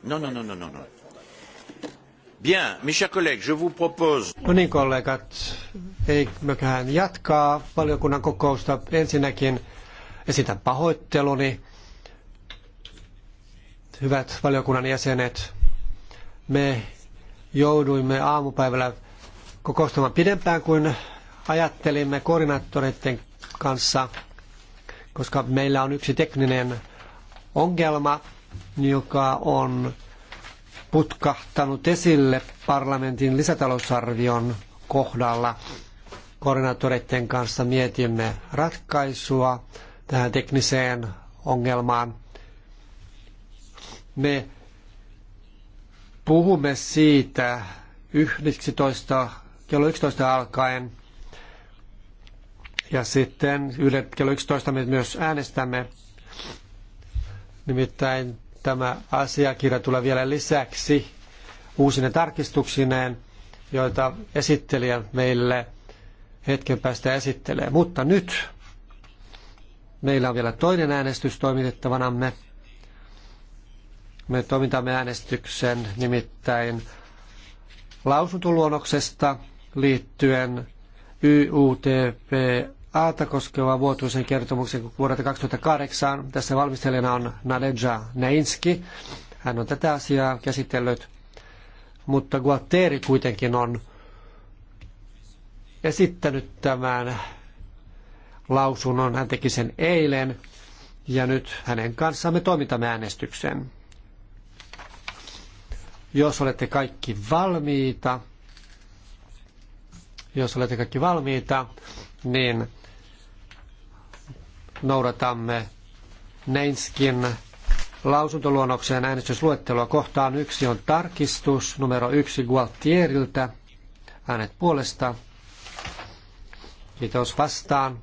Non, non, non, non, non. No. Bien, mes chers collègues, je vous propose... No niin, kollegat, eiköhän jatkaa valiokunnan kokousta. Ensinnäkin esitän pahoitteluni. Hyvät valiokunnan jäsenet, me jouduimme aamupäivällä kokoustamaan pidempään kuin ajattelimme koordinaattoreiden kanssa, koska meillä on yksi tekninen ongelma joka on putkahtanut esille parlamentin lisätalousarvion kohdalla. Koordinaattoreiden kanssa mietimme ratkaisua tähän tekniseen ongelmaan. Me puhumme siitä 11, kello 11 alkaen ja sitten kello 11 me myös äänestämme. Nimittäin Tämä asiakirja tulee vielä lisäksi uusine tarkistuksineen, joita esittelijä meille hetken päästä esittelee. Mutta nyt meillä on vielä toinen äänestys toimitettavanamme. Me toimitamme äänestyksen nimittäin lausuntoluonnoksesta liittyen YUTP Aata koskeva vuotuisen kertomuksen vuodelta 2008. Tässä valmistelijana on Nadeja Neinski. Hän on tätä asiaa käsitellyt, mutta Guatteri kuitenkin on esittänyt tämän lausunnon. Hän teki sen eilen ja nyt hänen kanssaan me toimitamme äänestyksen. Jos olette kaikki valmiita, jos olette kaikki valmiita, niin noudatamme Neinskin lausuntoluonnokseen äänestysluettelua. Kohtaan yksi on tarkistus numero yksi Gualtieriltä. Äänet puolesta. Kiitos vastaan.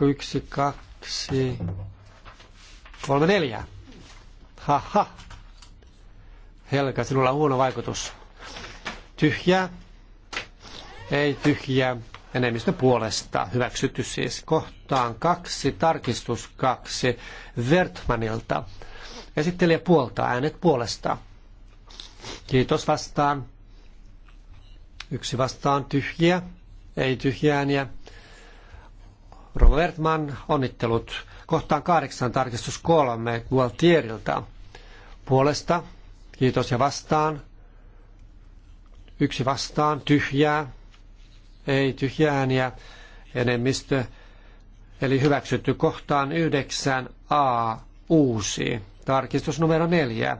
Yksi, kaksi, kolme, neljä. Haha. Helka, sinulla on huono vaikutus. Tyhjää. Ei tyhjää enemmistö puolesta hyväksytty siis. Kohtaan kaksi, tarkistus kaksi, Wertmanilta. Esittelijä puolta, äänet puolesta. Kiitos vastaan. Yksi vastaan tyhjiä, ei tyhjiä ääniä. Robertman, onnittelut. Kohtaan kahdeksan, tarkistus kolme, Gualtierilta. Puolesta, kiitos ja vastaan. Yksi vastaan, tyhjää, ei tyhjää ääniä, enemmistö, eli hyväksytty kohtaan 9a uusi, tarkistus numero 4,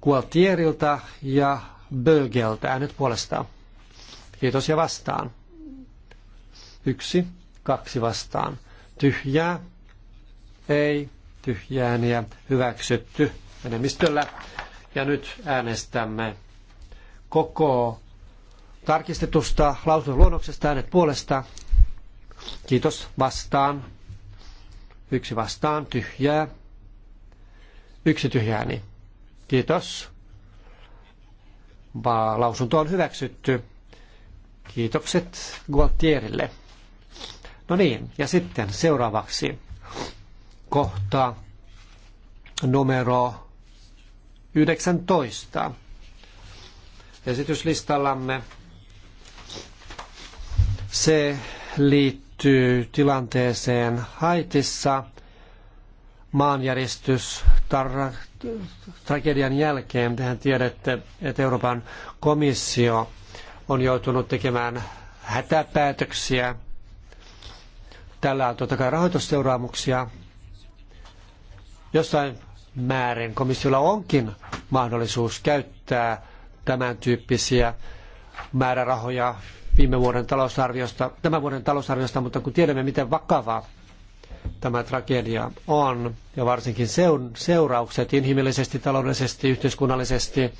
Kualtierilta ja Bögeltä äänet puolestaan. Kiitos ja vastaan. Yksi, kaksi vastaan. Tyhjää, ei, tyhjääniä, ja hyväksytty enemmistöllä. Ja nyt äänestämme koko tarkistetusta lausuntoluonnoksesta äänet puolesta. Kiitos vastaan. Yksi vastaan, tyhjää. Yksi tyhjääni. Kiitos. Va- lausunto on hyväksytty. Kiitokset Gualtierille. No niin, ja sitten seuraavaksi kohta numero 19 esityslistallamme se liittyy tilanteeseen Haitissa maanjäristys tragedian jälkeen. Tehän tiedätte, että Euroopan komissio on joutunut tekemään hätäpäätöksiä. Tällä on totta kai rahoitusseuraamuksia. Jossain määrin komissiolla onkin mahdollisuus käyttää tämän tyyppisiä määrärahoja viime vuoden talousarviosta, tämän vuoden talousarviosta, mutta kun tiedämme, miten vakava tämä tragedia on, ja varsinkin seuraukset inhimillisesti, taloudellisesti, yhteiskunnallisesti,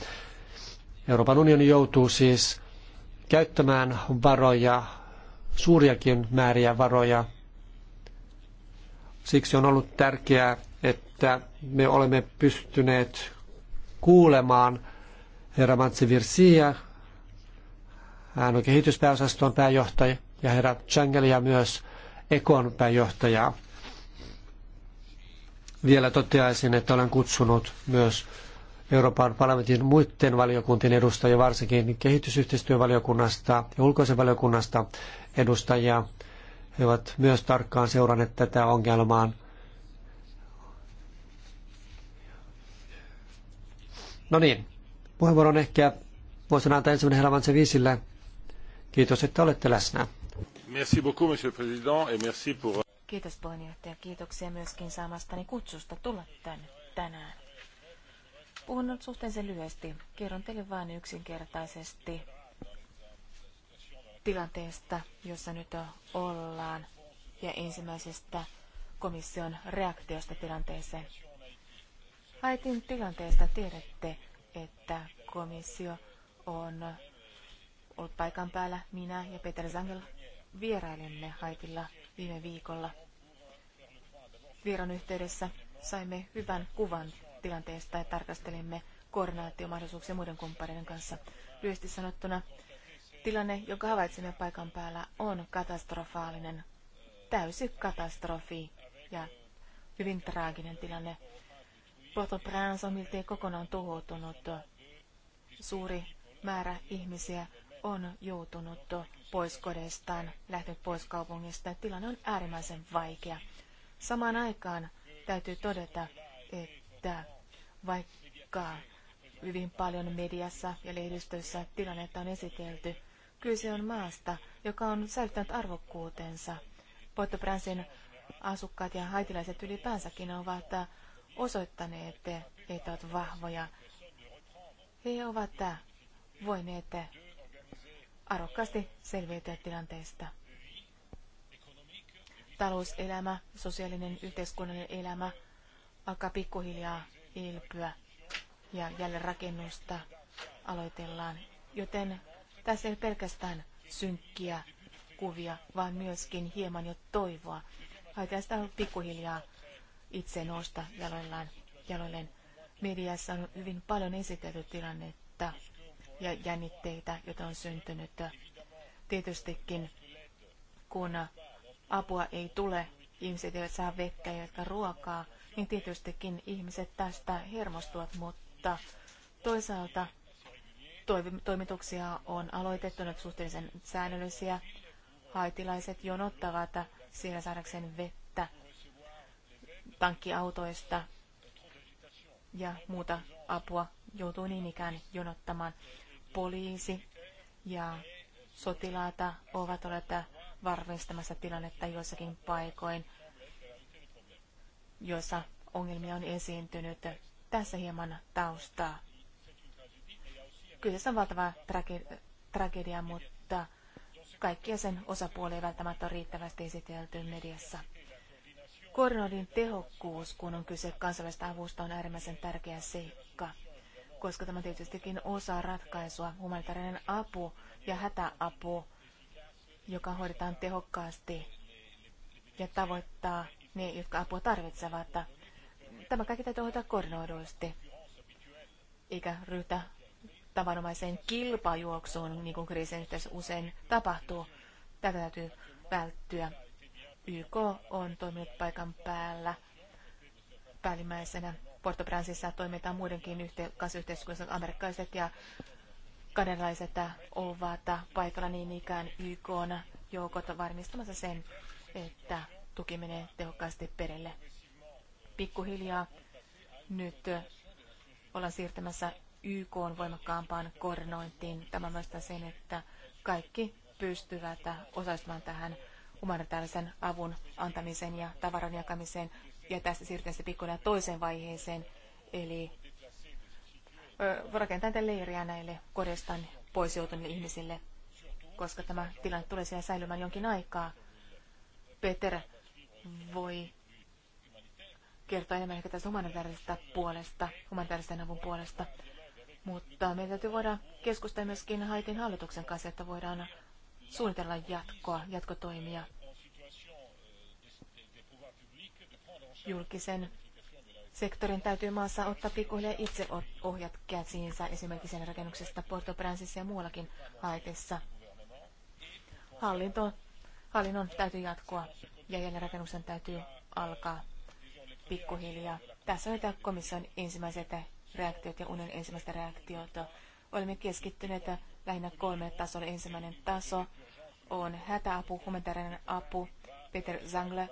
Euroopan unioni joutuu siis käyttämään varoja, suuriakin määriä varoja. Siksi on ollut tärkeää, että me olemme pystyneet kuulemaan herra Matsivirsiä, hän on kehityspääosaston pääjohtaja ja herra ja myös Ekon pääjohtajaa. Vielä toteaisin, että olen kutsunut myös Euroopan parlamentin muiden valiokuntien edustajia, varsinkin kehitysyhteistyövaliokunnasta ja ulkoisen valiokunnasta edustajia. He ovat myös tarkkaan seuranneet tätä ongelmaa. No niin, puheenvuoron ehkä voisin antaa ensimmäinen Helman viisille. Kiitos, että olette läsnä. Merci beaucoup, monsieur le président, et merci pour... Kiitos puheenjohtaja. Kiitoksia myöskin saamastani kutsusta tulla tänne tänään. Puhun nyt suhteellisen lyhyesti. Kerron teille vain yksinkertaisesti tilanteesta, jossa nyt ollaan, ja ensimmäisestä komission reaktiosta tilanteeseen. Haitin tilanteesta tiedätte, että komissio on ollut paikan päällä. Minä ja Peter Zangel vierailimme Haitilla viime viikolla. Vieron yhteydessä saimme hyvän kuvan tilanteesta ja tarkastelimme koordinaatiomahdollisuuksia muiden kumppaneiden kanssa. Lyhyesti sanottuna, tilanne, jonka havaitsimme paikan päällä, on katastrofaalinen, täysi katastrofi ja hyvin traaginen tilanne. Porto prince on miltei kokonaan tuhoutunut. Suuri määrä ihmisiä on joutunut pois kodestaan, lähtenyt pois kaupungista. Tilanne on äärimmäisen vaikea. Samaan aikaan täytyy todeta, että vaikka hyvin paljon mediassa ja lehdistössä tilannetta on esitelty, kyse on maasta, joka on säilyttänyt arvokkuutensa. port asukkaat ja haitilaiset ylipäänsäkin ovat osoittaneet, että ovat vahvoja. He ovat voineet arvokkaasti selviytyä tilanteesta. Talouselämä, sosiaalinen yhteiskunnallinen elämä alkaa pikkuhiljaa elpyä ja jälleenrakennusta aloitellaan, joten tässä ei pelkästään synkkiä kuvia, vaan myöskin hieman jo toivoa. Haitaan sitä pikkuhiljaa itse nousta jaloillaan, jaloilleen. Mediassa on hyvin paljon esitelty tilannetta ja jännitteitä, joita on syntynyt. Tietystikin, kun apua ei tule, ihmiset eivät saa vettä ja ruokaa, niin tietystikin ihmiset tästä hermostuvat, mutta toisaalta toimituksia on aloitettu nyt suhteellisen säännöllisiä. Haitilaiset jonottavat siellä saadakseen vettä tankkiautoista ja muuta apua joutuu niin ikään jonottamaan poliisi ja sotilaata ovat olleet varmistamassa tilannetta joissakin paikoin, joissa ongelmia on esiintynyt. Tässä hieman taustaa. Kyseessä on valtava trage- tragedia, mutta kaikkia sen osapuolia ei välttämättä ole riittävästi esitelty mediassa. Koordinoinnin tehokkuus, kun on kyse kansallisesta avusta, on äärimmäisen tärkeä seikka koska tämä tietystikin osa ratkaisua, humanitaarinen apu ja hätäapu, joka hoidetaan tehokkaasti ja tavoittaa ne, jotka apua tarvitsevat. Tämä kaikki täytyy hoitaa koordinoidusti, eikä ryhtyä tavanomaiseen kilpajuoksuun, niin kuin kriisin yhteydessä usein tapahtuu. Tätä täytyy välttyä. YK on toiminut paikan päällä päällimmäisenä Porto Bransissa toimitaan muidenkin yhte- kanssa amerikkalaiset ja kanadalaiset ovat paikalla niin ikään YK joukot varmistamassa sen, että tuki menee tehokkaasti perille. Pikkuhiljaa nyt ollaan siirtämässä YK voimakkaampaan koordinointiin. Tämä vastaa sen, että kaikki pystyvät osallistumaan tähän humanitaarisen avun antamiseen ja tavaran jakamiseen ja tästä siirrytään se pikkuhiljaa toiseen vaiheeseen, eli rakentaa leiriä näille kodestaan pois joutuneille ihmisille, koska tämä tilanne tulee siellä säilymään jonkin aikaa. Peter voi kertoa enemmän ehkä tästä humanitaarisesta puolesta, humanitaarisen avun puolesta. Mutta meidän täytyy voida keskustella myöskin Haitin hallituksen kanssa, että voidaan suunnitella jatkoa, jatkotoimia. julkisen sektorin täytyy maassa ottaa pikkuhiljaa itse ohjat käsiinsä esimerkiksi sen rakennuksesta Porto Princessa ja muuallakin haitessa. Hallinto, hallinnon täytyy jatkua ja jälleenrakennuksen täytyy alkaa pikkuhiljaa. Tässä on komission ensimmäiset reaktiot ja unen ensimmäiset reaktiot. Olemme keskittyneet lähinnä kolme tasolle. Ensimmäinen taso on hätäapu, humanitaarinen apu. Peter Zangle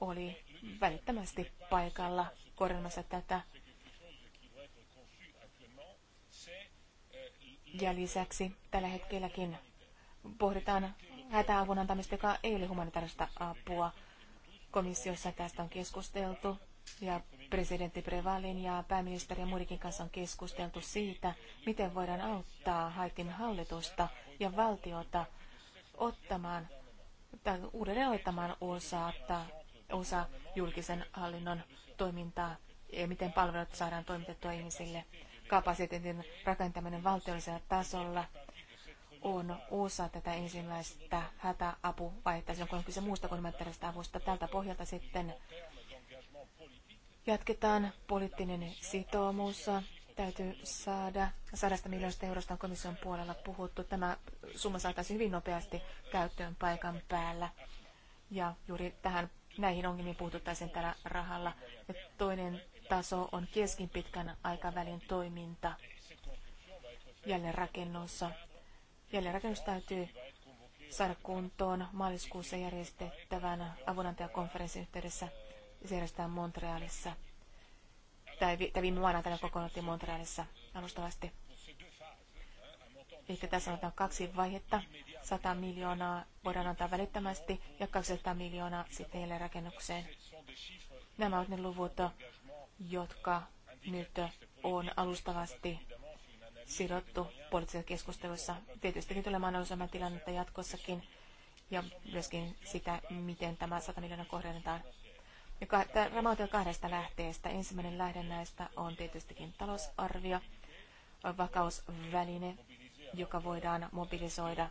oli välittömästi paikalla korjaamassa tätä. Ja lisäksi tällä hetkelläkin pohditaan hätäavun antamista, joka ei ole humanitaarista apua. Komissiossa tästä on keskusteltu ja presidentti Prevalin ja pääministeri ja muidenkin kanssa on keskusteltu siitä, miten voidaan auttaa Haitin hallitusta ja valtiota ottamaan tai uudelleen ottamaan osaa osa julkisen hallinnon toimintaa ja miten palvelut saadaan toimitettua ihmisille. Kapasiteetin rakentaminen valtiollisella tasolla on osa tätä ensimmäistä hätäapuvaihetta. Se on kyse muusta kuin materiaalista avusta. Tältä pohjalta sitten jatketaan poliittinen sitoumus täytyy saada. Sadasta miljoonasta eurosta on komission puolella puhuttu. Tämä summa saataisiin hyvin nopeasti käyttöön paikan päällä. Ja juuri tähän näihin ongelmiin puututtaisiin tällä rahalla. Ja toinen taso on keskin pitkän aikavälin toiminta jälleenrakennossa. Jälleenrakennus täytyy saada kuntoon maaliskuussa järjestettävän avunantajakonferenssin yhteydessä. Se järjestetään Montrealissa. Tai, tai viime maanantaina kokoonnuttiin Montrealissa alustavasti. Ehkä tässä on kaksi vaihetta. 100 miljoonaa voidaan antaa välittömästi ja 200 miljoonaa sitten rakennukseen. Nämä ovat ne luvut, jotka nyt on alustavasti sidottu poliittisessa keskustelussa. Tietystikin tulemaan analysoimaan tilannetta jatkossakin ja myöskin sitä, miten tämä 100 miljoonaa kohdennetaan. tämä on kahdesta lähteestä. Ensimmäinen lähde näistä on tietystikin talousarvio, vakausväline, joka voidaan mobilisoida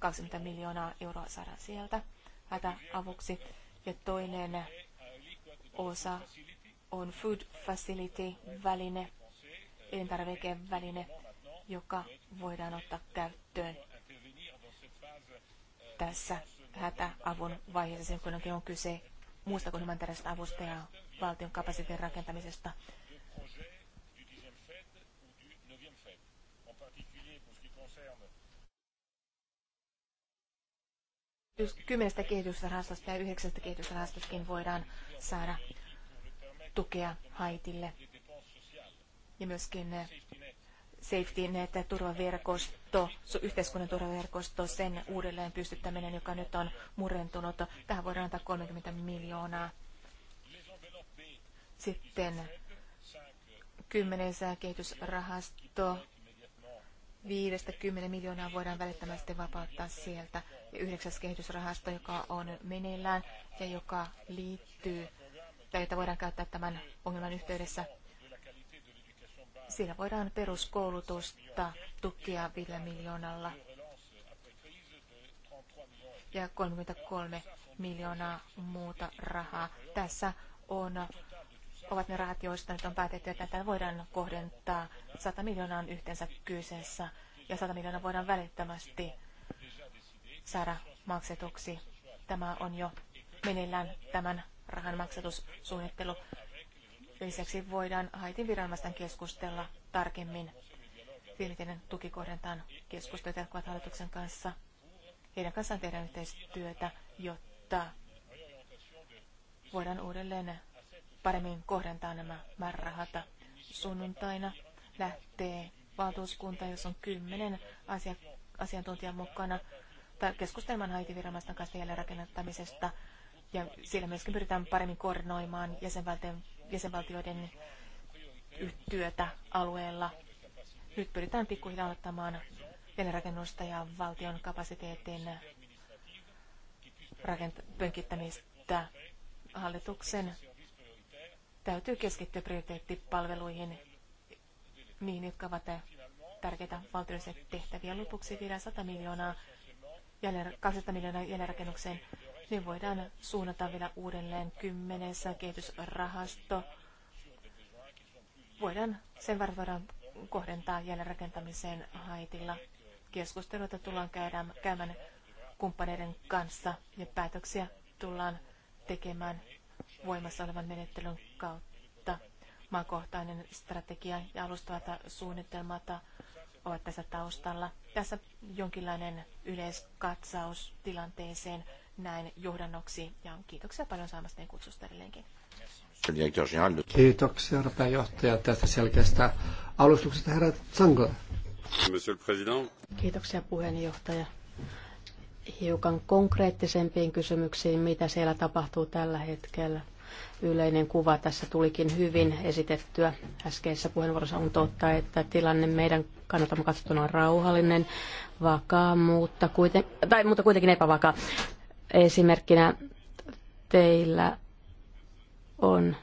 20 miljoonaa euroa saadaan sieltä hätäavuksi. Ja toinen osa on Food Facility-väline, elintarvikeväline, joka voidaan ottaa käyttöön tässä hätäavun vaiheessa, kun on kyse muusta kuin humanitaarisesta avusta ja valtion kapasiteetin rakentamisesta. kymmenestä kehitysrahastosta ja yhdeksästä kehitysrahastostakin voidaan saada tukea Haitille. Ja myöskin eh, safety net, turvaverkosto, yhteiskunnan turvaverkosto, sen uudelleen pystyttäminen, joka nyt on murentunut. Tähän voidaan antaa 30 miljoonaa. Sitten kymmenes kehitysrahasto, 50 miljoonaa voidaan välittömästi vapauttaa sieltä yhdeksäs kehitysrahasto, joka on meneillään ja joka liittyy, tai jota voidaan käyttää tämän ongelman yhteydessä. Siinä voidaan peruskoulutusta tukea 5 miljoonalla ja 33 miljoonaa muuta rahaa. Tässä on, ovat ne rahat, joista nyt on päätetty, että tätä voidaan kohdentaa 100 miljoonaan yhteensä kyseessä ja 100 miljoonaa voidaan välittömästi saada maksetuksi. Tämä on jo meneillään tämän rahan maksatussuunnittelu. Lisäksi voidaan Haitin viranomaisten keskustella tarkemmin. Pienitinen tukikohdentaan keskustelut jatkuvat hallituksen kanssa. Heidän kanssaan tehdään yhteistyötä, jotta voidaan uudelleen paremmin kohdentaa nämä määrärahat. Sunnuntaina lähtee valtuuskunta, jos on kymmenen asia, asiantuntijan mukana keskustelemaan Haiti-viranomaisten kanssa jälleenrakentamisesta ja siellä myöskin pyritään paremmin koordinoimaan jäsenvaltioiden, jäsenvaltioiden työtä alueella. Nyt pyritään pikkuhiljaa ottamaan jälleenrakennusta ja valtion kapasiteetin rakent- pönkittämistä. Hallituksen täytyy keskittyä prioriteettipalveluihin, niihin, jotka ovat tärkeitä valtiolliset tehtäviä. Lopuksi vielä 100 miljoonaa jälleen, 200 miljoonaa jälleenrakennukseen, niin voidaan suunnata vielä uudelleen kymmenessä kehitysrahasto. Voidaan, sen varten voidaan kohdentaa jälleenrakentamiseen Haitilla. Keskusteluita tullaan käydään, käymään kumppaneiden kanssa ja päätöksiä tullaan tekemään voimassa olevan menettelyn kautta. Maakohtainen strategia ja alustavat suunnitelmat ovat tässä taustalla. Tässä jonkinlainen yleiskatsaus tilanteeseen näin johdannoksi ja kiitoksia paljon saamasta kutsusta edelleenkin. Kiitoksia, herra pääjohtaja, tästä selkeästä alustuksesta, herra Tsangla. Kiitoksia, puheenjohtaja. Hiukan konkreettisempiin kysymyksiin, mitä siellä tapahtuu tällä hetkellä yleinen kuva tässä tulikin hyvin esitettyä. Äskeisessä puheenvuorossa on totta, että tilanne meidän kannaltamme katsottuna on rauhallinen, vakaa, mutta, kuiten, tai, mutta kuitenkin epävakaa. Esimerkkinä teillä on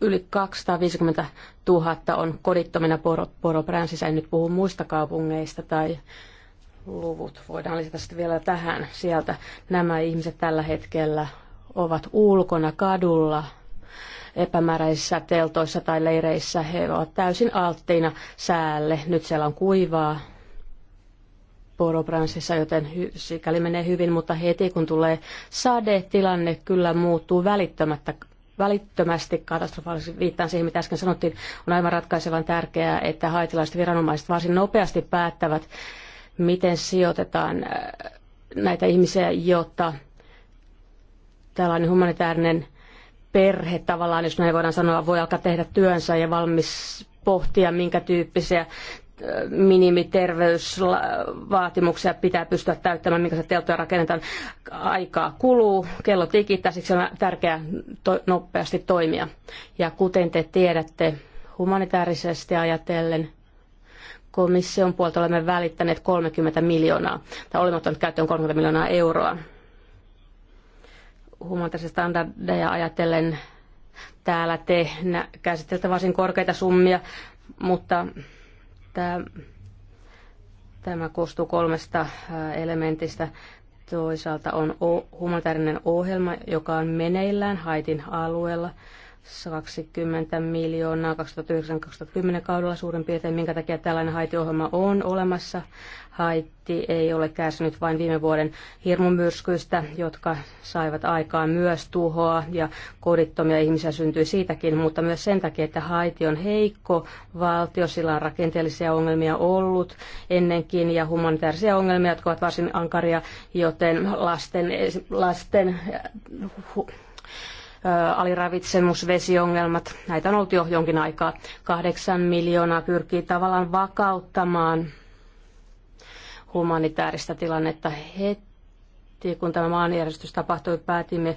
yli 250 000 on kodittomina Poro, Poro en nyt puhu muista kaupungeista tai luvut voidaan lisätä sitten vielä tähän. Sieltä nämä ihmiset tällä hetkellä ovat ulkona kadulla epämääräisissä teltoissa tai leireissä. He ovat täysin alttiina säälle. Nyt siellä on kuivaa Porobransissa, joten sikäli menee hyvin, mutta heti kun tulee sade, tilanne kyllä muuttuu välittömättä välittömästi katastrofaalisesti viittaan siihen, mitä äsken sanottiin, on aivan ratkaisevan tärkeää, että haitilaiset viranomaiset varsin nopeasti päättävät miten sijoitetaan äh, näitä ihmisiä, jotta tällainen humanitaarinen perhe tavallaan, jos näin voidaan sanoa, voi alkaa tehdä työnsä ja valmis pohtia, minkä tyyppisiä äh, minimiterveysvaatimuksia pitää pystyä täyttämään, minkä se teltoja rakennetaan. Aikaa kuluu, kello tikittää, siksi on tärkeää to- nopeasti toimia. Ja kuten te tiedätte, humanitaarisesti ajatellen Komission puolta olemme välittäneet 30 miljoonaa, tai olemme ottaneet käyttöön 30 miljoonaa euroa. Humanitaarisia standardeja ajatellen täällä te käsittelette varsin korkeita summia, mutta tämä, tämä koostuu kolmesta elementistä. Toisaalta on humanitaarinen ohjelma, joka on meneillään Haitin alueella. 20 miljoonaa 2009-2010 kaudella suurin piirtein, minkä takia tällainen haitiohjelma on olemassa. Haitti ei ole kärsinyt vain viime vuoden hirmumyrskyistä, jotka saivat aikaan myös tuhoa ja kodittomia ihmisiä syntyi siitäkin, mutta myös sen takia, että Haiti on heikko valtio, sillä on rakenteellisia ongelmia ollut ennenkin ja humanitaarisia ongelmia, jotka ovat varsin ankaria, joten lasten, lasten äh, hu, aliravitsemus, vesiongelmat. Näitä on ollut jo jonkin aikaa. Kahdeksan miljoonaa pyrkii tavallaan vakauttamaan humanitaarista tilannetta heti. Kun tämä maanjärjestys tapahtui, päätimme,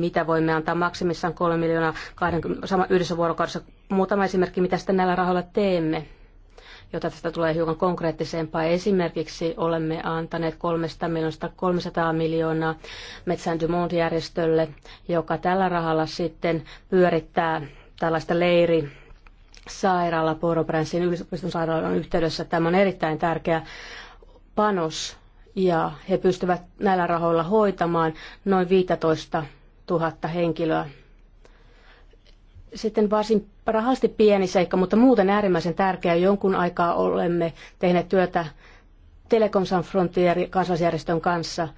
mitä voimme antaa maksimissaan 3 miljoonaa 20, sama, yhdessä vuorokaudessa. Muutama esimerkki, mitä sitten näillä rahoilla teemme jota tästä tulee hiukan konkreettisempaa. Esimerkiksi olemme antaneet 300 miljoonaa, 300 miljoonaa Metsän järjestölle joka tällä rahalla sitten pyörittää tällaista leiri sairaala Poropränsin yliopiston sairaalan yhteydessä. Tämä on erittäin tärkeä panos ja he pystyvät näillä rahoilla hoitamaan noin 15 000 henkilöä. Sitten varsin rahallisesti pieni seikka, mutta muuten äärimmäisen tärkeä. Jonkun aikaa olemme tehneet työtä Telekom San Frontier kansalaisjärjestön kanssa.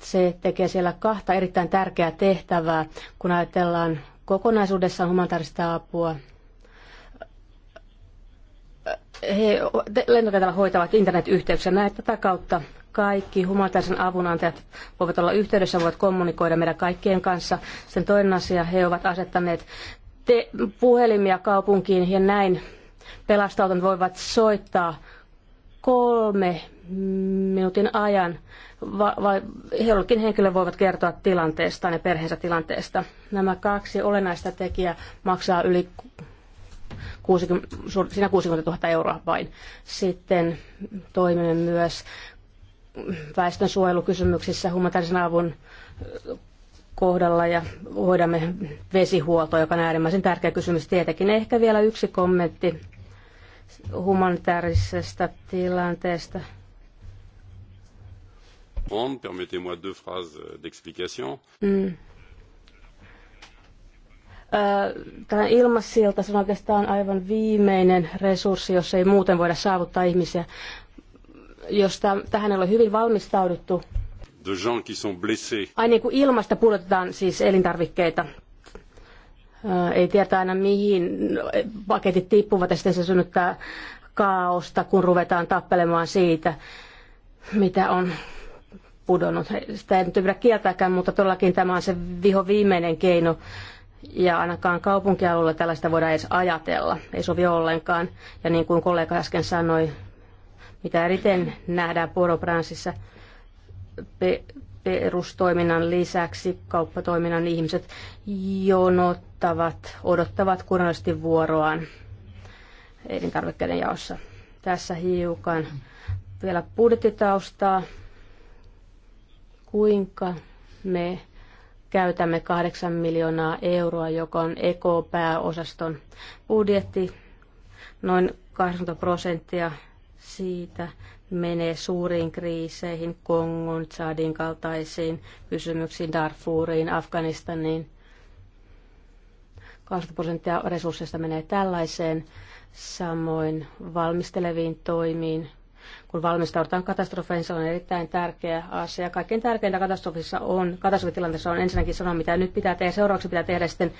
Se tekee siellä kahta erittäin tärkeää tehtävää, kun ajatellaan kokonaisuudessaan humanitaarista apua. He lentokentällä hoitavat internetyhteyksiä näin tätä kautta. Kaikki humanitaarisen avunantajat voivat olla yhteydessä, voivat kommunikoida meidän kaikkien kanssa. Sen toinen asia, he ovat asettaneet te- puhelimia kaupunkiin ja näin pelastautun voivat soittaa kolme minuutin ajan va- vai jollekin henkilö voivat kertoa tilanteesta ja perheensä tilanteesta. Nämä kaksi olennaista tekijää maksaa yli 60, siinä 60 000 euroa vain. Sitten toimimme myös väestönsuojelukysymyksissä, humanitaarisen avun kohdalla ja hoidamme vesihuoltoa, joka on äärimmäisen tärkeä kysymys tietenkin. Ehkä vielä yksi kommentti humanitaarisesta tilanteesta. Permettez-moi deux phrases d'explication. Mm. Tämä ilmassilta on oikeastaan aivan viimeinen resurssi, jos ei muuten voida saavuttaa ihmisiä. Jos tähän ei ole hyvin valmistauduttu, de gens qui sont blessés. kuin niin, ilmasta pudotetaan siis elintarvikkeita. Ei tietää aina mihin paketit tippuvat ja sitten se synnyttää kaaosta, kun ruvetaan tappelemaan siitä, mitä on pudonnut. Sitä ei nyt pidä kieltääkään, mutta todellakin tämä on se viho viimeinen keino. Ja ainakaan kaupunkialueella tällaista voidaan edes ajatella. Ei sovi ollenkaan. Ja niin kuin kollega äsken sanoi, mitä eriten nähdään Poro-Bransissa – perustoiminnan lisäksi kauppatoiminnan ihmiset jonottavat, odottavat kunnallisesti vuoroaan elintarvikkeiden jaossa. Tässä hiukan vielä budjettitaustaa, kuinka me käytämme 8 miljoonaa euroa, joka on EK-pääosaston budjetti, noin 80 prosenttia siitä menee suuriin kriiseihin, Kongon, Tsadin kaltaisiin kysymyksiin, Darfuriin, Afganistaniin. 20 prosenttia resursseista menee tällaiseen, samoin valmisteleviin toimiin. Kun valmistaudutaan katastrofeihin, se on erittäin tärkeä asia. Kaikkein tärkeintä katastrofissa on, katastrofitilanteessa on ensinnäkin sanoa, mitä nyt pitää tehdä, seuraavaksi pitää tehdä sitten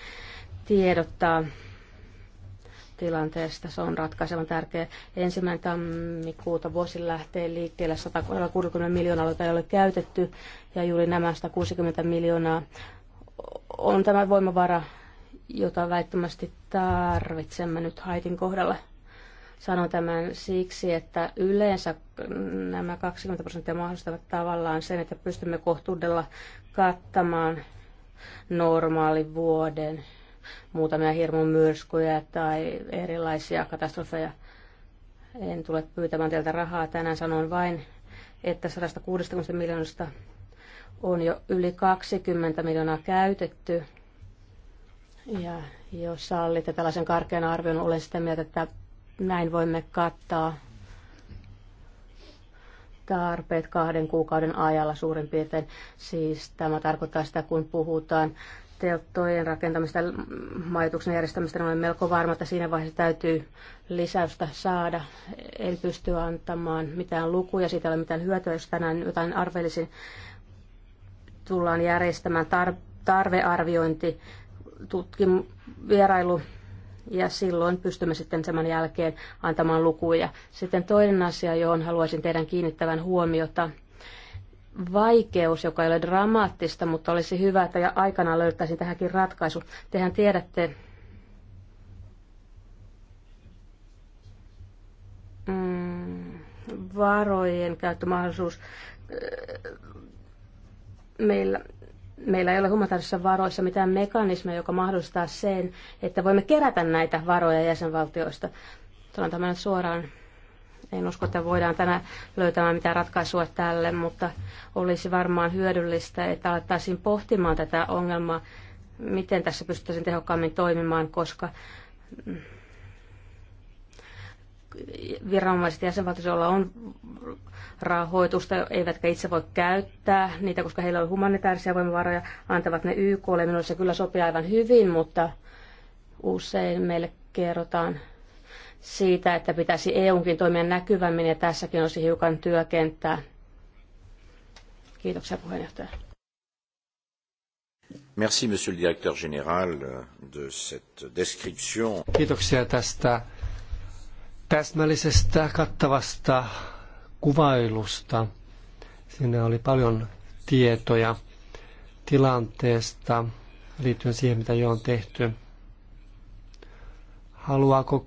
tiedottaa tilanteesta. Se on ratkaisevan tärkeä. Ensimmäinen tammikuuta vuosi lähtee liikkeelle 160 miljoonaa, jota ei ole käytetty, ja juuri nämä 160 miljoonaa on tämä voimavara, jota väittömästi tarvitsemme nyt Haitin kohdalla. Sanon tämän siksi, että yleensä nämä 20 prosenttia mahdollistavat tavallaan sen, että pystymme kohtuudella kattamaan normaalin vuoden muutamia myrskyjä tai erilaisia katastrofeja. En tule pyytämään teiltä rahaa tänään, sanon vain, että 160 miljoonasta on jo yli 20 miljoonaa käytetty. Ja jos sallitte tällaisen karkean arvion, olen sitä mieltä, että näin voimme kattaa tarpeet kahden kuukauden ajalla suurin piirtein. Siis tämä tarkoittaa sitä, kun puhutaan teltojen rakentamista, majoituksen järjestämistä, niin olen melko varma, että siinä vaiheessa täytyy lisäystä saada. En pysty antamaan mitään lukuja, siitä ei ole mitään hyötyä, jos tänään jotain arvelisin. Tullaan järjestämään tar- tarvearviointi, tutkim- vierailu, ja silloin pystymme sitten tämän jälkeen antamaan lukuja. Sitten toinen asia, johon haluaisin teidän kiinnittävän huomiota, vaikeus, joka ei ole dramaattista, mutta olisi hyvä, että aikana löytäisin tähänkin ratkaisu. Tehän tiedätte, mm, varojen käyttömahdollisuus. Äh, meillä, meillä ei ole humanitaarisissa varoissa mitään mekanismia, joka mahdollistaa sen, että voimme kerätä näitä varoja jäsenvaltioista. Sanon tämän nyt suoraan en usko, että voidaan tänä löytämään mitään ratkaisua tälle, mutta olisi varmaan hyödyllistä, että alettaisiin pohtimaan tätä ongelmaa, miten tässä pystyttäisiin tehokkaammin toimimaan, koska viranomaiset jäsenvaltioilla on rahoitusta, eivätkä itse voi käyttää niitä, koska heillä on humanitaarisia voimavaroja, antavat ne YKlle. Minulle se kyllä sopii aivan hyvin, mutta usein meille kerrotaan siitä, että pitäisi EUnkin toimia näkyvämmin ja tässäkin olisi hiukan työkenttää. Kiitoksia puheenjohtaja. Merci, monsieur le directeur général, de cette description. Kiitoksia tästä täsmällisestä kattavasta kuvailusta. Siinä oli paljon tietoja tilanteesta liittyen siihen, mitä jo on tehty. Haluaako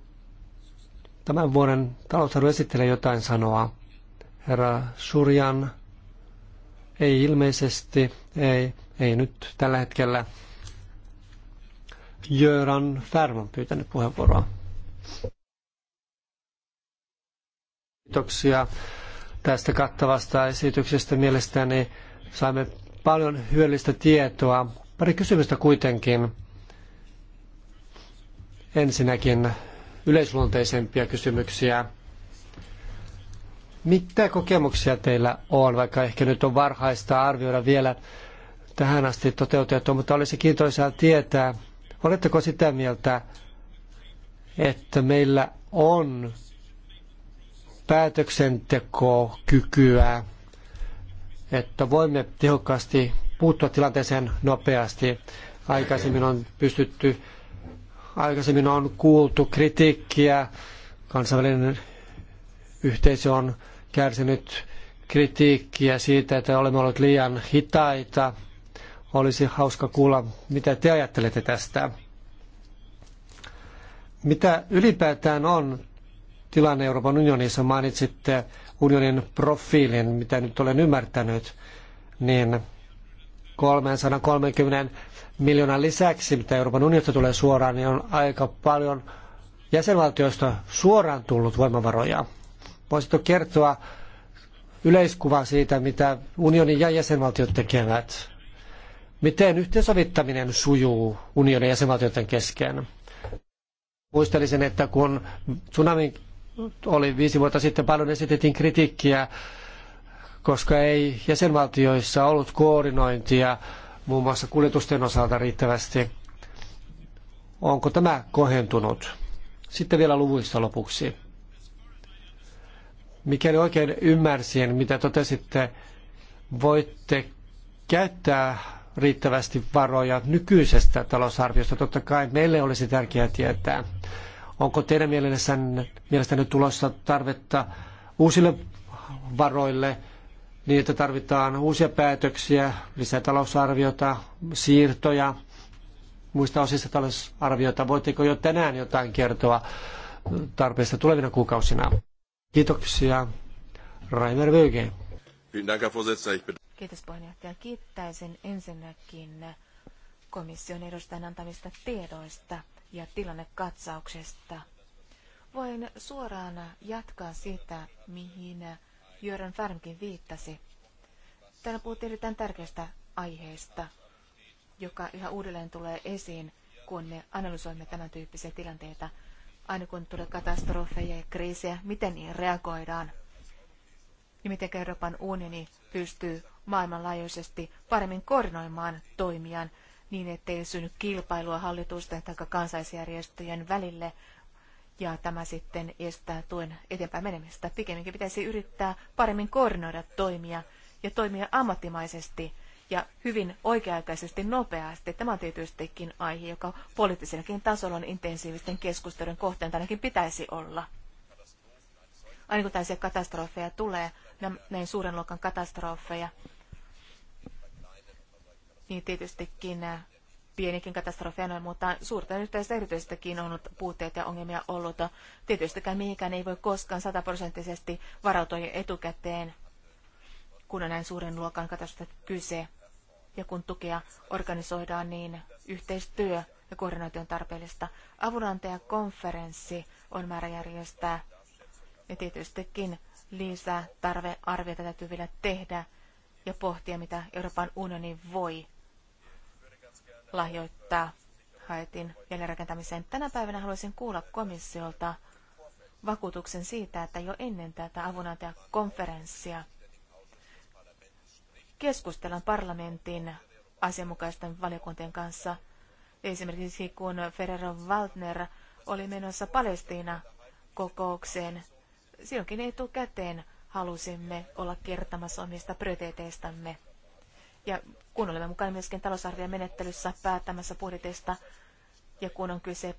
tämän vuoden talousarvio esittelee jotain sanoa. Herra Surjan, ei ilmeisesti, ei, ei nyt tällä hetkellä. Jöran Färm on pyytänyt puheenvuoroa. Kiitoksia tästä kattavasta esityksestä. Mielestäni saimme paljon hyödyllistä tietoa. Pari kysymystä kuitenkin. Ensinnäkin yleisluonteisempia kysymyksiä. Mitä kokemuksia teillä on, vaikka ehkä nyt on varhaista arvioida vielä tähän asti toteutettu, mutta olisi kiintoisaa tietää, oletteko sitä mieltä, että meillä on päätöksentekokykyä, että voimme tehokkaasti puuttua tilanteeseen nopeasti. Aikaisemmin on pystytty Aikaisemmin on kuultu kritiikkiä. Kansainvälinen yhteisö on kärsinyt kritiikkiä siitä, että olemme olleet liian hitaita. Olisi hauska kuulla, mitä te ajattelette tästä. Mitä ylipäätään on tilanne Euroopan unionissa? Mainitsitte unionin profiilin, mitä nyt olen ymmärtänyt, niin 330 miljoonan lisäksi, mitä Euroopan unionista tulee suoraan, niin on aika paljon jäsenvaltioista suoraan tullut voimavaroja. Voisitko kertoa yleiskuva siitä, mitä unionin ja jäsenvaltiot tekevät? Miten yhteensovittaminen sujuu unionin ja jäsenvaltioiden kesken? Muistelisin, että kun tsunami oli viisi vuotta sitten, paljon esitettiin kritiikkiä, koska ei jäsenvaltioissa ollut koordinointia muun muassa kuljetusten osalta riittävästi. Onko tämä kohentunut? Sitten vielä luvuista lopuksi. Mikäli oikein ymmärsin, mitä totesitte, voitte käyttää riittävästi varoja nykyisestä talousarviosta. Totta kai meille olisi tärkeää tietää. Onko teidän mielestänne, tulossa tarvetta uusille varoille – niin että tarvitaan uusia päätöksiä, lisätalousarviota, siirtoja muista osista talousarviota. Voitteko jo tänään jotain kertoa tarpeesta tulevina kuukausina? Kiitoksia. Rainer Wöge. Kiitos puheenjohtaja. Kiittäisin ensinnäkin komission edustajan antamista tiedoista ja tilannekatsauksesta. Voin suoraan jatkaa siitä, mihin Jörän Färmkin viittasi. Täällä puhuttiin erittäin tärkeästä aiheesta, joka yhä uudelleen tulee esiin, kun me analysoimme tämän tyyppisiä tilanteita. Aina kun tulee katastrofeja ja kriisejä, miten niihin reagoidaan ja miten Euroopan unioni pystyy maailmanlaajuisesti paremmin koordinoimaan toimiaan niin, ettei synny kilpailua hallitusten tai kansaisjärjestöjen välille, ja tämä sitten estää tuen eteenpäin menemistä. Pikemminkin pitäisi yrittää paremmin koordinoida toimia ja toimia ammattimaisesti ja hyvin oikea-aikaisesti nopeasti. Tämä on tietystikin aihe, joka poliittisellakin tasolla on intensiivisten keskustelujen kohteen ainakin pitäisi olla. Aina kun tällaisia katastrofeja tulee, näin suuren luokan katastrofeja, niin tietystikin äh, pienikin katastrofia on, mutta suurten yhteisöiden erityisestäkin on ollut puutteita ja ongelmia ollut. Tietystikään mihinkään ei voi koskaan sataprosenttisesti varautua etukäteen, kun on näin suuren luokan katastrofi kyse. Ja kun tukea organisoidaan, niin yhteistyö ja koordinointi on tarpeellista. Avunantajakonferenssi on määrä järjestää. Ja tietystikin lisää tarvearviota täytyy vielä tehdä ja pohtia, mitä Euroopan unioni voi lahjoittaa haetin jälleenrakentamiseen. Tänä päivänä haluaisin kuulla komissiolta vakuutuksen siitä, että jo ennen tätä avunantajakonferenssia keskustellaan parlamentin asianmukaisten valiokuntien kanssa. Esimerkiksi kun Ferrero Waldner oli menossa Palestiina kokoukseen, silloinkin etukäteen halusimme olla kertomassa omista prioriteeteistamme. Ja kun olemme mukana myöskin talousarvion menettelyssä päättämässä budjetista ja kun on kyse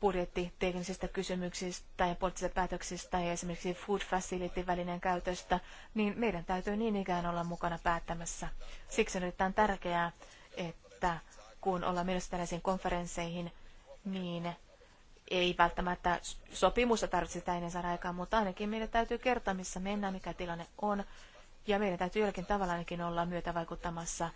budjettiteknisistä kysymyksistä ja poliittisista päätöksistä ja esimerkiksi food facility-välineen käytöstä, niin meidän täytyy niin ikään olla mukana päättämässä. Siksi on erittäin tärkeää, että kun ollaan menossa tällaisiin konferensseihin, niin ei välttämättä sopimusta tarvitse sitä ennen saada aikaan, mutta ainakin meidän täytyy kertoa, missä mennään, mikä tilanne on ja meidän täytyy jollakin tavalla ainakin olla vaikuttamassa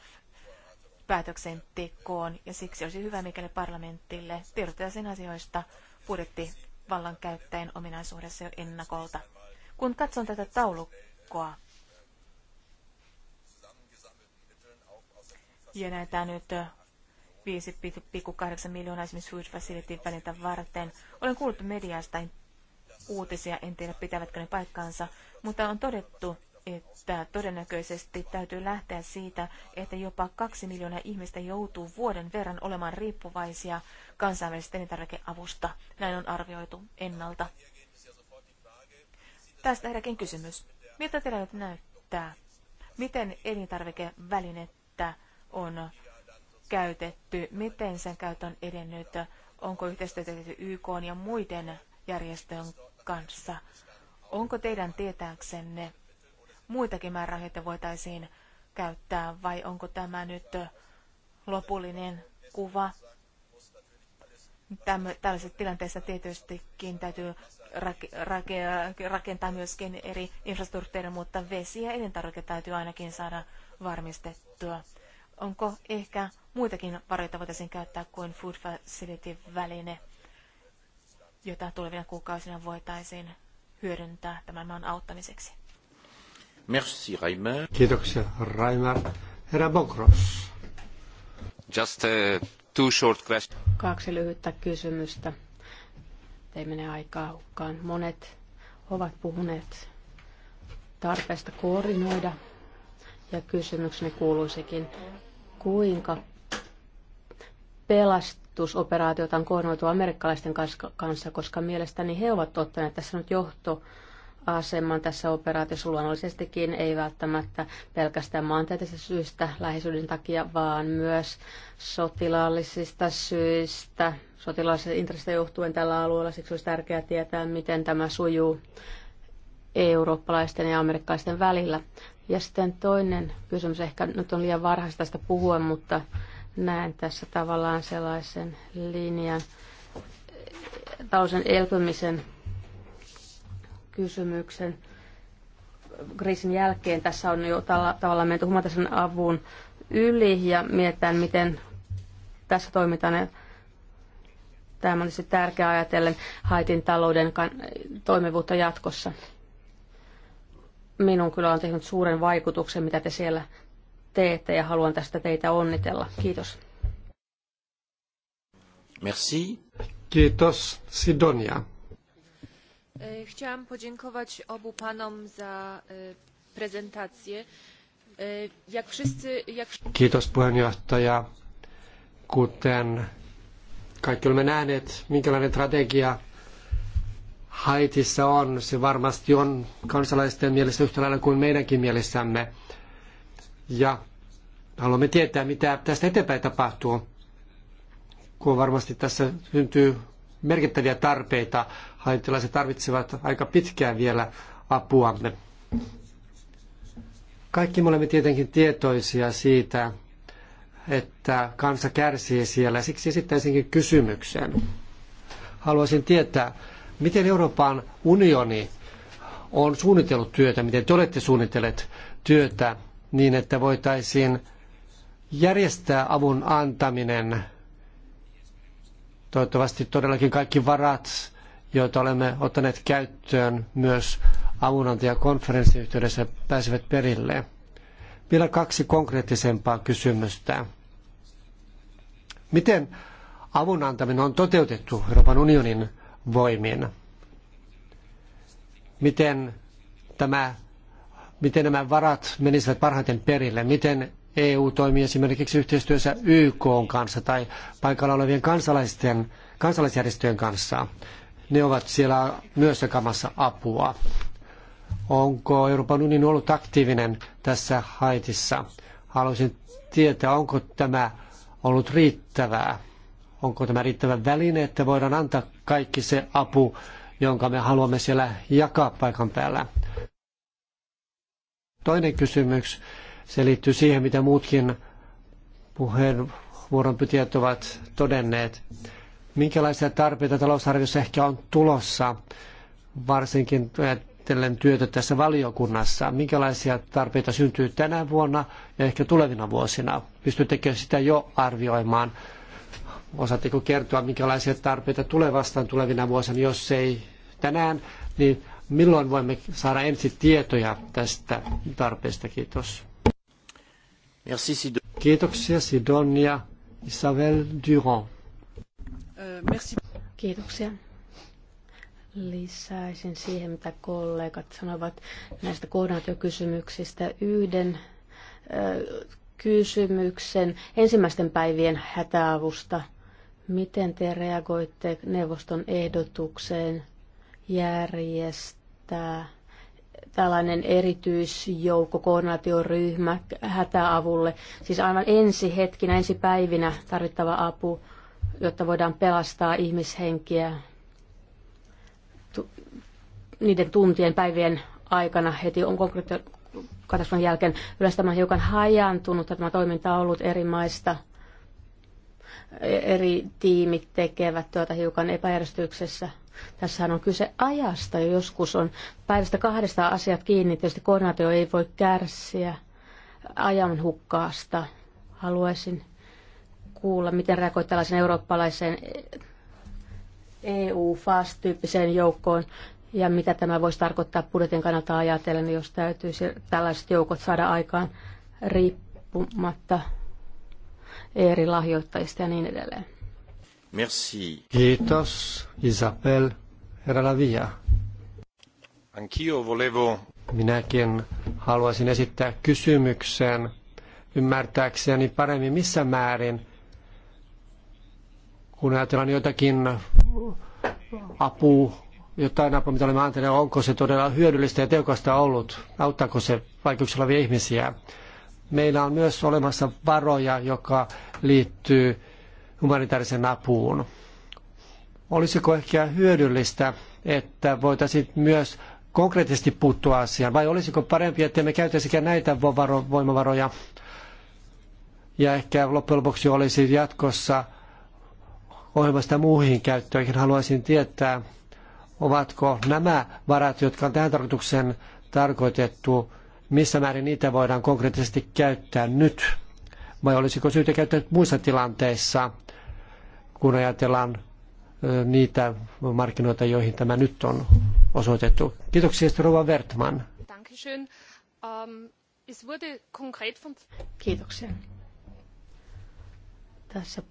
päätöksentekoon, ja siksi olisi hyvä, mikäli parlamentille sen asioista budjettivallan käyttäjän ominaisuudessa jo ennakolta. Kun katson tätä taulukkoa, ja näitä nyt 5,8 miljoonaa esimerkiksi Food Facilityn välintä varten. Olen kuullut mediasta uutisia, en tiedä pitävätkö ne paikkaansa, mutta on todettu, että todennäköisesti täytyy lähteä siitä, että jopa kaksi miljoonaa ihmistä joutuu vuoden verran olemaan riippuvaisia kansainvälisestä elintarvikeavusta. Näin on arvioitu ennalta. Tästä heräkin kysymys. Miltä nyt näyttää? Miten elintarvikevälinettä on käytetty? Miten sen käyttö on edennyt? Onko yhteistyötä tehty YK ja muiden järjestöjen kanssa? Onko teidän tietääksenne muitakin määrärahoja voitaisiin käyttää, vai onko tämä nyt lopullinen kuva? tällaiset tilanteessa tietystikin täytyy rakentaa myöskin eri infrastruktuureja, mutta vesi ja elintarvike täytyy ainakin saada varmistettua. Onko ehkä muitakin varoja voitaisiin käyttää kuin Food Facility-väline, jota tulevina kuukausina voitaisiin hyödyntää tämän maan auttamiseksi? Merci, Kiitoksia, Reimer. Herra Bogros. Just uh, two short questions. Kaksi lyhyttä kysymystä. Ei mene aikaa hukkaan. Monet ovat puhuneet tarpeesta koordinoida. Ja kysymykseni kuuluisikin, kuinka pelastusoperaatiota on koordinoitu amerikkalaisten kanssa, koska mielestäni he ovat ottaneet tässä nyt johto aseman tässä operaatiossa luonnollisestikin, ei välttämättä pelkästään maantieteellisistä syistä läheisyyden takia, vaan myös sotilaallisista syistä, sotilaallisista intressistä johtuen tällä alueella. Siksi olisi tärkeää tietää, miten tämä sujuu eurooppalaisten ja amerikkalaisten välillä. Ja sitten toinen kysymys, ehkä nyt on liian varhaista tästä puhua, mutta näen tässä tavallaan sellaisen linjan talousen elpymisen kysymyksen kriisin jälkeen. Tässä on jo tavallaan menty humanitaarisen avun yli ja mietitään, miten tässä toimitaan. Tämä on tärkeää ajatellen haitin talouden toimivuutta jatkossa. Minun kyllä on tehnyt suuren vaikutuksen, mitä te siellä teette ja haluan tästä teitä onnitella. Kiitos. Merci. Kiitos Sidonia. E, chciałam podziękować obu panom za e, prezentację. E, jak wszyscy, jak... Kiitos puheenjohtaja. Kuten kaikki olemme nähneet, minkälainen strategia Haitissa on. Se varmasti on kansalaisten mielestä yhtä lailla kuin meidänkin mielessämme. Ja haluamme tietää, mitä tästä eteenpäin tapahtuu, kun varmasti tässä syntyy merkittäviä tarpeita haitilaiset tarvitsevat aika pitkään vielä apuamme. Kaikki me olemme tietenkin tietoisia siitä, että kansa kärsii siellä. Siksi esittäisinkin kysymyksen. Haluaisin tietää, miten Euroopan unioni on suunnitellut työtä, miten te olette suunnitelleet työtä niin, että voitaisiin järjestää avun antaminen. Toivottavasti todellakin kaikki varat joita olemme ottaneet käyttöön myös avunantajakonferenssin yhteydessä pääsevät perille. Vielä kaksi konkreettisempaa kysymystä. Miten avun antaminen on toteutettu Euroopan unionin voimin? Miten, tämä, miten nämä varat menisivät parhaiten perille? Miten EU toimii esimerkiksi yhteistyössä YK kanssa tai paikalla olevien kansalaisten, kansalaisjärjestöjen kanssa? ne ovat siellä myös jakamassa apua. Onko Euroopan unioni ollut aktiivinen tässä Haitissa? Haluaisin tietää, onko tämä ollut riittävää? Onko tämä riittävä väline, että voidaan antaa kaikki se apu, jonka me haluamme siellä jakaa paikan päällä? Toinen kysymys, se liittyy siihen, mitä muutkin pitäjät ovat todenneet minkälaisia tarpeita talousarviossa ehkä on tulossa, varsinkin ajatellen työtä tässä valiokunnassa, minkälaisia tarpeita syntyy tänä vuonna ja ehkä tulevina vuosina. Pystyttekö sitä jo arvioimaan? Osaatteko kertoa, minkälaisia tarpeita tulee vastaan tulevina vuosina, jos ei tänään, niin milloin voimme saada ensi tietoja tästä tarpeesta? Kiitos. Merci, Kiitoksia Sidonia Isabel Durand. Kiitoksia. Lisäisin siihen, mitä kollegat sanovat näistä koordinaatiokysymyksistä yhden kysymyksen ensimmäisten päivien hätäavusta. Miten te reagoitte neuvoston ehdotukseen järjestää tällainen erityisjoukko, koordinaatioryhmä hätäavulle, siis aivan ensi hetkinä, ensi päivinä tarvittava apu – jotta voidaan pelastaa ihmishenkiä niiden tuntien, päivien aikana heti on katastrofin jälkeen. Yleensä tämä on hiukan että tämä toiminta on ollut eri maista. E-, eri tiimit tekevät tuota hiukan epäjärjestyksessä. Tässähän on kyse ajasta ja joskus on päivästä kahdesta asiat kiinni. Tietysti koordinaatio ei voi kärsiä ajan hukkaasta. Haluaisin kuulla, miten reagoit tällaisen eurooppalaisen EU-FAS-tyyppiseen joukkoon ja mitä tämä voisi tarkoittaa budjetin kannalta ajatellen, jos täytyisi tällaiset joukot saada aikaan riippumatta eri lahjoittajista ja niin edelleen. Merci. Kiitos, Isabel Ralavia. Anch'io volevo... Minäkin haluaisin esittää kysymyksen ymmärtääkseni paremmin missä määrin kun ajatellaan jotakin apua, jotain apua, mitä olemme antaneet, onko se todella hyödyllistä ja tehokasta ollut, auttaako se vaikeuksilla olevia ihmisiä. Meillä on myös olemassa varoja, joka liittyy humanitaariseen apuun. Olisiko ehkä hyödyllistä, että voitaisiin myös konkreettisesti puuttua asiaan, vai olisiko parempi, että me käyttäisikään näitä voimavaroja, ja ehkä loppujen lopuksi olisi jatkossa ohjelmasta muihin käyttöihin. Haluaisin tietää, ovatko nämä varat, jotka on tähän tarkoitukseen tarkoitettu, missä määrin niitä voidaan konkreettisesti käyttää nyt, vai olisiko syytä käyttää muissa tilanteissa, kun ajatellaan niitä markkinoita, joihin tämä nyt on osoitettu. Kiitoksia, Rova Wertman. Ähm, Kiitoksia. Tässä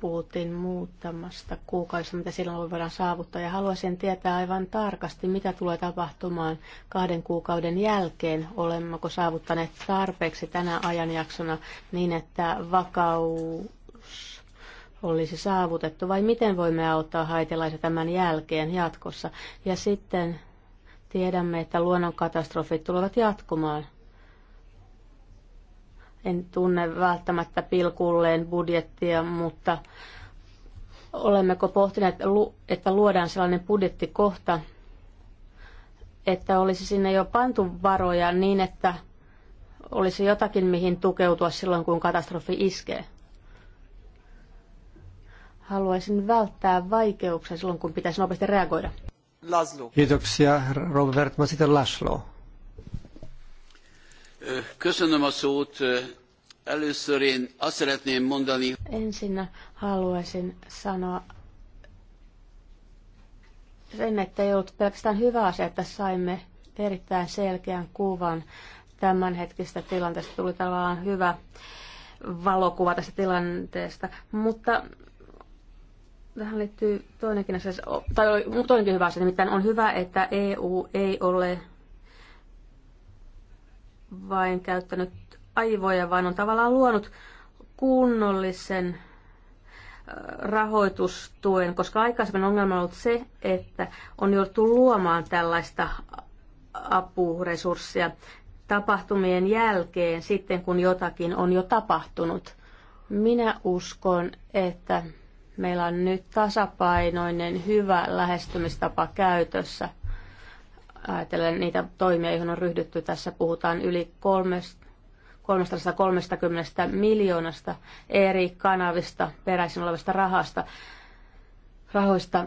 puhuttiin muuttamasta kuukausista, mitä silloin voidaan saavuttaa. Ja haluaisin tietää aivan tarkasti, mitä tulee tapahtumaan kahden kuukauden jälkeen. Olemmeko saavuttaneet tarpeeksi tänä ajanjaksona niin, että vakaus olisi saavutettu vai miten voimme auttaa haitilaisia tämän jälkeen jatkossa. Ja sitten tiedämme, että luonnonkatastrofit tulevat jatkumaan en tunne välttämättä pilkulleen budjettia, mutta olemmeko pohtineet, että luodaan sellainen budjettikohta, että olisi sinne jo pantu varoja niin, että olisi jotakin, mihin tukeutua silloin, kun katastrofi iskee. Haluaisin välttää vaikeuksia silloin, kun pitäisi nopeasti reagoida. Laszlo. Kiitoksia, Robert. Mä sitten Laszlo. Köszönöm a szót. Először én azt szeretném mondani... Ensin haluaisin sanoa sen, että ei ollut pelkästään hyvä asia, että saimme erittäin selkeän kuvan tämänhetkistä tilanteesta. Tuli tavallaan hyvä valokuva tästä tilanteesta, mutta tähän liittyy toinenkin asia, tai toinenkin hyvä asia, nimittäin on hyvä, että EU ei ole vain käyttänyt aivoja, vaan on tavallaan luonut kunnollisen rahoitustuen, koska aikaisemmin ongelma on ollut se, että on jouduttu luomaan tällaista apuresurssia tapahtumien jälkeen, sitten kun jotakin on jo tapahtunut. Minä uskon, että meillä on nyt tasapainoinen, hyvä lähestymistapa käytössä – ajatellen niitä toimia, joihin on ryhdytty. Tässä puhutaan yli 330 miljoonasta eri kanavista peräisin olevasta rahasta, rahoista.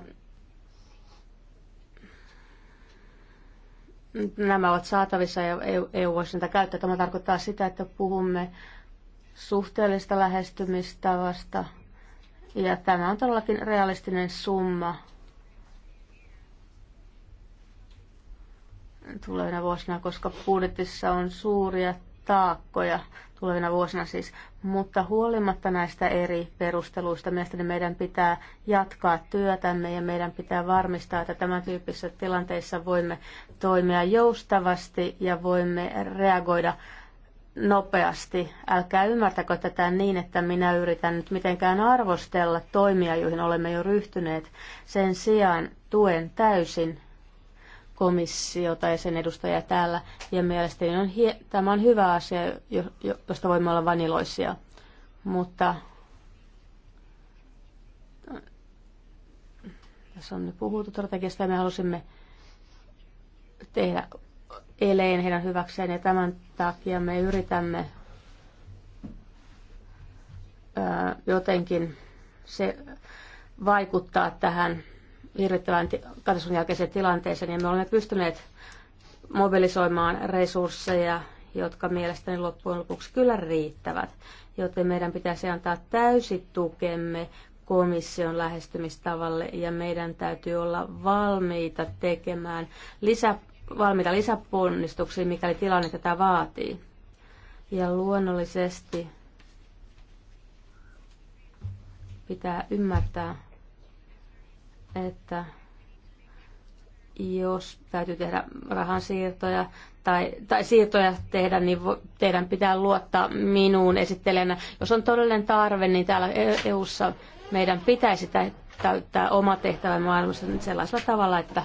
Nämä ovat saatavissa ja EU e voisi niitä käyttää. Tämä tarkoittaa sitä, että puhumme suhteellista lähestymistavasta. Ja tämä on todellakin realistinen summa tulevina vuosina, koska budjetissa on suuria taakkoja tulevina vuosina siis. Mutta huolimatta näistä eri perusteluista, mielestäni meidän pitää jatkaa työtämme ja meidän pitää varmistaa, että tämän tyyppisissä tilanteissa voimme toimia joustavasti ja voimme reagoida nopeasti. Älkää ymmärtäkö tätä niin, että minä yritän nyt mitenkään arvostella toimia, joihin olemme jo ryhtyneet. Sen sijaan tuen täysin komissiota ja sen edustajia täällä. Ja mielestäni on hie- tämä on hyvä asia, jo- jo- josta voimme olla vaniloisia. Mutta tässä on nyt puhuttu strategiasta ja me halusimme tehdä eleen heidän hyväkseen ja tämän takia me yritämme öö, jotenkin se vaikuttaa tähän hirvittävän katastrofin jälkeiseen tilanteeseen, ja me olemme pystyneet mobilisoimaan resursseja, jotka mielestäni loppujen lopuksi kyllä riittävät, joten meidän pitäisi antaa täysi tukemme komission lähestymistavalle ja meidän täytyy olla valmiita tekemään lisä, valmiita lisäponnistuksia, mikäli tilanne tätä vaatii. Ja luonnollisesti pitää ymmärtää, että jos täytyy tehdä rahansiirtoja tai, tai siirtoja tehdä, niin teidän pitää luottaa minuun esittelijänä. Jos on todellinen tarve, niin täällä EU:ssa e meidän pitäisi täyttää oma tehtävä maailmassa sellaisella tavalla, että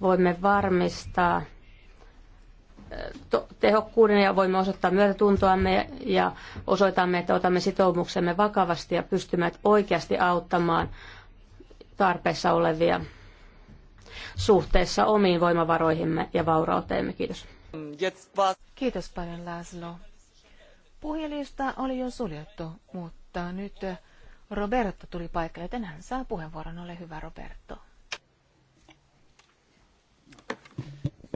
voimme varmistaa tehokkuuden ja voimme osoittaa myötätuntoamme ja osoitamme, että otamme sitoumuksemme vakavasti ja pystymme oikeasti auttamaan tarpeessa olevia suhteessa omiin voimavaroihimme ja vaurauteemme. Kiitos. Kiitos paljon Laszlo. Puhelista oli jo suljettu, mutta nyt Roberto tuli paikalle, joten hän saa puheenvuoron. Ole hyvä, Roberto.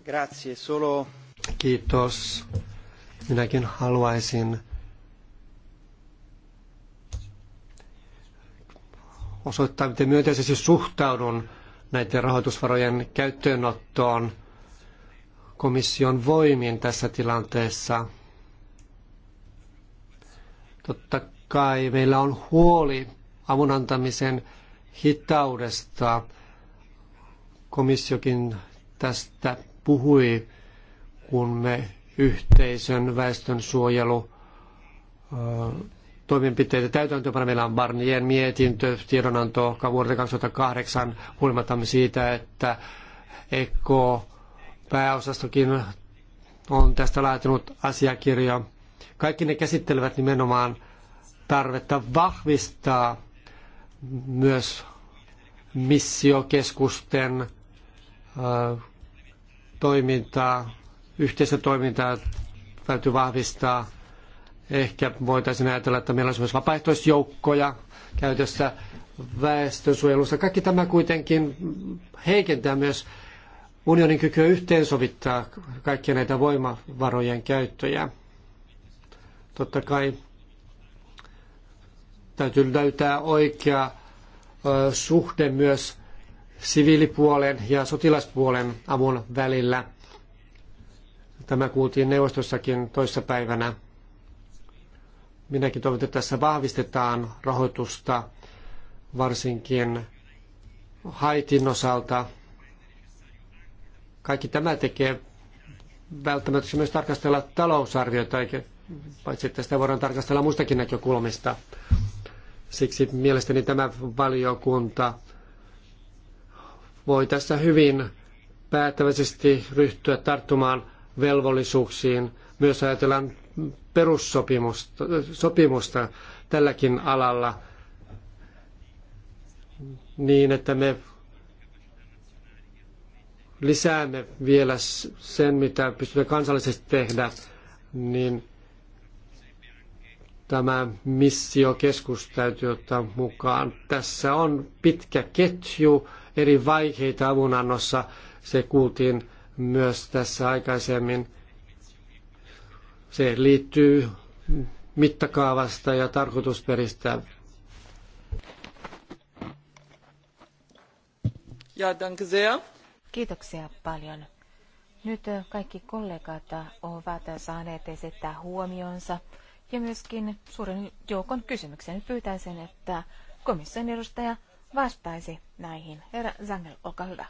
Grazie, solo... Kiitos. Minäkin haluaisin osoittaa, miten myönteisesti suhtaudun näiden rahoitusvarojen käyttöönottoon komission voimin tässä tilanteessa. Totta kai meillä on huoli avun antamisen hitaudesta. Komissiokin tästä puhui, kun me yhteisön väestön suojelu toimenpiteitä. Täytäntöönpano meillä on Barnien mietintö, tiedonanto vuodelta 2008, huolimatta siitä, että EKO pääosastokin on tästä laatinut asiakirja. Kaikki ne käsittelevät nimenomaan tarvetta vahvistaa myös missiokeskusten toimintaa, yhteistä toimintaa täytyy vahvistaa Ehkä voitaisiin ajatella, että meillä olisi myös vapaaehtoisjoukkoja käytössä väestönsuojelussa. Kaikki tämä kuitenkin heikentää myös unionin kykyä yhteensovittaa kaikkia näitä voimavarojen käyttöjä. Totta kai täytyy löytää oikea suhde myös siviilipuolen ja sotilaspuolen avun välillä. Tämä kuultiin neuvostossakin toissapäivänä. päivänä Minäkin toivon, että tässä vahvistetaan rahoitusta varsinkin Haitin osalta. Kaikki tämä tekee välttämättä myös tarkastella talousarviota, eikä paitsi että sitä voidaan tarkastella muistakin näkökulmista. Siksi mielestäni tämä valiokunta voi tässä hyvin päättäväisesti ryhtyä tarttumaan velvollisuuksiin. Myös ajatellaan perussopimusta tälläkin alalla niin, että me lisäämme vielä sen, mitä pystymme kansallisesti tehdä, niin tämä missiokeskus täytyy ottaa mukaan. Tässä on pitkä ketju eri vaiheita avunannossa. Se kuultiin myös tässä aikaisemmin. Se liittyy mittakaavasta ja tarkoitusperistä. Ja, danke sehr. Kiitoksia paljon. Nyt kaikki kollegat ovat saaneet esittää huomionsa ja myöskin suuren joukon kysymyksen pyytäisin, että komission edustaja vastaisi näihin. Herra Zangel, olkaa hyvä.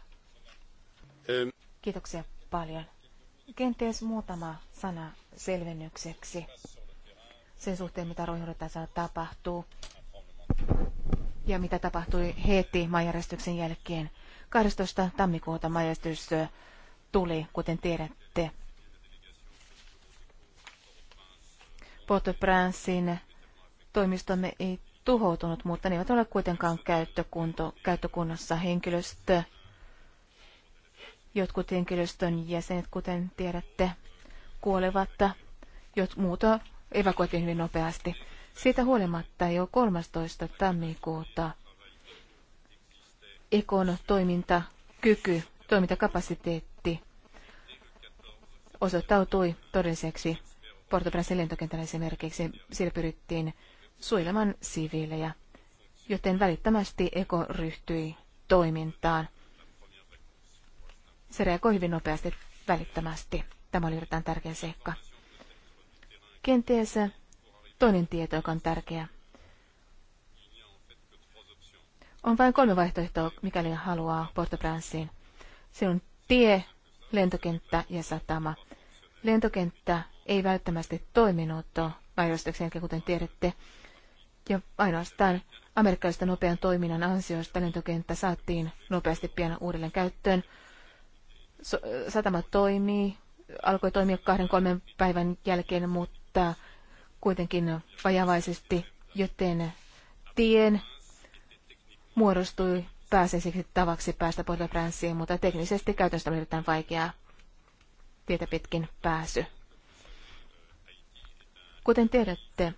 Kiitoksia paljon. Kenties muutama sana selvennykseksi sen suhteen, mitä ruohonjuuritasolla tapahtuu ja mitä tapahtui heti maanjärjestyksen jälkeen. 12. tammikuuta maanjärjestys tuli, kuten tiedätte. Port-au-Princein toimistomme ei tuhoutunut, mutta ne eivät ole kuitenkaan käyttökunto, käyttökunnossa. Henkilöstö Jotkut henkilöstön jäsenet, kuten tiedätte, kuolevatta, jot muuta evakuoitiin hyvin nopeasti. Siitä huolimatta jo 13. tammikuuta Ekon toimintakyky, toimintakapasiteetti osoittautui todelliseksi Porto lentokentällä esimerkiksi. Siellä pyrittiin suojelemaan siviilejä, joten välittömästi Eko ryhtyi toimintaan. Se reagoi hyvin nopeasti välittömästi. Tämä oli erittäin tärkeä seikka. Kenties toinen tieto, joka on tärkeä. On vain kolme vaihtoehtoa, mikäli haluaa Porto au Se on tie, lentokenttä ja satama. Lentokenttä ei välttämättä toiminut airostuksen jälkeen, kuten tiedätte. Ja ainoastaan amerikkalaisten nopean toiminnan ansiosta lentokenttä saatiin nopeasti pian uudelleen käyttöön satama toimii, alkoi toimia kahden kolmen päivän jälkeen, mutta kuitenkin vajavaisesti, joten tien muodostui pääsiäiseksi tavaksi päästä port mutta teknisesti käytännössä on erittäin vaikeaa tietä pitkin pääsy. Kuten tiedätte,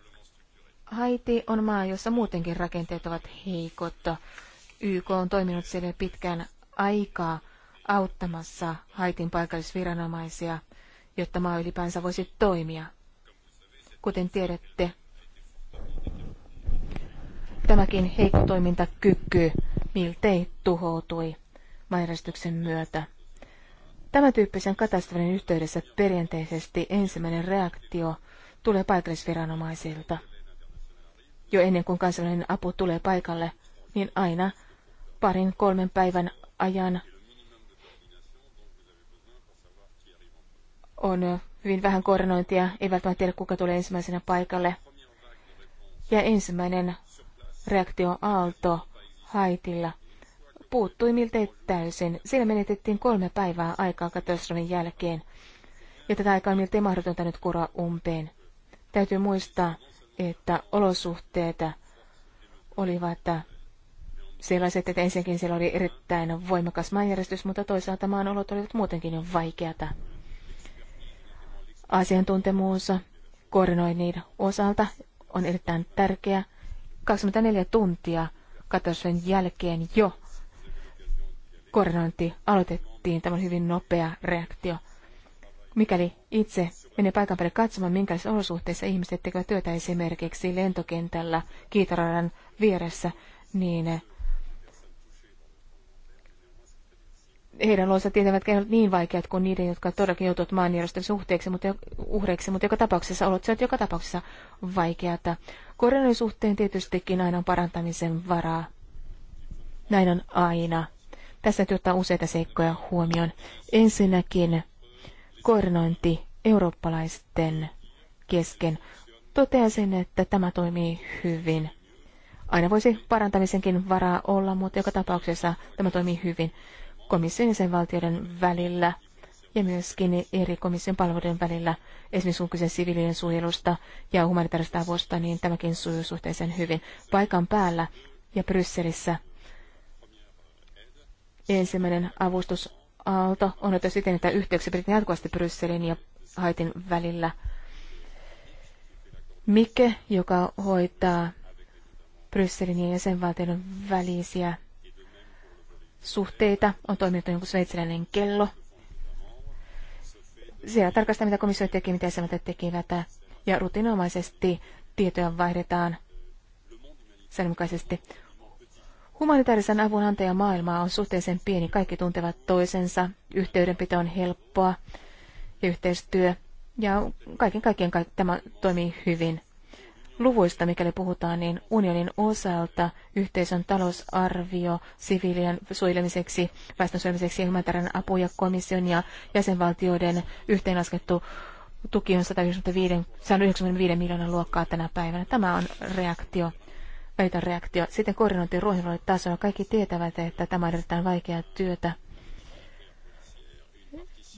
Haiti on maa, jossa muutenkin rakenteet ovat heikot. YK on toiminut siellä pitkään aikaa auttamassa Haitin paikallisviranomaisia, jotta maa ylipäänsä voisi toimia. Kuten tiedätte, tämäkin heikko toimintakyky miltei tuhoutui maanjäristyksen myötä. Tämän tyyppisen katastrofin yhteydessä perinteisesti ensimmäinen reaktio tulee paikallisviranomaisilta. Jo ennen kuin kansallinen apu tulee paikalle, niin aina parin kolmen päivän ajan on hyvin vähän koordinointia, ei välttämättä tiedä kuka tulee ensimmäisenä paikalle. Ja ensimmäinen reaktio aalto Haitilla puuttui miltei täysin. Siinä menetettiin kolme päivää aikaa katastrofin jälkeen. Ja tätä aikaa on miltei mahdotonta nyt kuraa umpeen. Täytyy muistaa, että olosuhteet olivat sellaiset, että ensinnäkin siellä oli erittäin voimakas maanjärjestys, mutta toisaalta maan olot olivat muutenkin jo vaikeata asiantuntemuus koordinoinnin osalta on erittäin tärkeä. 24 tuntia katastrofin jälkeen jo koordinointi aloitettiin. Tämä on hyvin nopea reaktio. Mikäli itse menee paikan päälle katsomaan, minkälaisissa olosuhteissa ihmiset tekevät työtä esimerkiksi lentokentällä kiitaradan vieressä, niin heidän luonsa tietävät keinot niin vaikeat kuin niiden, jotka todellakin joutuvat maanjärjestön suhteeksi, mutta uhreiksi, mutta joka tapauksessa olot ovat joka tapauksessa vaikeata. Koronan suhteen tietystikin aina on parantamisen varaa. Näin on aina. Tässä täytyy ottaa useita seikkoja huomioon. Ensinnäkin koordinointi eurooppalaisten kesken. Toteaisin, että tämä toimii hyvin. Aina voisi parantamisenkin varaa olla, mutta joka tapauksessa tämä toimii hyvin komission ja sen valtioiden välillä ja myöskin eri komission palveluiden välillä, esimerkiksi kun kyse siviilien suojelusta ja humanitaarista avusta, niin tämäkin sujuu suhteellisen hyvin. Paikan päällä ja Brysselissä ensimmäinen avustusaalto on otettu siten, että yhteyksiä pidetään jatkuvasti Brysselin ja Haitin välillä. Mikke, joka hoitaa Brysselin ja jäsenvaltioiden välisiä suhteita, on toiminut jonkun sveitsiläinen kello. Siellä tarkastaa, mitä komissio teki, mitä jäsenvaltiot tekivät, ja rutiinomaisesti tietoja vaihdetaan mukaisesti. Humanitaarisen avun antaja maailmaa on suhteellisen pieni, kaikki tuntevat toisensa, yhteydenpito on helppoa ja yhteistyö, ja kaiken kaikkiaan tämä toimii hyvin luvuista, mikäli puhutaan, niin unionin osalta yhteisön talousarvio siviilien suojelemiseksi, väestön suojelemiseksi ja humanitaarinen apu ja komission ja jäsenvaltioiden yhteenlaskettu tuki on 195, 195 miljoonan luokkaa tänä päivänä. Tämä on reaktio, välitön reaktio. Sitten koordinointi ruohonvarojen tasolla. Kaikki tietävät, että tämä on erittäin vaikeaa työtä.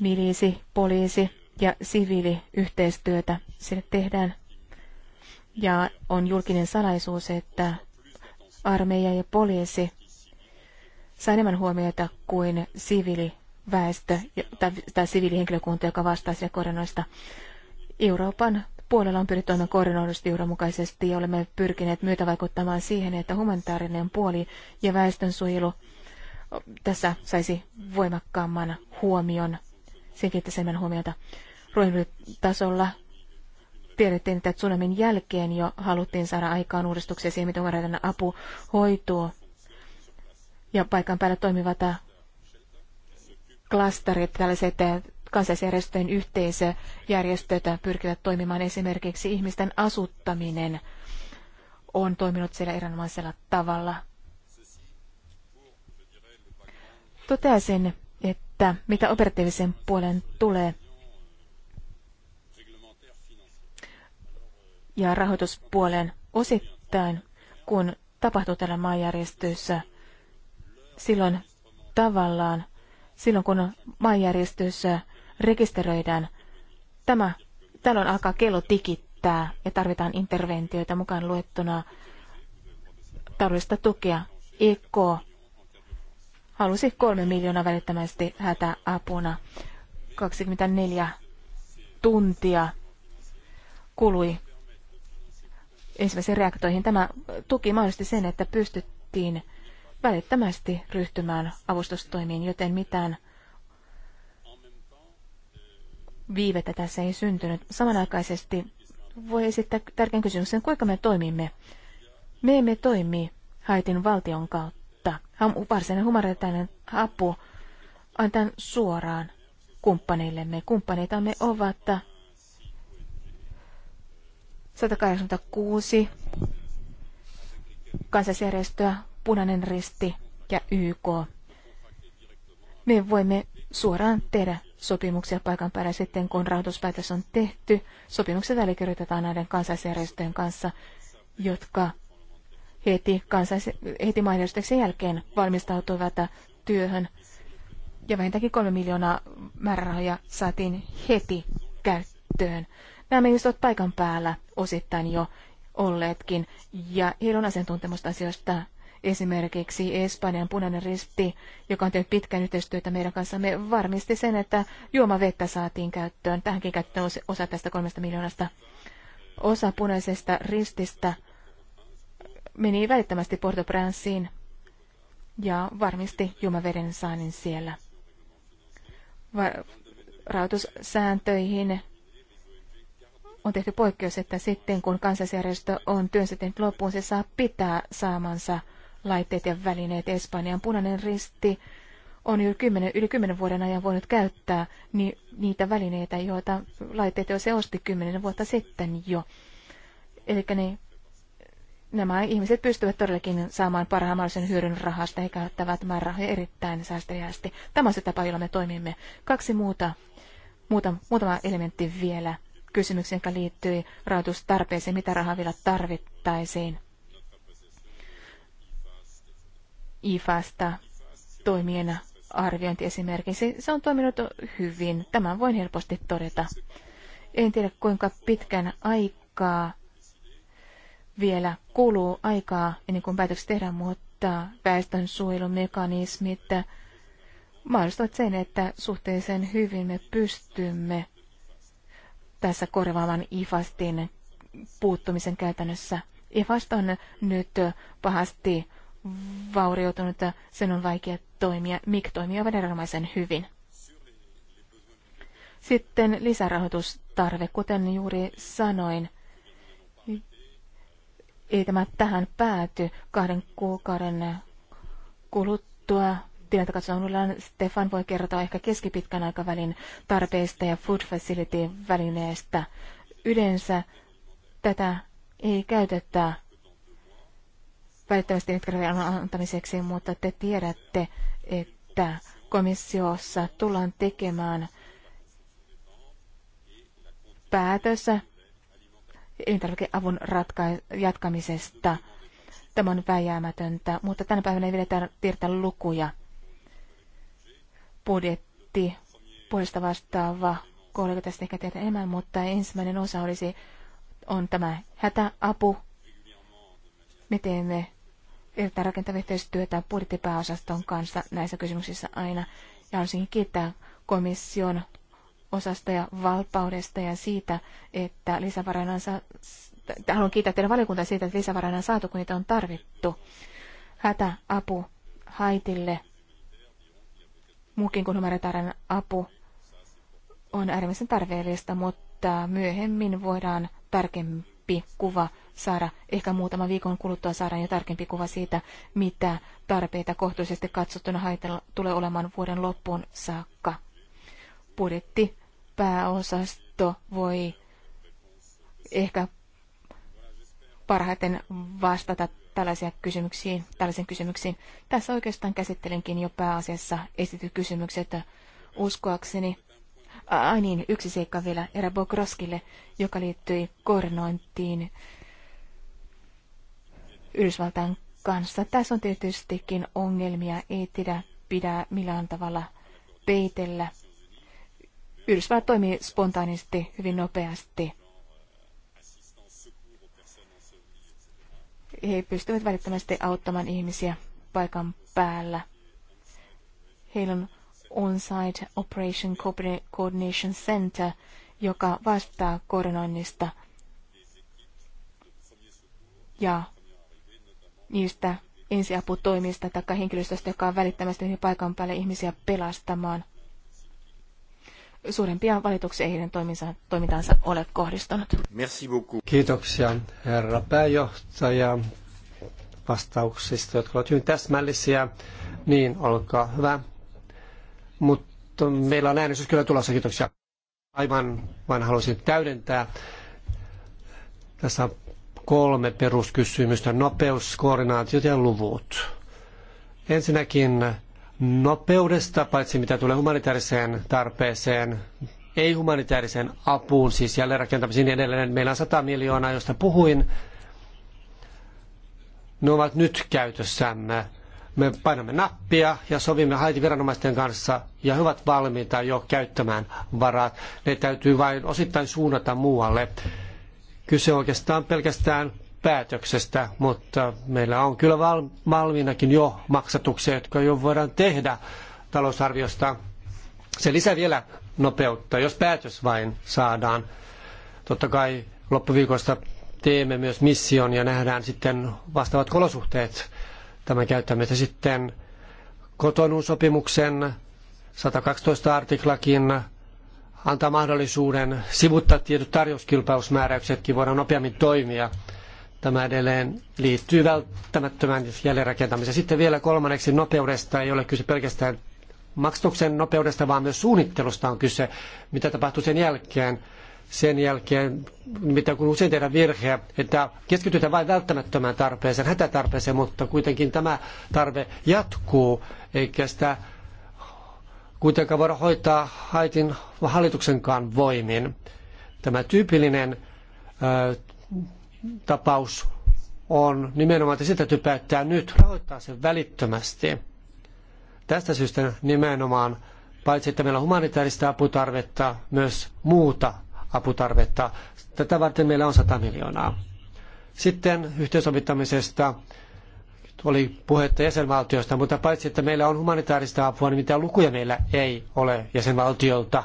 Milisi, poliisi ja siviiliyhteistyötä. Sille tehdään ja on julkinen salaisuus, että armeija ja poliisi saa enemmän huomiota kuin siviiliväestö tai, siviilihenkilökunta, joka vastaa sille koronoista. Euroopan puolella on pyritty toimimaan koordinoidusti johdonmukaisesti ja olemme pyrkineet myötävaikuttamaan siihen, että humanitaarinen puoli ja väestönsuojelu tässä saisi voimakkaamman huomion, senkin, että sen huomiota ruohonjuuritasolla tiedettiin, että tsunamin jälkeen jo haluttiin saada aikaan uudistuksia siihen, miten humanitaarinen apu hoituu. Ja paikan päällä toimivat äh, klasterit, tällaiset äh, kansallisjärjestöjen yhteisöjärjestöt äh, pyrkivät toimimaan esimerkiksi ihmisten asuttaminen on toiminut siellä erinomaisella tavalla. Toteaisin, että mitä operatiivisen puolen tulee, ja rahoituspuolen osittain, kun tapahtuu täällä maanjärjestöissä. silloin tavallaan, silloin kun maanjärjestöissä rekisteröidään, tämä, tällöin alkaa kello tikittää ja tarvitaan interventioita mukaan luettuna taloudellista tukea. EK halusi kolme miljoonaa välittömästi hätäapuna. 24 tuntia kului ensimmäisiin reaktoihin. Tämä tuki mahdollisti sen, että pystyttiin välittömästi ryhtymään avustustoimiin, joten mitään viivettä tässä ei syntynyt. Samanaikaisesti voi esittää tärkeän kysymyksen, kuinka me toimimme. Me emme toimi Haitin valtion kautta. Varsinainen humanitaarinen apu antaa suoraan kumppaneillemme. Kumppaneitamme ovat 186 kansallisjärjestöä, Punainen Risti ja YK. Me voimme suoraan tehdä sopimuksia paikan päällä sitten, kun rahoituspäätös on tehty. Sopimukset allekirjoitetaan näiden kansallisjärjestöjen kanssa, jotka heti, kansais- heti mainostuksen jälkeen valmistautuivat työhön. Ja vähintäänkin kolme miljoonaa määrärahoja saatiin heti käyttöön. Nämä ihmiset ovat paikan päällä osittain jo olleetkin, ja heillä on asiantuntemusta asioista. Esimerkiksi Espanjan punainen risti, joka on tehnyt pitkän yhteistyötä meidän kanssamme, varmisti sen, että juomavettä saatiin käyttöön. Tähänkin käyttöön osa tästä kolmesta miljoonasta. Osa punaisesta rististä meni välittömästi Porto Pranceen ja varmisti juomaveden saannin siellä. Va- rahoitussääntöihin on tehty poikkeus, että sitten kun kansalaisjärjestö on työnsä tehnyt loppuun, se saa pitää saamansa laitteet ja välineet. Espanjan punainen risti on jo 10, yli kymmenen vuoden ajan voinut käyttää ni, niitä välineitä, joita laitteet jo se osti kymmenen vuotta sitten jo. Eli ne, nämä ihmiset pystyvät todellakin saamaan parhaan mahdollisen hyödyn rahasta ja käyttävät määrärahoja erittäin säästeliäästi. Tämä on se tapa, jolla me toimimme. Kaksi muuta, muuta, muutama elementti vielä kysymykseen, joka liittyi rahoitustarpeeseen, mitä rahaa vielä tarvittaisiin. IFAsta toimien arviointi esimerkiksi, se on toiminut hyvin. Tämän voin helposti todeta. En tiedä kuinka pitkän aikaa vielä kuluu aikaa ennen kuin päätökset tehdään, mutta väestönsuojelumekanismit mahdollistavat sen, että suhteellisen hyvin me pystymme tässä korvaavan IFASTin puuttumisen käytännössä. IFAST on nyt pahasti vaurioitunut, sen on vaikea toimia. MIG toimii aivan erinomaisen hyvin. Sitten lisärahoitustarve, kuten juuri sanoin, ei tämä tähän pääty kahden kuukauden kuluttua tilannetta katsotaan uudelleen. Stefan voi kertoa ehkä keskipitkän aikavälin tarpeista ja Food Facility-välineestä. Yleensä tätä ei käytetä välittömästi Nitkarian antamiseksi, mutta te tiedätte, että komissiossa tullaan tekemään päätös elintarvikeavun ratka- jatkamisesta. Tämä on väijäämätöntä, mutta tänä päivänä ei vielä tiedetä lukuja budjetti puolesta vastaava kollega tästä ehkä tehdä enemmän, mutta ensimmäinen osa olisi, on tämä hätäapu. Me teemme erittäin rakentavia yhteistyötä budjettipääosaston kanssa näissä kysymyksissä aina. Ja haluaisin kiittää komission osasta ja valpaudesta ja siitä, että lisävarana saa, haluan kiittää teidän valiokuntaa siitä, että lisävarana on saatu, kun niitä on tarvittu. Hätäapu Haitille muukin kuin humanitaarinen apu on äärimmäisen tarpeellista, mutta myöhemmin voidaan tarkempi kuva saada, ehkä muutama viikon kuluttua saadaan jo tarkempi kuva siitä, mitä tarpeita kohtuullisesti katsottuna haitella tulee olemaan vuoden loppuun saakka. Budjetti pääosasto voi ehkä parhaiten vastata tällaisia kysymyksiin, tällaisiin kysymyksiin. Tässä oikeastaan käsittelenkin jo pääasiassa esityt kysymykset uskoakseni. Ai niin, yksi seikka vielä erä Bokroskille, joka liittyi koordinointiin Yhdysvaltain kanssa. Tässä on tietystikin ongelmia, ei pidä, pidä millään tavalla peitellä. Yhdysvallat toimii spontaanisti hyvin nopeasti he pystyvät välittömästi auttamaan ihmisiä paikan päällä. Heillä on On-Site Operation Coordination Center, joka vastaa koordinoinnista ja niistä ensiaputoimista tai henkilöstöstä, joka on välittömästi paikan päälle ihmisiä pelastamaan suurempia valituksia ei heidän toimintaansa ole kohdistanut. Merci beaucoup. Kiitoksia herra pääjohtaja vastauksista, jotka ovat hyvin täsmällisiä. Niin, olkaa hyvä. Mutta meillä on äänestys kyllä tulossa, kiitoksia. Aivan vain haluaisin täydentää. Tässä on kolme peruskysymystä. Nopeus, koordinaatiot ja luvut. Ensinnäkin nopeudesta, paitsi mitä tulee humanitaariseen tarpeeseen, ei-humanitaariseen apuun, siis niin edelleen. Meillä on 100 miljoonaa, josta puhuin. Ne ovat nyt käytössämme. Me painamme nappia ja sovimme Haitin viranomaisten kanssa ja he ovat valmiita jo käyttämään varat. Ne täytyy vain osittain suunnata muualle. Kyse on oikeastaan pelkästään päätöksestä, mutta meillä on kyllä valmiinakin jo maksatuksia, jotka jo voidaan tehdä talousarviosta. Se lisää vielä nopeutta, jos päätös vain saadaan. Totta kai loppuviikosta teemme myös mission ja nähdään sitten vastaavat olosuhteet tämän käyttämistä sitten kotonuusopimuksen 112 artiklakin antaa mahdollisuuden sivuttaa tietyt tarjouskilpausmääräyksetkin, voidaan nopeammin toimia. Tämä edelleen liittyy välttämättömään jälleenrakentamiseen. Sitten vielä kolmanneksi nopeudesta ei ole kyse pelkästään maksatuksen nopeudesta, vaan myös suunnittelusta on kyse, mitä tapahtuu sen jälkeen. Sen jälkeen, mitä kun usein tehdään virhe, että keskitytään vain välttämättömään tarpeeseen, hätätarpeeseen, mutta kuitenkin tämä tarve jatkuu, eikä sitä kuitenkaan voida hoitaa haitin hallituksenkaan voimin. Tämä tyypillinen tapaus on nimenomaan, että sitä täytyy päättää nyt, rahoittaa sen välittömästi. Tästä syystä nimenomaan, paitsi että meillä on humanitaarista aputarvetta, myös muuta aputarvetta. Tätä varten meillä on 100 miljoonaa. Sitten yhteensovittamisesta oli puhetta jäsenvaltiosta, mutta paitsi että meillä on humanitaarista apua, niin mitään lukuja meillä ei ole jäsenvaltiolta.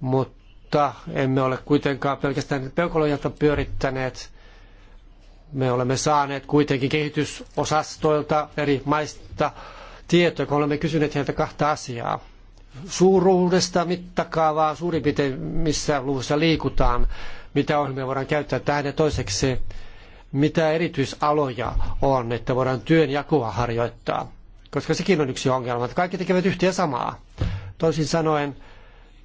Mutta mutta emme ole kuitenkaan pelkästään peukalojalta pyörittäneet. Me olemme saaneet kuitenkin kehitysosastoilta eri maista tietoja, kun olemme kysyneet heiltä kahta asiaa. Suuruudesta mittakaavaa, suurin piirtein missä luvussa liikutaan, mitä ohjelmia voidaan käyttää tähän ja toiseksi, mitä erityisaloja on, että voidaan työnjakoa harjoittaa. Koska sekin on yksi ongelma, että kaikki tekevät yhtä ja samaa. Toisin sanoen,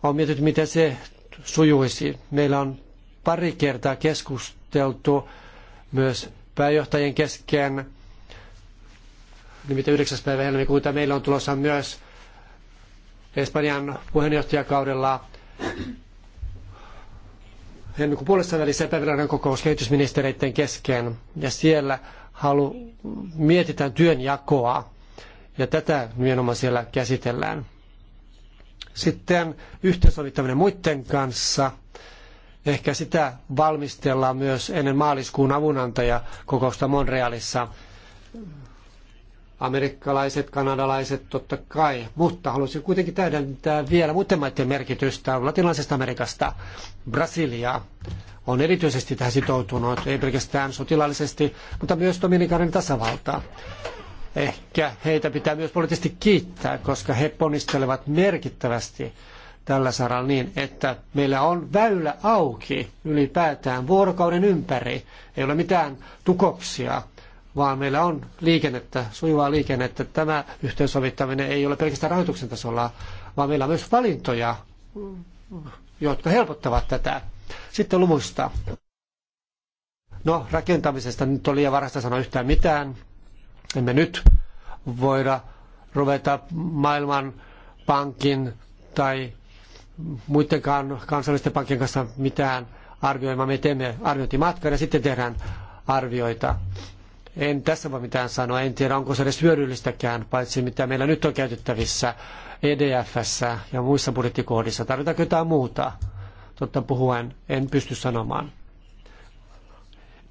on mietitty, miten se sujuisi. Meillä on pari kertaa keskusteltu myös pääjohtajien kesken. Nimittäin 9. päivä helmikuuta meillä on tulossa myös Espanjan puheenjohtajakaudella helmikuun puolessa välissä epävirallinen kokous kehitysministereiden kesken. Ja siellä halu, mietitään työnjakoa ja tätä nimenomaan siellä käsitellään. Sitten yhteensovittaminen muiden kanssa. Ehkä sitä valmistellaan myös ennen maaliskuun avunantajakokousta Montrealissa. Amerikkalaiset, kanadalaiset totta kai, mutta haluaisin kuitenkin täydentää vielä muiden maiden merkitystä latinalaisesta Amerikasta. Brasilia on erityisesti tähän sitoutunut, ei pelkästään sotilaallisesti, mutta myös Dominikanin tasavaltaa. Ehkä heitä pitää myös poliittisesti kiittää, koska he ponnistelevat merkittävästi tällä saralla niin, että meillä on väylä auki ylipäätään vuorokauden ympäri. Ei ole mitään tukoksia, vaan meillä on liikennettä, sujuvaa liikennettä. Tämä yhteensovittaminen ei ole pelkästään rahoituksen tasolla, vaan meillä on myös valintoja, jotka helpottavat tätä. Sitten luvusta. No, rakentamisesta nyt on liian varasta sanoa yhtään mitään. Emme nyt voida ruveta maailman pankin tai muidenkaan kansallisten pankkien kanssa mitään arvioimaan. Me teemme arviointimatkan ja sitten tehdään arvioita. En tässä voi mitään sanoa. En tiedä, onko se edes hyödyllistäkään, paitsi mitä meillä nyt on käytettävissä EDFssä ja muissa budjettikohdissa. Tarvitaanko jotain muuta? Totta puhuen en pysty sanomaan.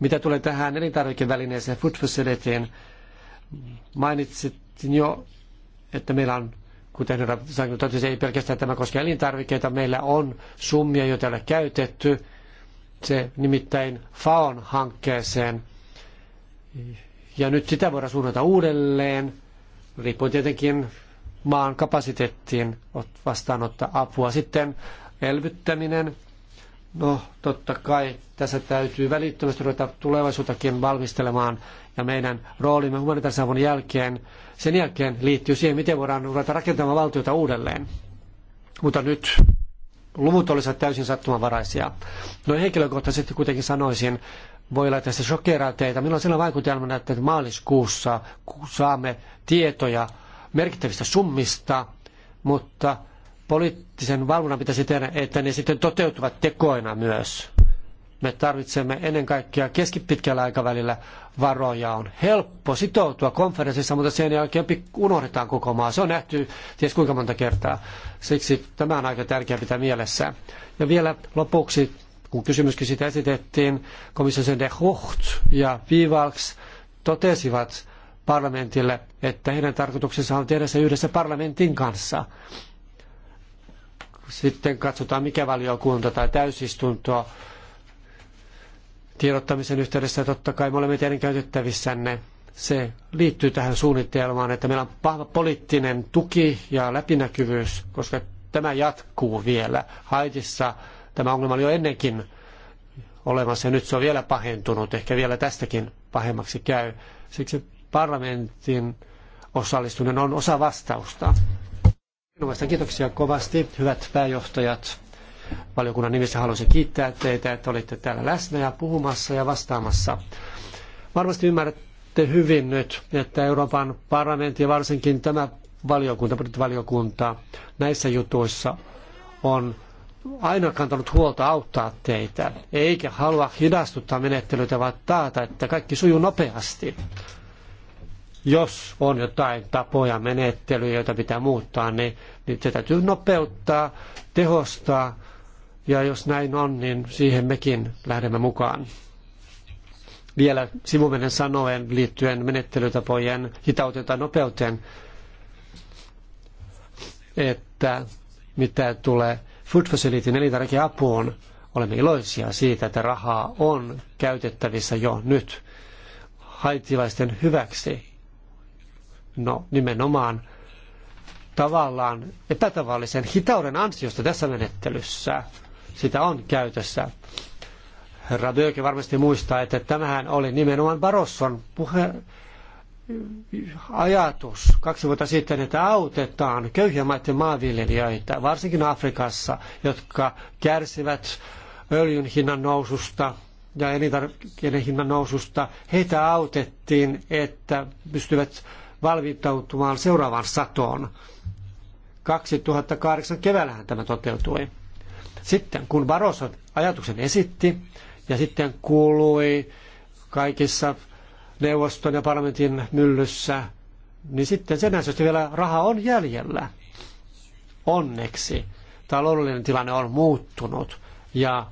Mitä tulee tähän elintarvikevälineeseen Food Facilityin, mainitsit jo, että meillä on, kuten herra Sanko totesi, ei pelkästään tämä koske elintarvikkeita, meillä on summia, joita ei ole käytetty. Se nimittäin FAON hankkeeseen. Ja nyt sitä voidaan suunnata uudelleen, riippuen tietenkin maan kapasiteettiin vastaanottaa apua. Sitten elvyttäminen, No totta kai tässä täytyy välittömästi ruveta tulevaisuuttakin valmistelemaan ja meidän roolimme humanitaarisen avun jälkeen, sen jälkeen liittyy siihen, miten voidaan ruveta rakentamaan valtiota uudelleen. Mutta nyt luvut olisivat täysin sattumanvaraisia. No henkilökohtaisesti kuitenkin sanoisin, voi olla, tässä se shokeraa teitä. Minulla on sellainen vaikutelma, että maaliskuussa saamme tietoja merkittävistä summista, mutta poliittisesti poliittisen valvonnan pitäisi tehdä, että ne sitten toteutuvat tekoina myös. Me tarvitsemme ennen kaikkea keskipitkällä aikavälillä varoja. On helppo sitoutua konferenssissa, mutta sen jälkeen unohdetaan koko maa. Se on nähty ties kuinka monta kertaa. Siksi tämä on aika tärkeää pitää mielessä. Ja vielä lopuksi, kun kysymyskin sitä esitettiin, komission de Hucht ja Vivalks totesivat parlamentille, että heidän tarkoituksensa on tehdä se yhdessä parlamentin kanssa sitten katsotaan mikä valiokunta tai täysistunto tiedottamisen yhteydessä. Totta kai me olemme teidän käytettävissänne. Se liittyy tähän suunnitelmaan, että meillä on vahva poliittinen tuki ja läpinäkyvyys, koska tämä jatkuu vielä. Haitissa tämä ongelma oli jo ennenkin olemassa ja nyt se on vielä pahentunut, ehkä vielä tästäkin pahemmaksi käy. Siksi parlamentin osallistuminen on osa vastausta. Erinomaista kiitoksia kovasti, hyvät pääjohtajat. Valiokunnan nimissä haluaisin kiittää teitä, että olitte täällä läsnä ja puhumassa ja vastaamassa. Varmasti ymmärrätte hyvin nyt, että Euroopan parlamentti ja varsinkin tämä valiokunta, valiokunta näissä jutuissa on aina kantanut huolta auttaa teitä, eikä halua hidastuttaa menettelyitä, vaan taata, että kaikki sujuu nopeasti. Jos on jotain tapoja, menettelyjä, joita pitää muuttaa, niin niin se täytyy nopeuttaa, tehostaa, ja jos näin on, niin siihen mekin lähdemme mukaan. Vielä sivumennen sanoen liittyen menettelytapojen hitauteen tai nopeuteen, että mitä tulee Food Facilityn elintarvikeapuun, olemme iloisia siitä, että rahaa on käytettävissä jo nyt haitilaisten hyväksi. No nimenomaan tavallaan epätavallisen hitauden ansiosta tässä menettelyssä. Sitä on käytössä. Herra Böke varmasti muistaa, että tämähän oli nimenomaan Barosson puhe, ajatus kaksi vuotta sitten, että autetaan köyhiä maiden maanviljelijöitä, varsinkin Afrikassa, jotka kärsivät öljyn hinnan noususta ja elintarvikkeiden hinnan noususta. Heitä autettiin, että pystyvät valvittautumaan seuraavaan satoon. 2008 keväällähän tämä toteutui. Sitten kun Barroso ajatuksen esitti ja sitten kuului kaikissa neuvoston ja parlamentin myllyssä, niin sitten sen ansiosta vielä raha on jäljellä. Onneksi taloudellinen tilanne on muuttunut ja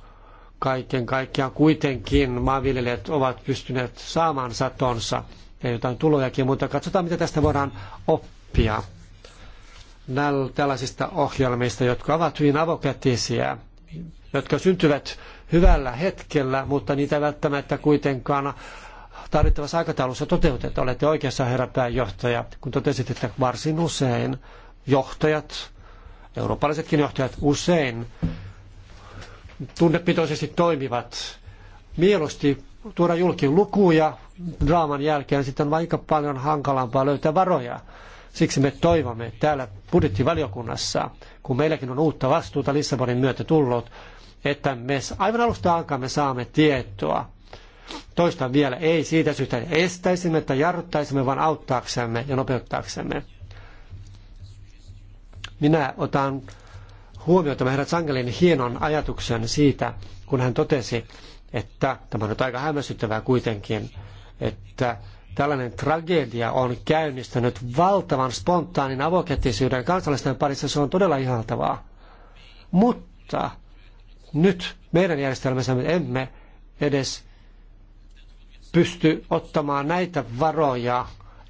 kaiken kaikkiaan kuitenkin maanviljelijät ovat pystyneet saamaan satonsa ja jotain tulojakin, mutta katsotaan mitä tästä voidaan oppia tällaisista ohjelmista, jotka ovat hyvin avokätisiä, jotka syntyvät hyvällä hetkellä, mutta niitä ei välttämättä kuitenkaan tarvittavassa aikataulussa toteuteta. Olette oikeassa, herra pääjohtaja, kun totesit, että varsin usein johtajat, eurooppalaisetkin johtajat usein tunnepitoisesti toimivat mieluusti tuoda julki lukuja draaman jälkeen, sitten on aika paljon hankalampaa löytää varoja Siksi me toivomme täällä budjettivaliokunnassa, kun meilläkin on uutta vastuuta Lissabonin myötä tullut, että me aivan alusta alkaen me saamme tietoa. Toistan vielä, ei siitä syystä estäisimme tai jarruttaisimme, vaan auttaaksemme ja nopeuttaaksemme. Minä otan huomioon tämän herra Sangelin hienon ajatuksen siitä, kun hän totesi, että tämä on nyt aika hämmästyttävää kuitenkin, että Tällainen tragedia on käynnistänyt valtavan spontaanin avokätisyyden kansalaisten parissa. Se on todella ihaltavaa. Mutta nyt meidän järjestelmässämme emme edes pysty ottamaan näitä varoja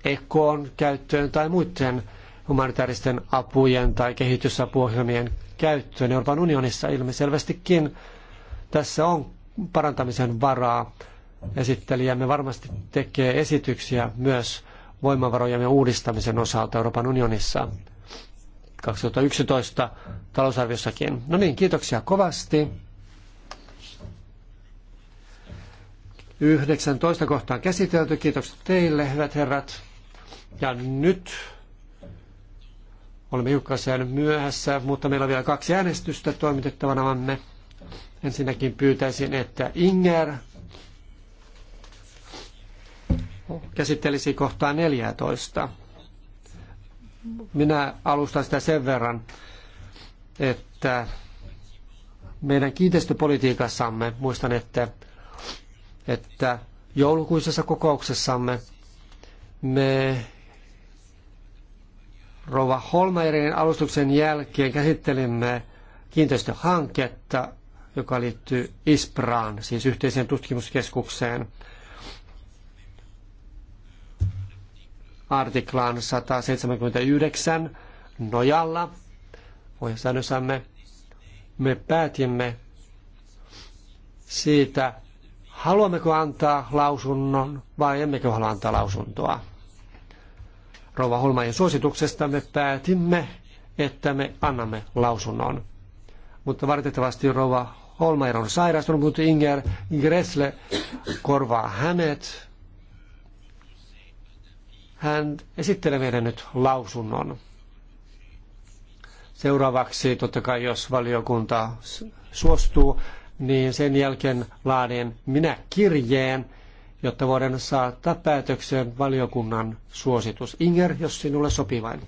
ekoon käyttöön tai muiden humanitaaristen apujen tai kehitysapuohjelmien käyttöön Euroopan unionissa ilmiselvästikin. Tässä on parantamisen varaa esittelijämme varmasti tekee esityksiä myös voimavarojemme uudistamisen osalta Euroopan unionissa 2011 talousarviossakin. No niin, kiitoksia kovasti. 19 kohtaan käsitelty. Kiitokset teille, hyvät herrat. Ja nyt olemme hiukan myöhässä, mutta meillä on vielä kaksi äänestystä toimitettavanamme. Ensinnäkin pyytäisin, että Inger käsittelisi kohtaa 14. Minä alustan sitä sen verran, että meidän kiinteistöpolitiikassamme, muistan, että, että joulukuisessa kokouksessamme me Rova Holmeirin alustuksen jälkeen käsittelimme kiinteistöhanketta, joka liittyy ISPRAan, siis yhteiseen tutkimuskeskukseen – artiklaan 179 nojalla ohjesäännössämme me päätimme siitä, haluammeko antaa lausunnon vai emmekö halua antaa lausuntoa. Rova Holmajan suosituksesta me päätimme, että me annamme lausunnon. Mutta valitettavasti Rova Holmajan on sairastunut, mutta Inger Gressle korvaa hänet hän esittelee meidän nyt lausunnon. Seuraavaksi, totta kai jos valiokunta suostuu, niin sen jälkeen laadin minä kirjeen, jotta voidaan saattaa päätökseen valiokunnan suositus. Inger, jos sinulle sopii vain.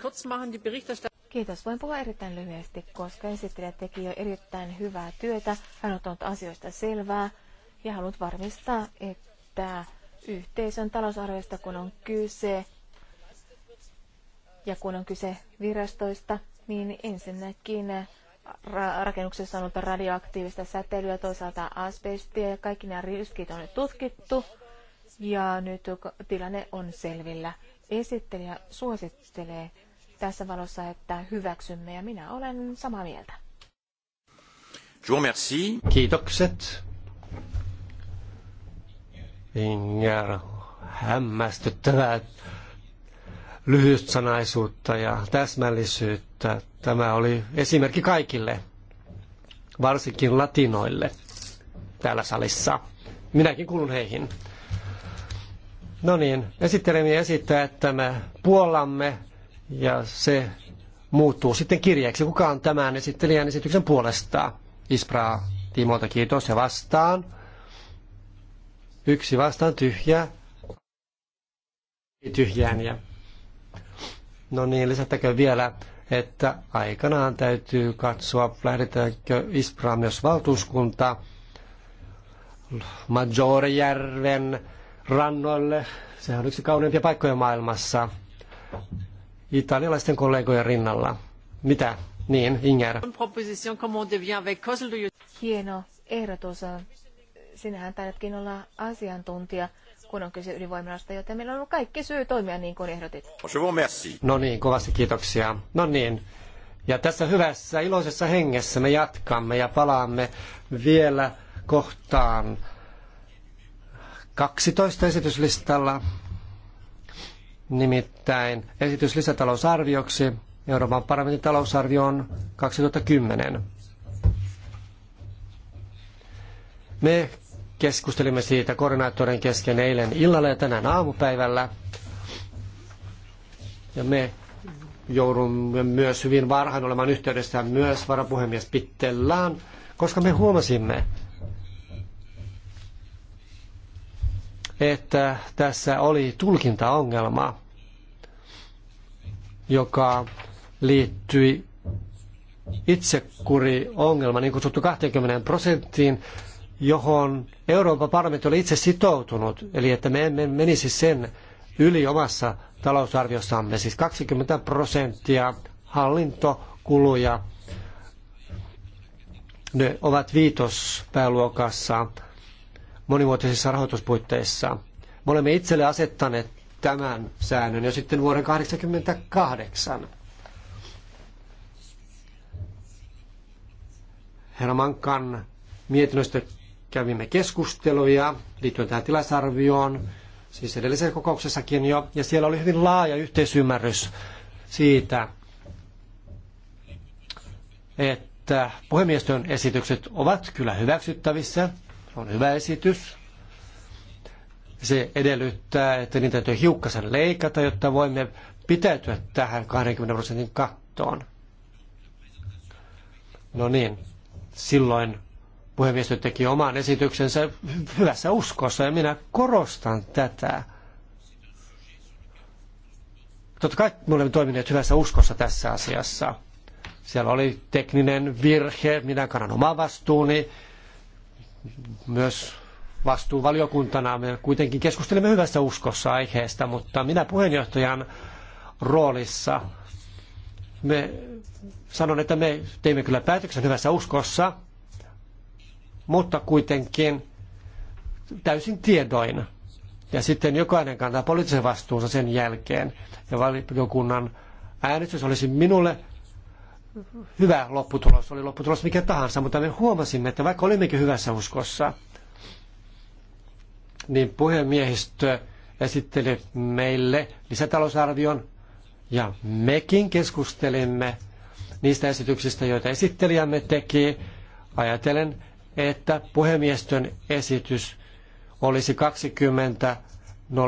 Kiitos. Voin puhua erittäin lyhyesti, koska esittelijä teki jo erittäin hyvää työtä. Hän on ottanut asioista selvää ja halunnut varmistaa, että yhteisön talousarviosta kun on kyse, ja kun on kyse virastoista, niin ensinnäkin ra- rakennuksessa on ollut radioaktiivista säteilyä, toisaalta asbestia ja kaikki nämä riskit on nyt tutkittu. Ja nyt tilanne on selvillä. Esittelijä suosittelee tässä valossa, että hyväksymme ja minä olen samaa mieltä. Jo, merci. Kiitokset. Inger, hämmästyttävää lyhytsanaisuutta ja täsmällisyyttä. Tämä oli esimerkki kaikille, varsinkin latinoille täällä salissa. Minäkin kuulun heihin. No niin, esittelemme esittää, että me puolamme ja se muuttuu sitten kirjeeksi. Kuka on tämän esittelijän esityksen puolesta? Ispra Timolta kiitos ja vastaan. Yksi vastaan tyhjä. Tyhjään ja No niin, lisättäkö vielä, että aikanaan täytyy katsoa, lähdetäänkö Ispra myös valtuuskunta Majorjärven rannoille. Sehän on yksi kauneimpia paikkoja maailmassa italialaisten kollegojen rinnalla. Mitä? Niin, Inger. Hieno ehdotus. Sinähän taidetkin olla asiantuntija kun on kyse ydinvoimalasta, joten meillä on ollut kaikki syy toimia niin kuin ehdotit. No niin, kovasti kiitoksia. No niin, ja tässä hyvässä iloisessa hengessä me jatkamme ja palaamme vielä kohtaan 12 esityslistalla, nimittäin esitys lisätalousarvioksi Euroopan parlamentin talousarvioon 2010. Me Keskustelimme siitä koordinaattorin kesken eilen illalla ja tänään aamupäivällä. Ja me joudumme myös hyvin varhain olemaan yhteydessä myös varapuhemies Pittellaan, koska me huomasimme, että tässä oli tulkintaongelma, joka liittyi itsekuriongelma, niin kutsuttu 20 prosenttiin, johon Euroopan parlamentti oli itse sitoutunut, eli että me emme menisi sen yli omassa talousarviossamme, siis 20 prosenttia hallintokuluja. Ne ovat viitospääluokassa monimuotoisissa rahoituspuitteissa. Me olemme itselle asettaneet tämän säännön jo sitten vuoden 1988. Herra Mankan mietinnöstä kävimme keskusteluja liittyen tähän tilasarvioon, siis edellisessä kokouksessakin jo, ja siellä oli hyvin laaja yhteisymmärrys siitä, että puhemiestön esitykset ovat kyllä hyväksyttävissä. Se on hyvä esitys. Se edellyttää, että niitä täytyy hiukkasen leikata, jotta voimme pitäytyä tähän 20 prosentin kattoon. No niin, silloin puhemiestö teki oman esityksensä hyvässä uskossa ja minä korostan tätä. Totta kai me olemme toimineet hyvässä uskossa tässä asiassa. Siellä oli tekninen virhe, minä kannan oma vastuuni, myös vastuuvaliokuntana. Me kuitenkin keskustelemme hyvässä uskossa aiheesta, mutta minä puheenjohtajan roolissa me sanon, että me teimme kyllä päätöksen hyvässä uskossa – mutta kuitenkin täysin tiedoin. Ja sitten jokainen kantaa poliittisen vastuunsa sen jälkeen. Ja valiokunnan äänestys olisi minulle hyvä lopputulos, oli lopputulos mikä tahansa, mutta me huomasimme, että vaikka olimmekin hyvässä uskossa, niin puhemiehistö esitteli meille lisätalousarvion ja mekin keskustelimme niistä esityksistä, joita esittelijämme teki, ajatellen että puhemiestön esitys olisi 20, 20,4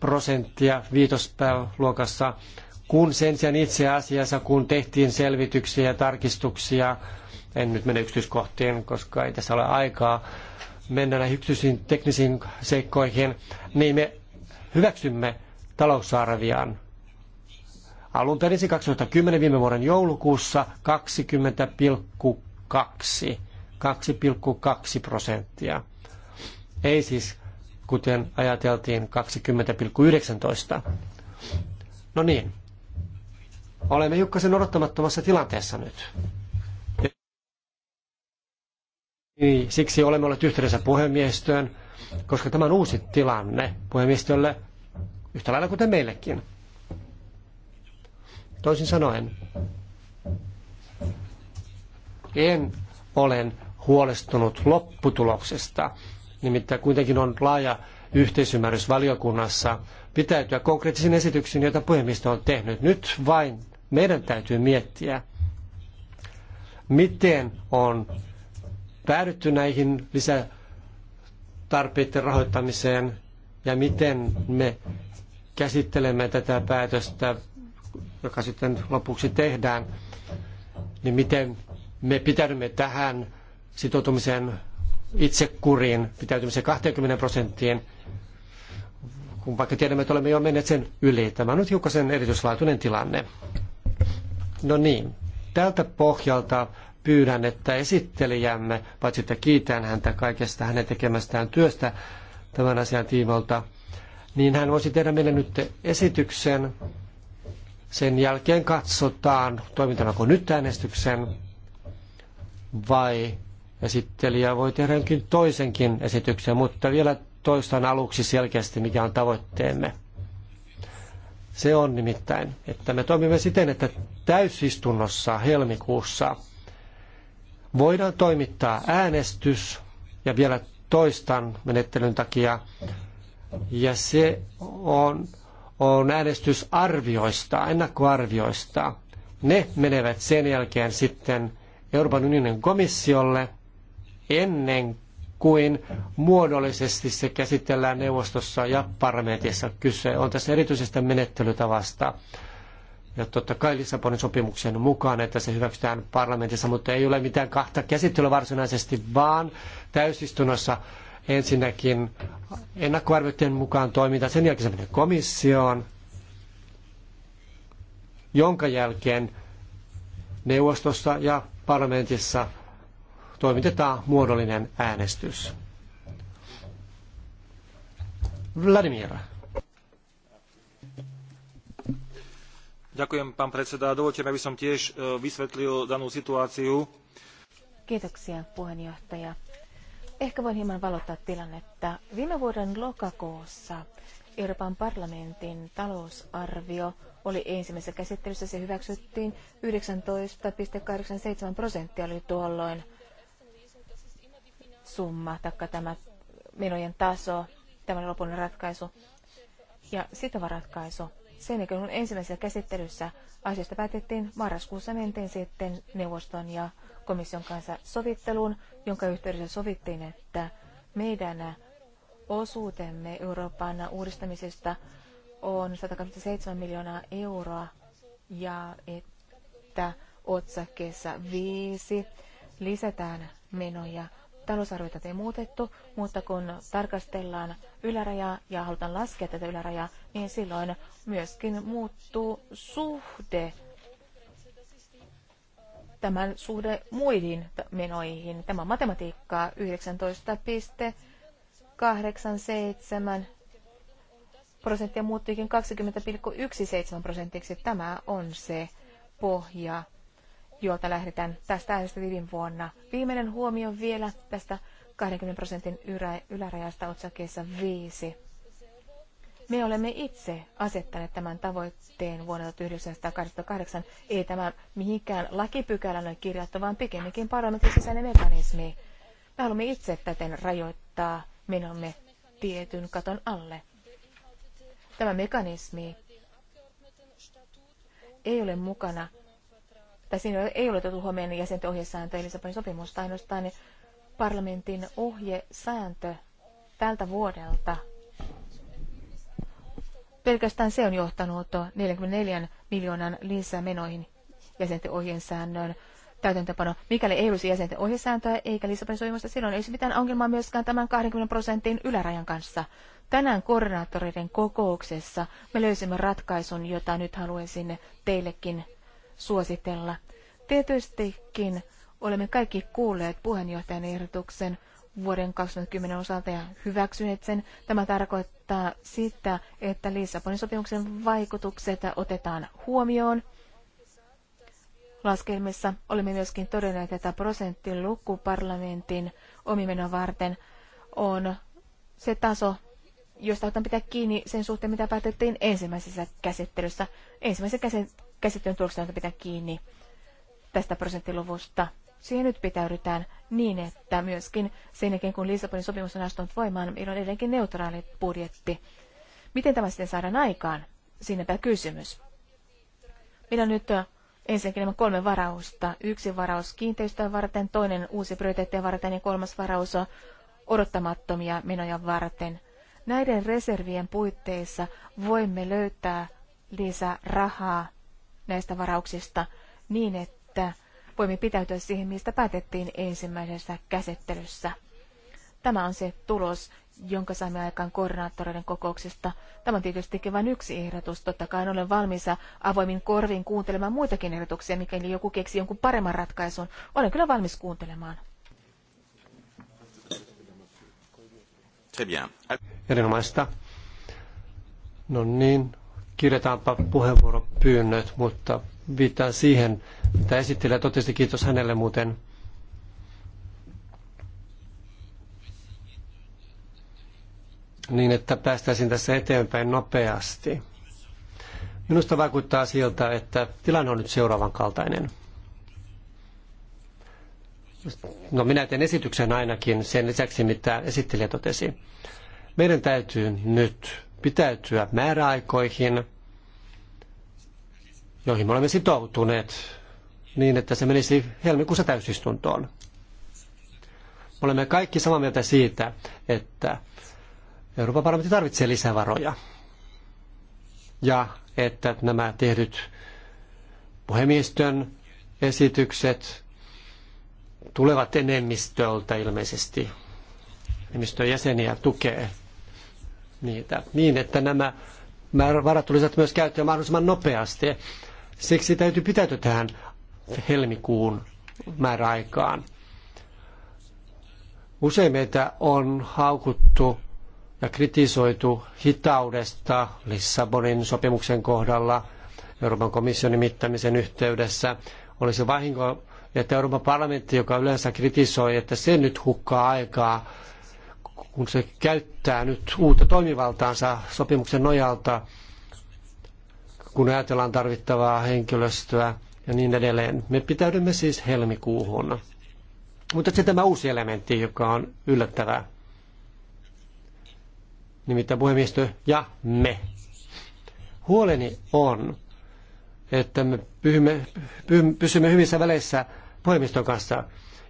prosenttia viitospääluokassa, kun sen sijaan itse asiassa, kun tehtiin selvityksiä ja tarkistuksia, en nyt mene yksityiskohtiin, koska ei tässä ole aikaa mennä näihin yksityisiin teknisiin seikkoihin, niin me hyväksymme talousarvion. Alun perin 2010 viime vuoden joulukuussa 20,6 2,2 prosenttia. Ei siis kuten ajateltiin 20,19. No niin, olemme Jukkasen odottamattomassa tilanteessa nyt. Niin, siksi olemme olleet yhteydessä puhemiestöön, koska tämä on uusi tilanne puhemiestölle yhtä lailla kuten meillekin. Toisin sanoen, en olen huolestunut lopputuloksesta. Nimittäin kuitenkin on laaja yhteisymmärrys valiokunnassa pitäytyä konkreettisiin esityksiin, joita puhemisto on tehnyt. Nyt vain meidän täytyy miettiä, miten on päädytty näihin lisätarpeiden rahoittamiseen ja miten me käsittelemme tätä päätöstä, joka sitten lopuksi tehdään, niin miten me pitäydymme tähän sitoutumiseen itsekuriin, pitäytymiseen 20 prosenttiin, kun vaikka tiedämme, että olemme jo menneet sen yli. Tämä on nyt hiukkasen erityislaatuinen tilanne. No niin, tältä pohjalta pyydän, että esittelijämme, paitsi että kiitän häntä kaikesta hänen tekemästään työstä tämän asian tiimolta, niin hän voisi tehdä meille nyt esityksen. Sen jälkeen katsotaan, toimitaanko nyt äänestyksen vai esittelijä voi tehdä jonkin toisenkin esityksen, mutta vielä toistan aluksi selkeästi, mikä on tavoitteemme. Se on nimittäin, että me toimimme siten, että täysistunnossa helmikuussa voidaan toimittaa äänestys, ja vielä toistan menettelyn takia, ja se on, on äänestys arvioista, ennakkoarvioista. Ne menevät sen jälkeen sitten Euroopan unionin komissiolle ennen kuin muodollisesti se käsitellään neuvostossa ja parlamentissa. Kyse on tässä erityisestä menettelytavasta. Ja totta kai Lissabonin sopimuksen mukaan, että se hyväksytään parlamentissa, mutta ei ole mitään kahta käsittelyä varsinaisesti, vaan täysistunnossa ensinnäkin ennakkoarvioiden mukaan toiminta, sen jälkeen se menee komissioon, jonka jälkeen neuvostossa ja parlamentissa toimitetaan muodollinen äänestys. Vladimir. Ďakujem, pán predseda. Dovolte aby som tiež e, vysvetlil danú situáciu. Kiitoksia, puheenjohtaja. Ehkä voin hieman valottaa tilannetta. Viime vuoden lokakuussa Euroopan parlamentin talousarvio oli ensimmäisessä käsittelyssä, se hyväksyttiin 19,87 prosenttia oli tuolloin summa, taikka tämä menojen taso, tämä lopullinen ratkaisu ja sitova ratkaisu. Sen jälkeen kun ensimmäisessä käsittelyssä asiasta päätettiin, marraskuussa mentiin sitten neuvoston ja komission kanssa sovitteluun, jonka yhteydessä sovittiin, että meidän osuutemme Euroopan uudistamisesta on 127 miljoonaa euroa ja että otsakkeessa viisi. lisätään menoja. Talousarvioita ei muutettu, mutta kun tarkastellaan ylärajaa ja halutaan laskea tätä ylärajaa, niin silloin myöskin muuttuu suhde tämän suhde muihin menoihin. Tämä on matematiikkaa 87 prosenttia muuttuikin 20,17 prosentiksi. Tämä on se pohja, jolta lähdetään tästä äänestä viime vuonna. Viimeinen huomio vielä tästä 20 prosentin ylärajasta otsakeessa 5. Me olemme itse asettaneet tämän tavoitteen vuonna 1988. Ei tämä mihinkään lakipykälän ole kirjattu, vaan pikemminkin parlamentin sisäinen mekanismi. Me haluamme itse täten rajoittaa menomme tietyn katon alle. Tämä mekanismi ei ole mukana, tai siinä ei ole otettu huomioon jäsenten ohjesääntö, Lissabonin sopimusta, ainoastaan parlamentin ohjesääntö tältä vuodelta. Pelkästään se on johtanut 44 miljoonan lisämenoihin jäsenten ohjesäännön täytäntöpano. Mikäli ei olisi jäsenten ohjesääntöä eikä Lissabonin sopimusta, silloin ei olisi mitään ongelmaa myöskään tämän 20 prosentin ylärajan kanssa. Tänään koordinaattoreiden kokouksessa me löysimme ratkaisun, jota nyt haluaisin teillekin suositella. Tietystikin olemme kaikki kuulleet puheenjohtajan ehdotuksen vuoden 2010 osalta ja hyväksyneet sen. Tämä tarkoittaa sitä, että Lissabonin sopimuksen vaikutukset otetaan huomioon – Laskelmissa olemme myöskin todenneet, että prosentin luku parlamentin omimeno varten on se taso, josta otan pitää kiinni sen suhteen, mitä päätettiin ensimmäisessä käsittelyssä. Ensimmäisen käsittelyn tuloksena pitää kiinni tästä prosenttiluvusta. Siihen nyt pitäydytään niin, että myöskin sen jälkeen, kun Lissabonin sopimus on astunut voimaan, meillä on edelleenkin neutraali budjetti. Miten tämä sitten saadaan aikaan? Siinäpä kysymys. Meillä on nyt Ensinnäkin nämä kolme varausta. Yksi varaus kiinteistöä varten, toinen uusi prioriteetteja varten ja kolmas varaus on odottamattomia menoja varten. Näiden reservien puitteissa voimme löytää lisää rahaa näistä varauksista niin, että voimme pitäytyä siihen, mistä päätettiin ensimmäisessä käsittelyssä. Tämä on se tulos, jonka saimme aikaan koordinaattoreiden kokouksesta. Tämä on tietysti vain yksi ehdotus. Totta kai olen valmis avoimin korvin kuuntelemaan muitakin ehdotuksia, mikäli joku keksi jonkun paremman ratkaisun. Olen kyllä valmis kuuntelemaan. Erinomaista. No niin, kirjataanpa puheenvuoropyynnöt, mutta viittaan siihen, mitä esittelijä totesi, kiitos hänelle muuten, niin että päästäisiin tässä eteenpäin nopeasti. Minusta vaikuttaa siltä, että tilanne on nyt seuraavan kaltainen. No minä teen esityksen ainakin sen lisäksi, mitä esittelijä totesi. Meidän täytyy nyt pitäytyä määräaikoihin, joihin me olemme sitoutuneet niin, että se menisi helmikuussa täysistuntoon. Me olemme kaikki samaa mieltä siitä, että Euroopan parlamentti tarvitsee lisävaroja. Ja että nämä tehdyt puhemiestön esitykset tulevat enemmistöltä ilmeisesti. Enemmistön jäseniä tukee niitä niin, että nämä varat tulisivat myös käyttöön mahdollisimman nopeasti. Siksi täytyy pitäytyä tähän helmikuun määräaikaan. Usein meitä on haukuttu ja kritisoitu hitaudesta Lissabonin sopimuksen kohdalla Euroopan komission nimittämisen yhteydessä. Olisi vahinko, että Euroopan parlamentti, joka yleensä kritisoi, että se nyt hukkaa aikaa, kun se käyttää nyt uutta toimivaltaansa sopimuksen nojalta, kun ajatellaan tarvittavaa henkilöstöä ja niin edelleen. Me pitäydymme siis helmikuuhun. Mutta se tämä uusi elementti, joka on yllättävää nimittäin puhemiestö ja me. Huoleni on, että me pyhymme, pyhymme, pysymme hyvissä väleissä puhemiston kanssa.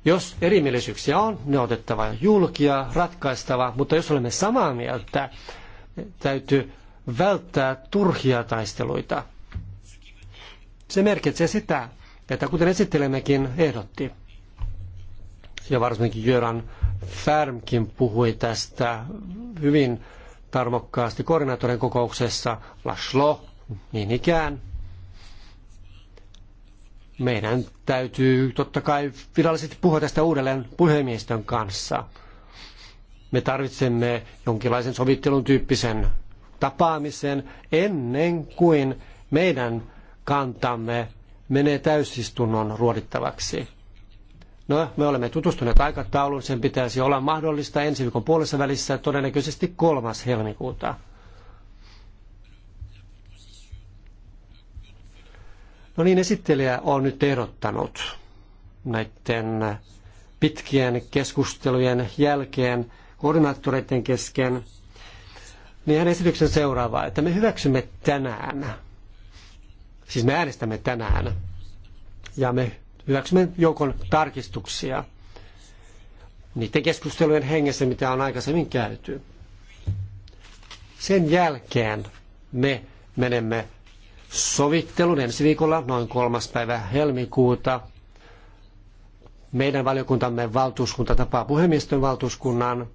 Jos erimielisyyksiä on, ne on otettava julkia, ratkaistava, mutta jos olemme samaa mieltä, täytyy välttää turhia taisteluita. Se merkitsee sitä, että kuten esittelemmekin ehdotti, ja varsinkin Jöran Färmkin puhui tästä hyvin tarmokkaasti koordinaattorin kokouksessa Laslo niin ikään. Meidän täytyy totta kai virallisesti puhua tästä uudelleen puhemiestön kanssa. Me tarvitsemme jonkinlaisen sovittelun tyyppisen tapaamisen ennen kuin meidän kantamme menee täysistunnon ruodittavaksi. No, me olemme tutustuneet aikatauluun. Sen pitäisi olla mahdollista ensi viikon puolessa välissä, todennäköisesti kolmas helmikuuta. No niin, esittelijä on nyt ehdottanut näiden pitkien keskustelujen jälkeen koordinaattoreiden kesken, niin hän esityksen seuraavaa, että me hyväksymme tänään, siis me äänestämme tänään, ja me hyväksymme joukon tarkistuksia niiden keskustelujen hengessä, mitä on aikaisemmin käyty. Sen jälkeen me menemme sovittelun ensi viikolla noin kolmas päivä helmikuuta. Meidän valiokuntamme valtuuskunta tapaa puhemiestön valtuuskunnan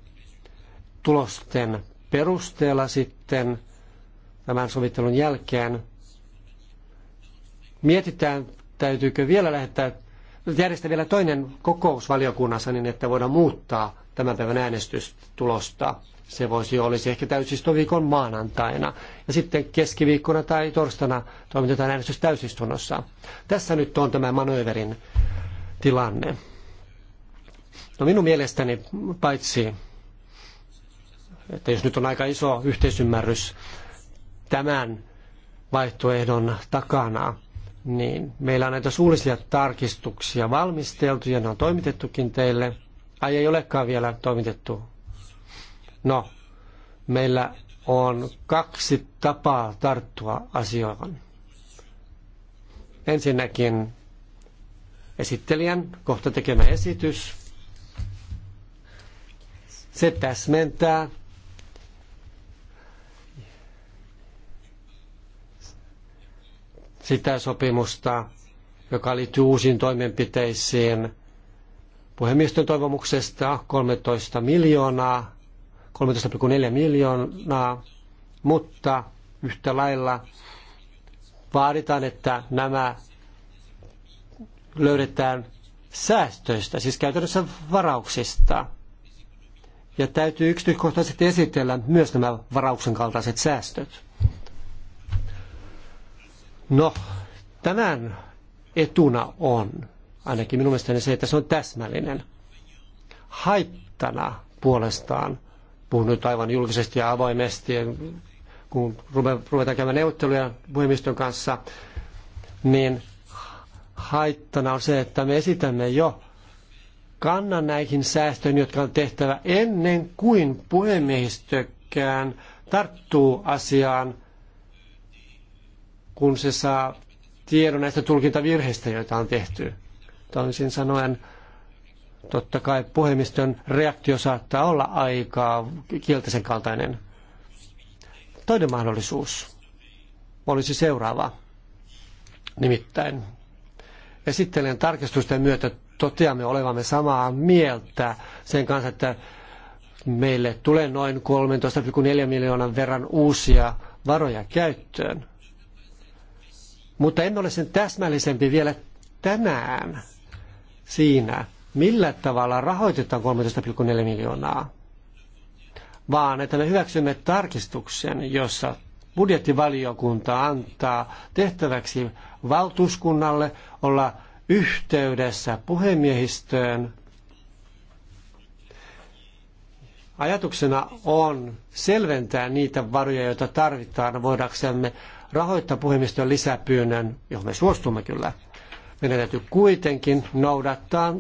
tulosten perusteella sitten tämän sovittelun jälkeen mietitään, täytyykö vielä lähettää järjestä vielä toinen kokous valiokunnassa niin, että voidaan muuttaa tämän päivän äänestystulosta. Se voisi olisi ehkä viikon maanantaina ja sitten keskiviikkona tai torstaina toimitetaan äänestys täysistunnossa. Tässä nyt on tämä manöverin tilanne. No minun mielestäni paitsi, että jos nyt on aika iso yhteisymmärrys tämän vaihtoehdon takana, niin meillä on näitä suullisia tarkistuksia valmisteltu ja ne on toimitettukin teille. Ai ei olekaan vielä toimitettu. No, meillä on kaksi tapaa tarttua asioihin. Ensinnäkin esittelijän kohta tekemä esitys. Se täsmentää sitä sopimusta, joka liittyy uusiin toimenpiteisiin. Puhemiestön toivomuksesta 13 miljoonaa, 13,4 miljoonaa, mutta yhtä lailla vaaditaan, että nämä löydetään säästöistä, siis käytännössä varauksista. Ja täytyy yksityiskohtaisesti esitellä myös nämä varauksen kaltaiset säästöt. No, tämän etuna on, ainakin minun mielestäni se, että se on täsmällinen. Haittana puolestaan, puhun nyt aivan julkisesti ja avoimesti, kun ruvetaan käymään neuvotteluja puhemiston kanssa, niin haittana on se, että me esitämme jo kannan näihin säästöihin, jotka on tehtävä ennen kuin puhemiehistökään tarttuu asiaan – kun se saa tiedon näistä tulkintavirheistä, joita on tehty. Toisin sanoen, totta kai puhemiston reaktio saattaa olla aika kielteisen kaltainen. Toinen mahdollisuus olisi seuraava. Nimittäin esittelen tarkistusten myötä toteamme olevamme samaa mieltä sen kanssa, että meille tulee noin 13,4 miljoonan verran uusia varoja käyttöön. Mutta en ole sen täsmällisempi vielä tänään siinä, millä tavalla rahoitetaan 13,4 miljoonaa, vaan että me hyväksymme tarkistuksen, jossa budjettivaliokunta antaa tehtäväksi valtuuskunnalle olla yhteydessä puhemiehistöön. Ajatuksena on selventää niitä varoja, joita tarvitaan voidaksemme rahoittaa puhemiston lisäpyynnön, johon me suostumme kyllä. Meidän täytyy kuitenkin noudattaa,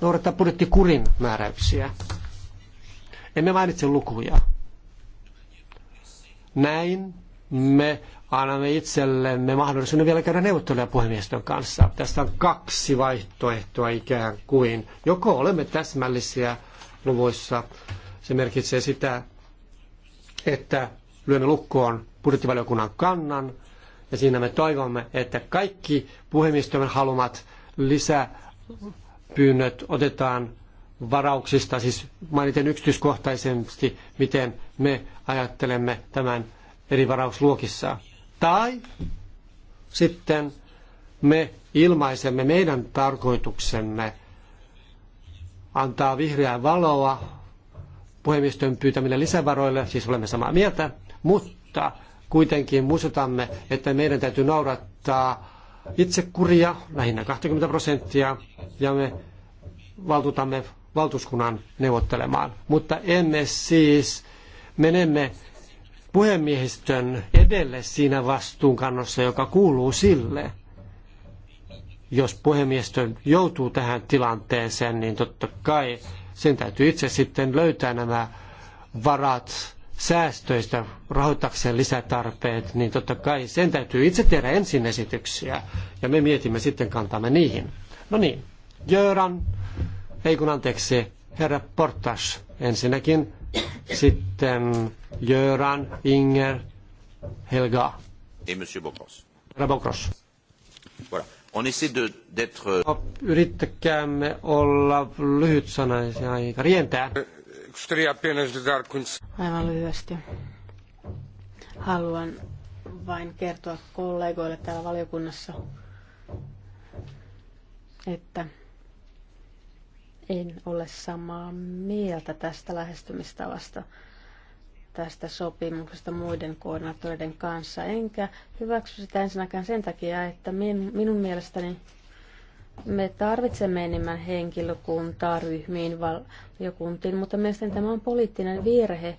noudattaa budjettikurin määräyksiä. Emme mainitse lukuja. Näin me annamme itsellemme mahdollisuuden vielä käydä neuvotteluja puhemiestön kanssa. Tässä on kaksi vaihtoehtoa ikään kuin. Joko olemme täsmällisiä luvuissa, se merkitsee sitä, että lyömme lukkoon budjettivaliokunnan kannan. Ja siinä me toivomme, että kaikki puhemiestön halumat lisäpyynnöt otetaan varauksista, siis mainiten yksityiskohtaisesti, miten me ajattelemme tämän eri varausluokissa. Tai sitten me ilmaisemme meidän tarkoituksemme antaa vihreää valoa puhemiestön pyytämille lisävaroille, siis olemme samaa mieltä, mutta kuitenkin muistutamme, että meidän täytyy noudattaa itsekuria, lähinnä 20 prosenttia, ja me valtuutamme valtuuskunnan neuvottelemaan. Mutta emme siis menemme puhemiehistön edelle siinä vastuunkannossa, joka kuuluu sille. Jos puhemiehistö joutuu tähän tilanteeseen, niin totta kai sen täytyy itse sitten löytää nämä varat säästöistä rahoittakseen lisätarpeet, niin totta kai sen täytyy itse tehdä ensin esityksiä ja me mietimme sitten kantamme niihin. No niin, Jöran, ei kun anteeksi, herra Portas ensinnäkin, sitten Jöran, Inger, Helga. Et monsieur Bokros. Herra Bokros. Voilà. On essaie de, d'être... No, yrittäkäämme olla lyhytsanaisia aika rientää. Aivan lyhyesti. Haluan vain kertoa kollegoille täällä valiokunnassa, että en ole samaa mieltä tästä lähestymistavasta, tästä sopimuksesta muiden koordinaattoreiden kanssa, enkä hyväksy sitä ensinnäkään sen takia, että minun mielestäni me tarvitsemme enemmän henkilökuntaa ryhmiin, valiokuntiin, mutta mielestäni tämä on poliittinen virhe.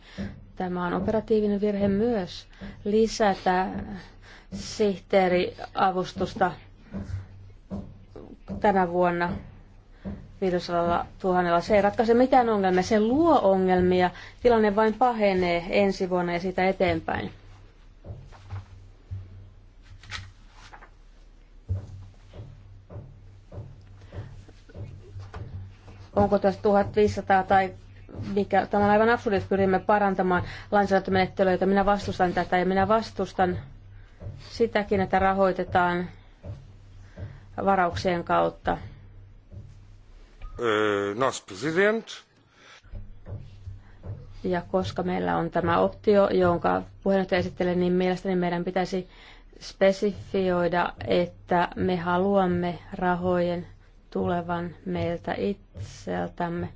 Tämä on operatiivinen virhe myös lisätä sihteeriavustusta tänä vuonna 500 000. Se ei ratkaise mitään ongelmia, se luo ongelmia. Tilanne vain pahenee ensi vuonna ja sitä eteenpäin. onko tässä 1500 tai mikä, tämä on aivan absurdi, että pyrimme parantamaan että Minä vastustan tätä ja minä vastustan sitäkin, että rahoitetaan varauksien kautta. Äh, nos president. Ja koska meillä on tämä optio, jonka puheenjohtaja esittelee, niin mielestäni meidän pitäisi spesifioida, että me haluamme rahojen tulevan meiltä itseltämme.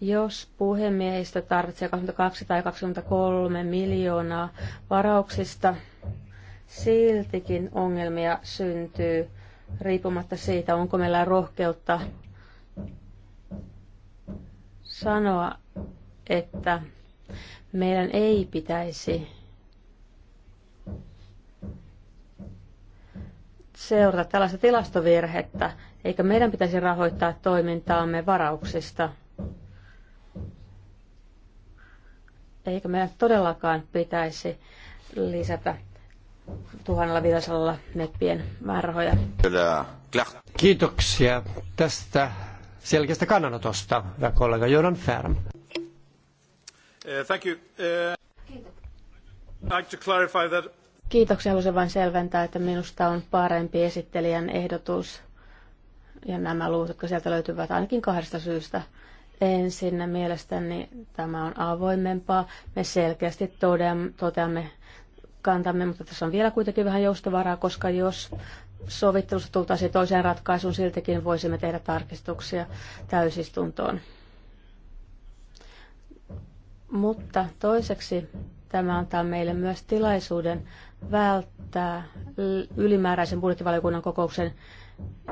Jos puhemiehistö tarvitsee 22 tai 23 miljoonaa varauksista, siltikin ongelmia syntyy riippumatta siitä, onko meillä rohkeutta sanoa, että meidän ei pitäisi seurata tällaista tilastovirhettä, eikä meidän pitäisi rahoittaa toimintaamme varauksista. Eikä meidän todellakaan pitäisi lisätä 1500 meppien määrärahoja. Kiitoksia tästä selkeästä kannanotosta, hyvä kollega Joran Färm. Eh, thank you. Uh, I'd like to clarify that Kiitoksia. Haluaisin vain selventää, että minusta on parempi esittelijän ehdotus ja nämä luvut, jotka sieltä löytyvät ainakin kahdesta syystä. Ensinnä mielestäni tämä on avoimempaa. Me selkeästi toteamme kantamme, mutta tässä on vielä kuitenkin vähän joustovaraa, koska jos sovittelussa tultaisiin toiseen ratkaisuun, siltikin voisimme tehdä tarkistuksia täysistuntoon. Mutta toiseksi tämä antaa meille myös tilaisuuden välttää ylimääräisen budjettivaliokunnan kokouksen.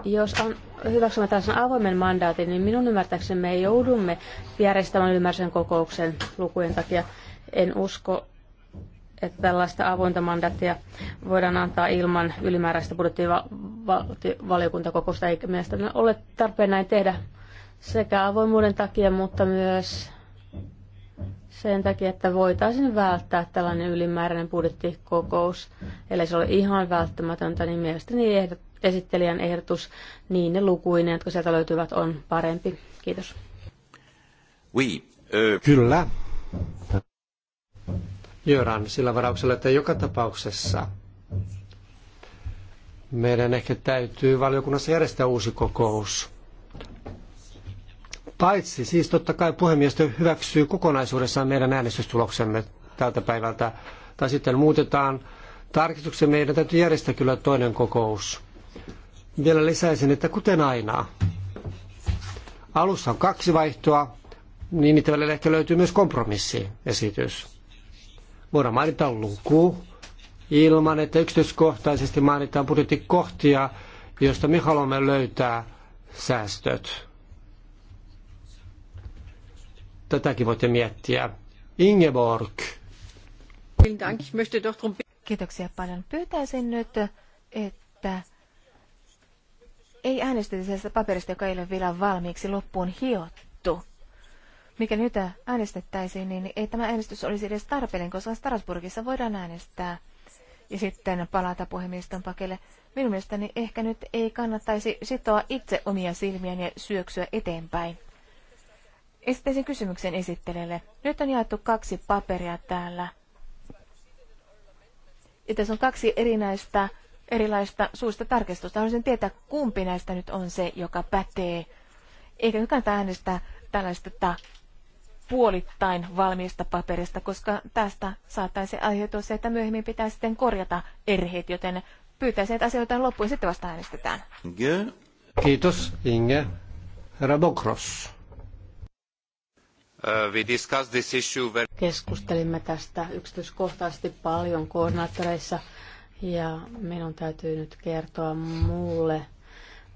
Jos on, hyväksymme tällaisen avoimen mandaatin, niin minun ymmärtääkseni me joudumme järjestämään ylimääräisen kokouksen lukujen takia. En usko, että tällaista avointa mandaattia voidaan antaa ilman ylimääräistä budjettivaliokuntakokousta, eikä mielestäni ole tarpeen näin tehdä sekä avoimuuden takia, mutta myös sen takia, että voitaisiin välttää tällainen ylimääräinen budjettikokous. Eli se ole ihan välttämätöntä, niin mielestäni ehdot, esittelijän ehdotus niin ne lukuinen, jotka sieltä löytyvät, on parempi. Kiitos. Oui, Kyllä. Jöran, sillä varauksella, että joka tapauksessa meidän ehkä täytyy valiokunnassa järjestää uusi kokous Paitsi siis totta kai puhemiestö hyväksyy kokonaisuudessaan meidän äänestystuloksemme tältä päivältä, tai sitten muutetaan tarkistuksen, meidän täytyy järjestää kyllä toinen kokous. Vielä lisäisin, että kuten aina, alussa on kaksi vaihtoa, niin niitä välillä ehkä löytyy myös kompromissiesitys. Voidaan mainita luku ilman, että yksityiskohtaisesti mainitaan budjettikohtia, josta me haluamme löytää säästöt. Tätäkin voitte miettiä. Ingeborg. Kiitoksia paljon. Pyytäisin nyt, että ei äänestetä tästä paperista, joka ei ole vielä valmiiksi loppuun hiottu. Mikä nyt äänestettäisiin, niin ei tämä äänestys olisi edes tarpeellinen, koska Strasburgissa voidaan äänestää ja sitten palata puhemieston pakelle. Minun mielestäni ehkä nyt ei kannattaisi sitoa itse omia silmiäni ja syöksyä eteenpäin. Esittäisin kysymyksen esittelijälle. Nyt on jaettu kaksi paperia täällä. Ja tässä on kaksi erinäistä, erilaista suusta tarkistusta. Haluaisin tietää, kumpi näistä nyt on se, joka pätee. Eikä nyt kannata äänestää tällaista puolittain valmiista paperista, koska tästä saattaisi aiheutua se, että myöhemmin pitää sitten korjata erheet, joten pyytäisin, että asioita loppuun sitten vasta äänestetään. Inge. Kiitos, Inge. Herra Bokros. Uh, we discussed this issue very... Keskustelimme tästä yksityiskohtaisesti paljon koordinaattoreissa ja minun täytyy nyt kertoa muulle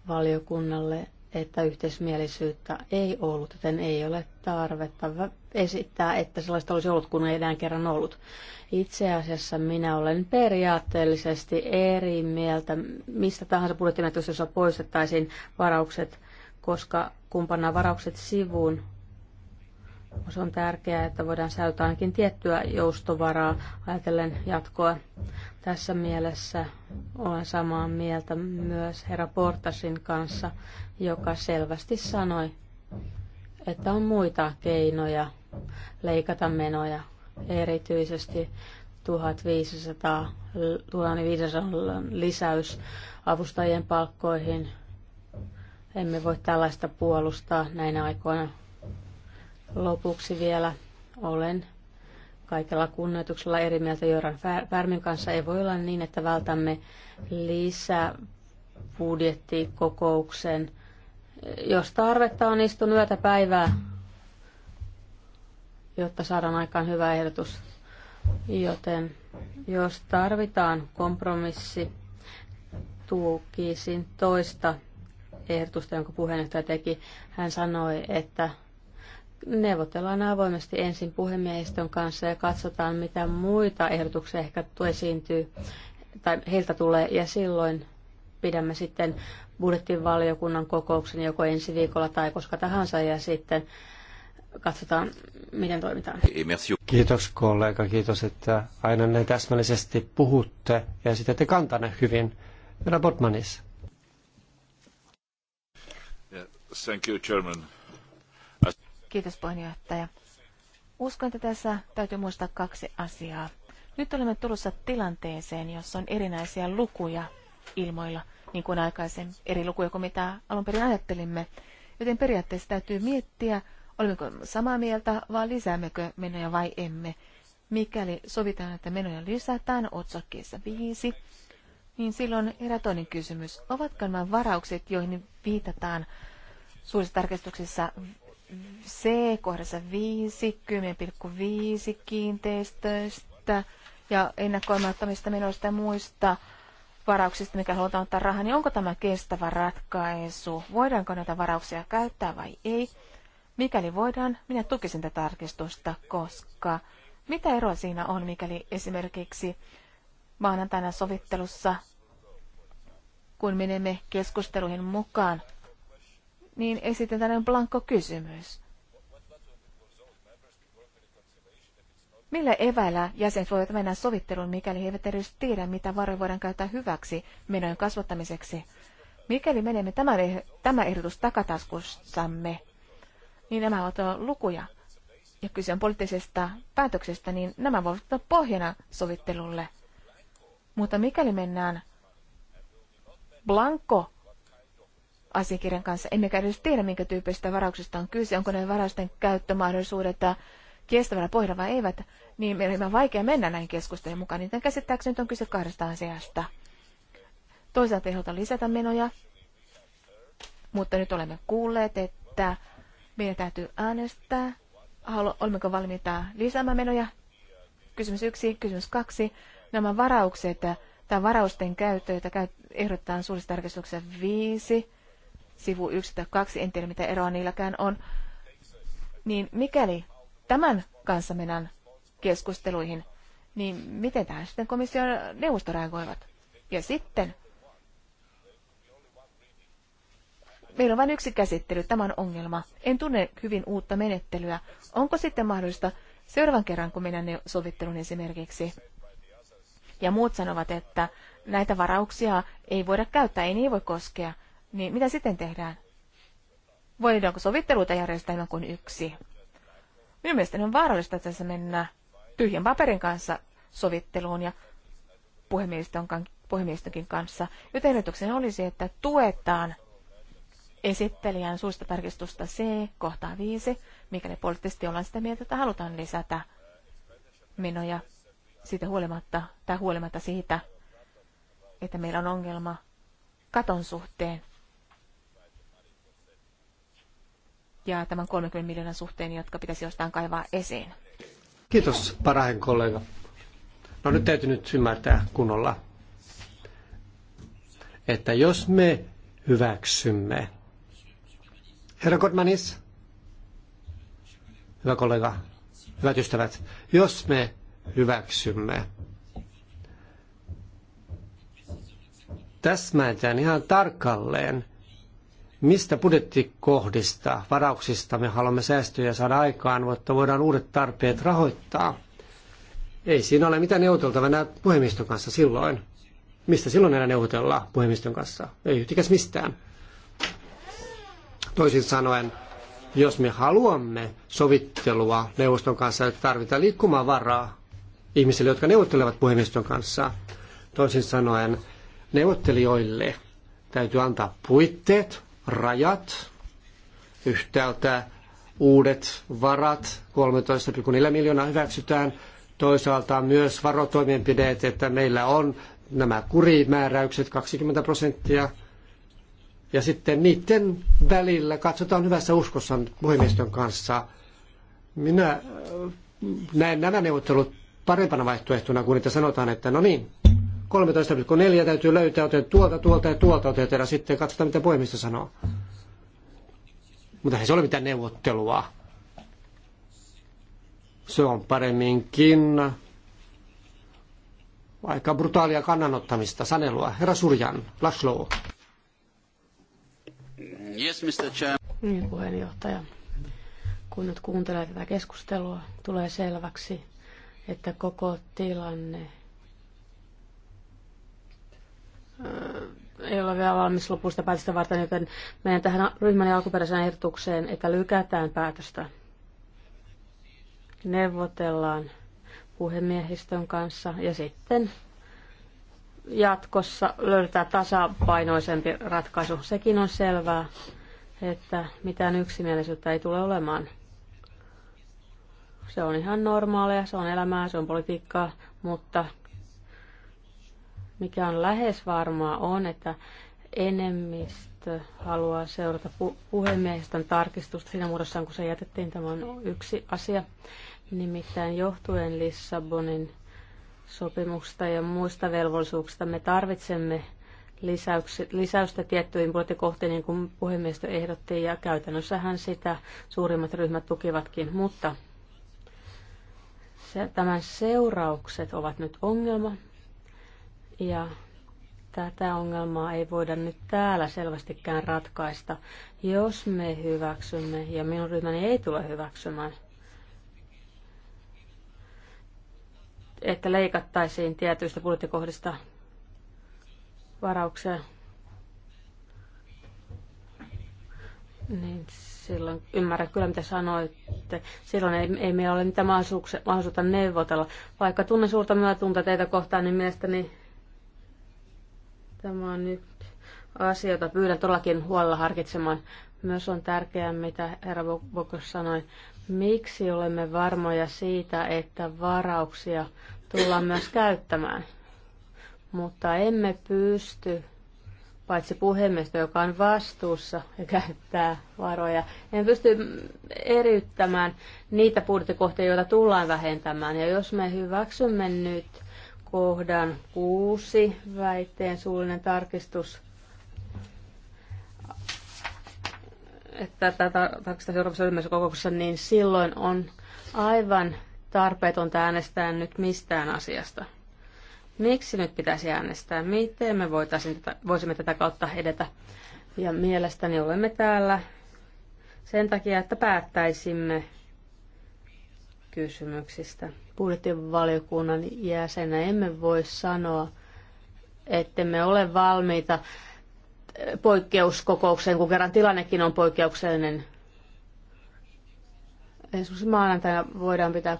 valiokunnalle, että yhteismielisyyttä ei ollut, joten ei ole tarvetta esittää, että sellaista olisi ollut, kun ei enää kerran ollut. Itse asiassa minä olen periaatteellisesti eri mieltä mistä tahansa budjettimenettelystä, jossa poistettaisiin varaukset, koska kun pannaan varaukset sivuun, se on tärkeää, että voidaan säilyttää ainakin tiettyä joustovaraa ajatellen jatkoa. Tässä mielessä olen samaa mieltä myös herra Portasin kanssa, joka selvästi sanoi, että on muita keinoja leikata menoja, erityisesti 1500, 1500 lisäys avustajien palkkoihin. Emme voi tällaista puolustaa näinä aikoina Lopuksi vielä olen kaikella kunnioituksella eri mieltä joran Färmin kanssa. Ei voi olla niin, että vältämme lisää budjettikokouksen. Jos tarvetta on, istun yötä päivää, jotta saadaan aikaan hyvä ehdotus. Joten jos tarvitaan kompromissi, tukisin toista ehdotusta, jonka puheenjohtaja teki. Hän sanoi, että neuvotellaan avoimesti ensin puhemiehistön kanssa ja katsotaan, mitä muita ehdotuksia ehkä esiintyy tai heiltä tulee ja silloin pidämme sitten budjettivaliokunnan kokouksen joko ensi viikolla tai koska tahansa ja sitten katsotaan, miten toimitaan. Kiitos kollega, kiitos, että aina näin täsmällisesti puhutte ja te kantanne hyvin. Herra Botmanis. Thank you, Chairman. Kiitos puheenjohtaja. Uskon, että tässä täytyy muistaa kaksi asiaa. Nyt olemme tulossa tilanteeseen, jossa on erinäisiä lukuja ilmoilla, niin kuin aikaisemmin eri lukuja kuin mitä alun perin ajattelimme. Joten periaatteessa täytyy miettiä, olemmeko samaa mieltä vai lisäämmekö menoja vai emme. Mikäli sovitaan, että menoja lisätään otsakkeessa viisi, niin silloin herää toinen kysymys. Ovatko nämä varaukset, joihin viitataan suurissa tarkistuksissa C kohdassa 5, 10,5 kiinteistöistä ja ennakoimattomista menoista ja muista varauksista, mikä halutaan ottaa rahaa, niin onko tämä kestävä ratkaisu? Voidaanko näitä varauksia käyttää vai ei? Mikäli voidaan, minä tukisin tätä tarkistusta, koska mitä eroa siinä on, mikäli esimerkiksi maanantaina sovittelussa, kun menemme keskusteluihin mukaan, niin esitän tällainen blanko kysymys. Millä eväillä jäsenet voivat mennä sovitteluun, mikäli he eivät edes tiedä, mitä varoja voidaan käyttää hyväksi menojen kasvattamiseksi? Mikäli menemme tämä eh, tämä ehdotus takataskussamme, niin nämä ovat lukuja, ja kyse on poliittisesta päätöksestä, niin nämä voivat olla pohjana sovittelulle. Mutta mikäli mennään blanko asiakirjan kanssa, emmekä edes tiedä, minkä tyyppisestä varauksesta on kyse, onko ne varausten käyttömahdollisuudet kestävällä pohjalla vai eivät, niin meillä on vaikea mennä näin keskustelujen mukaan. Niiden käsittääkseni nyt on kyse kahdesta asiasta. Toisaalta haluta lisätä menoja, mutta nyt olemme kuulleet, että meidän täytyy äänestää, Halu, olemmeko valmiita lisäämään menoja. Kysymys yksi, kysymys kaksi. Nämä varaukset tai varausten käyttö, jota ehdotetaan suullistarkistuksen viisi, sivu 1 tai 2, en tiedä mitä eroa niilläkään on, niin mikäli tämän kanssa mennään keskusteluihin, niin miten tähän sitten komission neuvosto reagoivat? Ja sitten, meillä on vain yksi käsittely, tämä on ongelma. En tunne hyvin uutta menettelyä. Onko sitten mahdollista seuraavan kerran, kun mennään sovittelun esimerkiksi, ja muut sanovat, että näitä varauksia ei voida käyttää, ei niin voi koskea niin mitä sitten tehdään? Voidaanko sovitteluita järjestää enemmän kuin yksi? Minun mielestäni on vaarallista että tässä mennä tyhjän paperin kanssa sovitteluun ja puhemiestönkin kanssa. Joten ehdotuksena olisi, että tuetaan esittelijän suusta tarkistusta C kohtaa 5, mikäli poliittisesti ollaan sitä mieltä, että halutaan lisätä menoja siitä huolimatta, tai huolimatta siitä, että meillä on ongelma katon suhteen. ja tämän 30 miljoonan suhteen, jotka pitäisi jostain kaivaa esiin. Kiitos, parhaan kollega. No nyt täytyy nyt ymmärtää kunnolla, että jos me hyväksymme, herra Kotmanis, hyvä kollega, hyvät ystävät, jos me hyväksymme Täsmäitään ihan tarkalleen, mistä budjettikohdista, varauksista me haluamme säästöjä saada aikaan, mutta voidaan uudet tarpeet rahoittaa. Ei siinä ole mitään neuvoteltavaa enää puhemiston kanssa silloin. Mistä silloin enää neuvotellaan puhemiston kanssa? Ei yhtikäs mistään. Toisin sanoen, jos me haluamme sovittelua neuvoston kanssa, että tarvitaan liikkumavaraa ihmisille, jotka neuvottelevat puhemiston kanssa. Toisin sanoen, neuvottelijoille täytyy antaa puitteet, rajat, yhtäältä uudet varat, 13,4 miljoonaa hyväksytään, toisaalta myös varotoimenpideet, että meillä on nämä kurimääräykset 20 prosenttia, ja sitten niiden välillä katsotaan hyvässä uskossa puhemiestön kanssa. Minä äh, näen nämä neuvottelut parempana vaihtoehtona kuin, että sanotaan, että no niin, 13,4 täytyy löytää, otetaan tuolta, tuolta ja tuolta otetaan ja sitten katsotaan mitä poimista sanoo. Mutta ei se ole mitään neuvottelua. Se on paremminkin aika brutaalia kannanottamista, sanelua. Herra Surjan, Laszlo. Yes, Mr. Chairman. Niin, puheenjohtaja. Kun nyt kuuntelee tätä keskustelua, tulee selväksi, että koko tilanne ei ole vielä valmis lopusta päätöstä varten, joten menen tähän ryhmän alkuperäiseen ehdotukseen, että lykätään päätöstä. Neuvotellaan puhemiehistön kanssa ja sitten jatkossa löydetään tasapainoisempi ratkaisu. Sekin on selvää, että mitään yksimielisyyttä ei tule olemaan. Se on ihan normaalia, se on elämää, se on politiikkaa, mutta mikä on lähes varmaa on, että enemmistö haluaa seurata pu- puhemiehistön tarkistusta siinä muodossa, kun se jätettiin. Tämä on yksi asia. Nimittäin johtuen Lissabonin sopimuksesta ja muista velvollisuuksista me tarvitsemme lisäystä tiettyihin budjettikohtiin, niin kuin puhemiestö ehdotti, ja käytännössähän sitä suurimmat ryhmät tukivatkin, mutta se, tämän seuraukset ovat nyt ongelma. Ja tätä ongelmaa ei voida nyt täällä selvästikään ratkaista, jos me hyväksymme, ja minun ryhmäni ei tule hyväksymään, että leikattaisiin tietyistä budjettikohdista varauksia, niin silloin ymmärrän kyllä, mitä sanoitte. Silloin ei, ei meillä ole mitään mahdollisuutta neuvotella. Vaikka tunnen suurta myötätunta teitä kohtaan, niin mielestäni Tämä on nyt asia, jota pyydän todellakin huolella harkitsemaan. Myös on tärkeää, mitä herra Bokos sanoi, miksi olemme varmoja siitä, että varauksia tullaan myös käyttämään. Mutta emme pysty, paitsi puhemiestä, joka on vastuussa ja käyttää varoja, emme pysty eriyttämään niitä budjettikohtia, joita tullaan vähentämään. Ja jos me hyväksymme nyt kohdan kuusi väitteen suullinen tarkistus että tätä tarkistetaan seuraavassa kokouksessa niin silloin on aivan tarpeetonta äänestää nyt mistään asiasta. Miksi nyt pitäisi äänestää? Miten me voitaisiin tätä, voisimme tätä kautta edetä? Ja mielestäni olemme täällä sen takia, että päättäisimme kysymyksistä. Budjettivaliokunnan jäsenä emme voi sanoa, että me ole valmiita poikkeuskokoukseen, kun kerran tilannekin on poikkeuksellinen. Esimerkiksi maanantaina voidaan pitää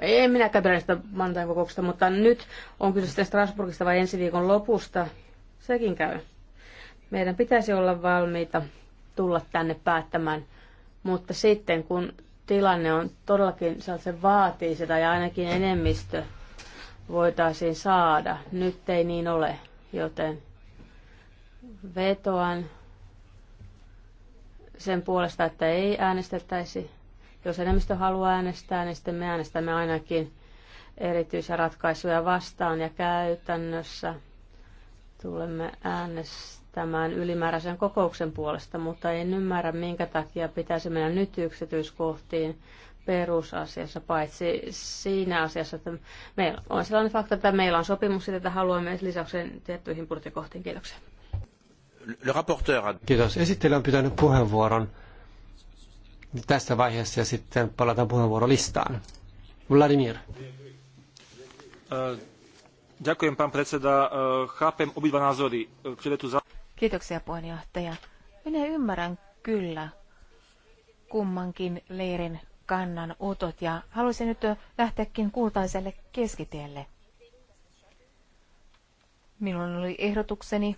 ei minäkään pidä sitä maanantain kokouksesta, mutta nyt on kyse sitten Strasbourgista vai ensi viikon lopusta. Sekin käy. Meidän pitäisi olla valmiita tulla tänne päättämään, mutta sitten kun tilanne on todellakin, se vaatii sitä ja ainakin enemmistö voitaisiin saada. Nyt ei niin ole, joten vetoan sen puolesta, että ei äänestettäisi. Jos enemmistö haluaa äänestää, niin sitten me äänestämme ainakin erityisiä ratkaisuja vastaan ja käytännössä tulemme äänestämään tämän ylimääräisen kokouksen puolesta, mutta en ymmärrä, minkä takia pitäisi mennä nyt yksityiskohtiin perusasiassa, paitsi siinä asiassa, että meillä on sellainen fakta, että meillä on sopimus siitä, että haluamme lisäyksen tiettyihin budjettikohtiin. Kiitoksia. Le Kiitos. Esittely on pitänyt puheenvuoron tässä vaiheessa ja sitten palataan puheenvuorolistaan. Vladimir. Ďakujem, pán predseda. Chápem obidva názory, eh, ktoré tu za... Kiitoksia puheenjohtaja. Minä ymmärrän kyllä kummankin leirin kannan otot ja haluaisin nyt lähteäkin kultaiselle keskitielle. Minulla oli ehdotukseni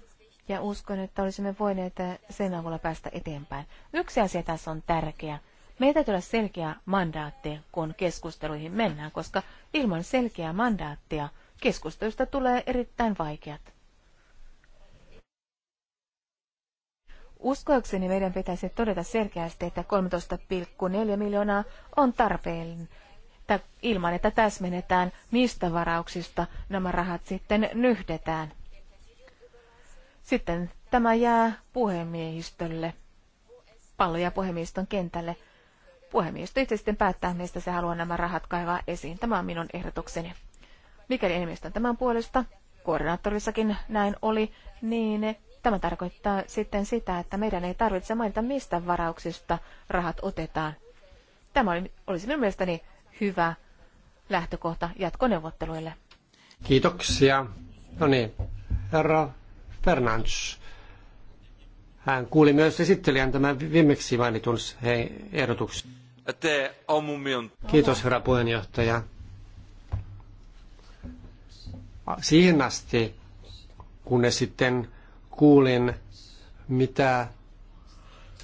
ja uskon, että olisimme voineet sen avulla päästä eteenpäin. Yksi asia tässä on tärkeä. Meitä täytyy olla selkeä mandaatti, kun keskusteluihin mennään, koska ilman selkeää mandaattia keskustelusta tulee erittäin vaikeat. Uskoakseni meidän pitäisi todeta selkeästi, että 13,4 miljoonaa on tarpeellinen. tai ilman että täsmennetään, mistä varauksista nämä rahat sitten nyhdetään. Sitten tämä jää puhemiehistölle, palloja puhemiehistön kentälle. Puhemiehistö itse sitten päättää, mistä se haluaa nämä rahat kaivaa esiin. Tämä on minun ehdotukseni. Mikäli enemmistö tämän puolesta, koordinaattorissakin näin oli, niin Tämä tarkoittaa sitten sitä, että meidän ei tarvitse mainita, mistä varauksista rahat otetaan. Tämä olisi minun mielestäni hyvä lähtökohta jatkoneuvotteluille. Kiitoksia. No niin, herra Fernandes. Hän kuuli myös esittelijän tämän viimeksi mainitun ehdotuksen. Kiitos, herra puheenjohtaja. Siihen asti, kunnes sitten kuulin, mitä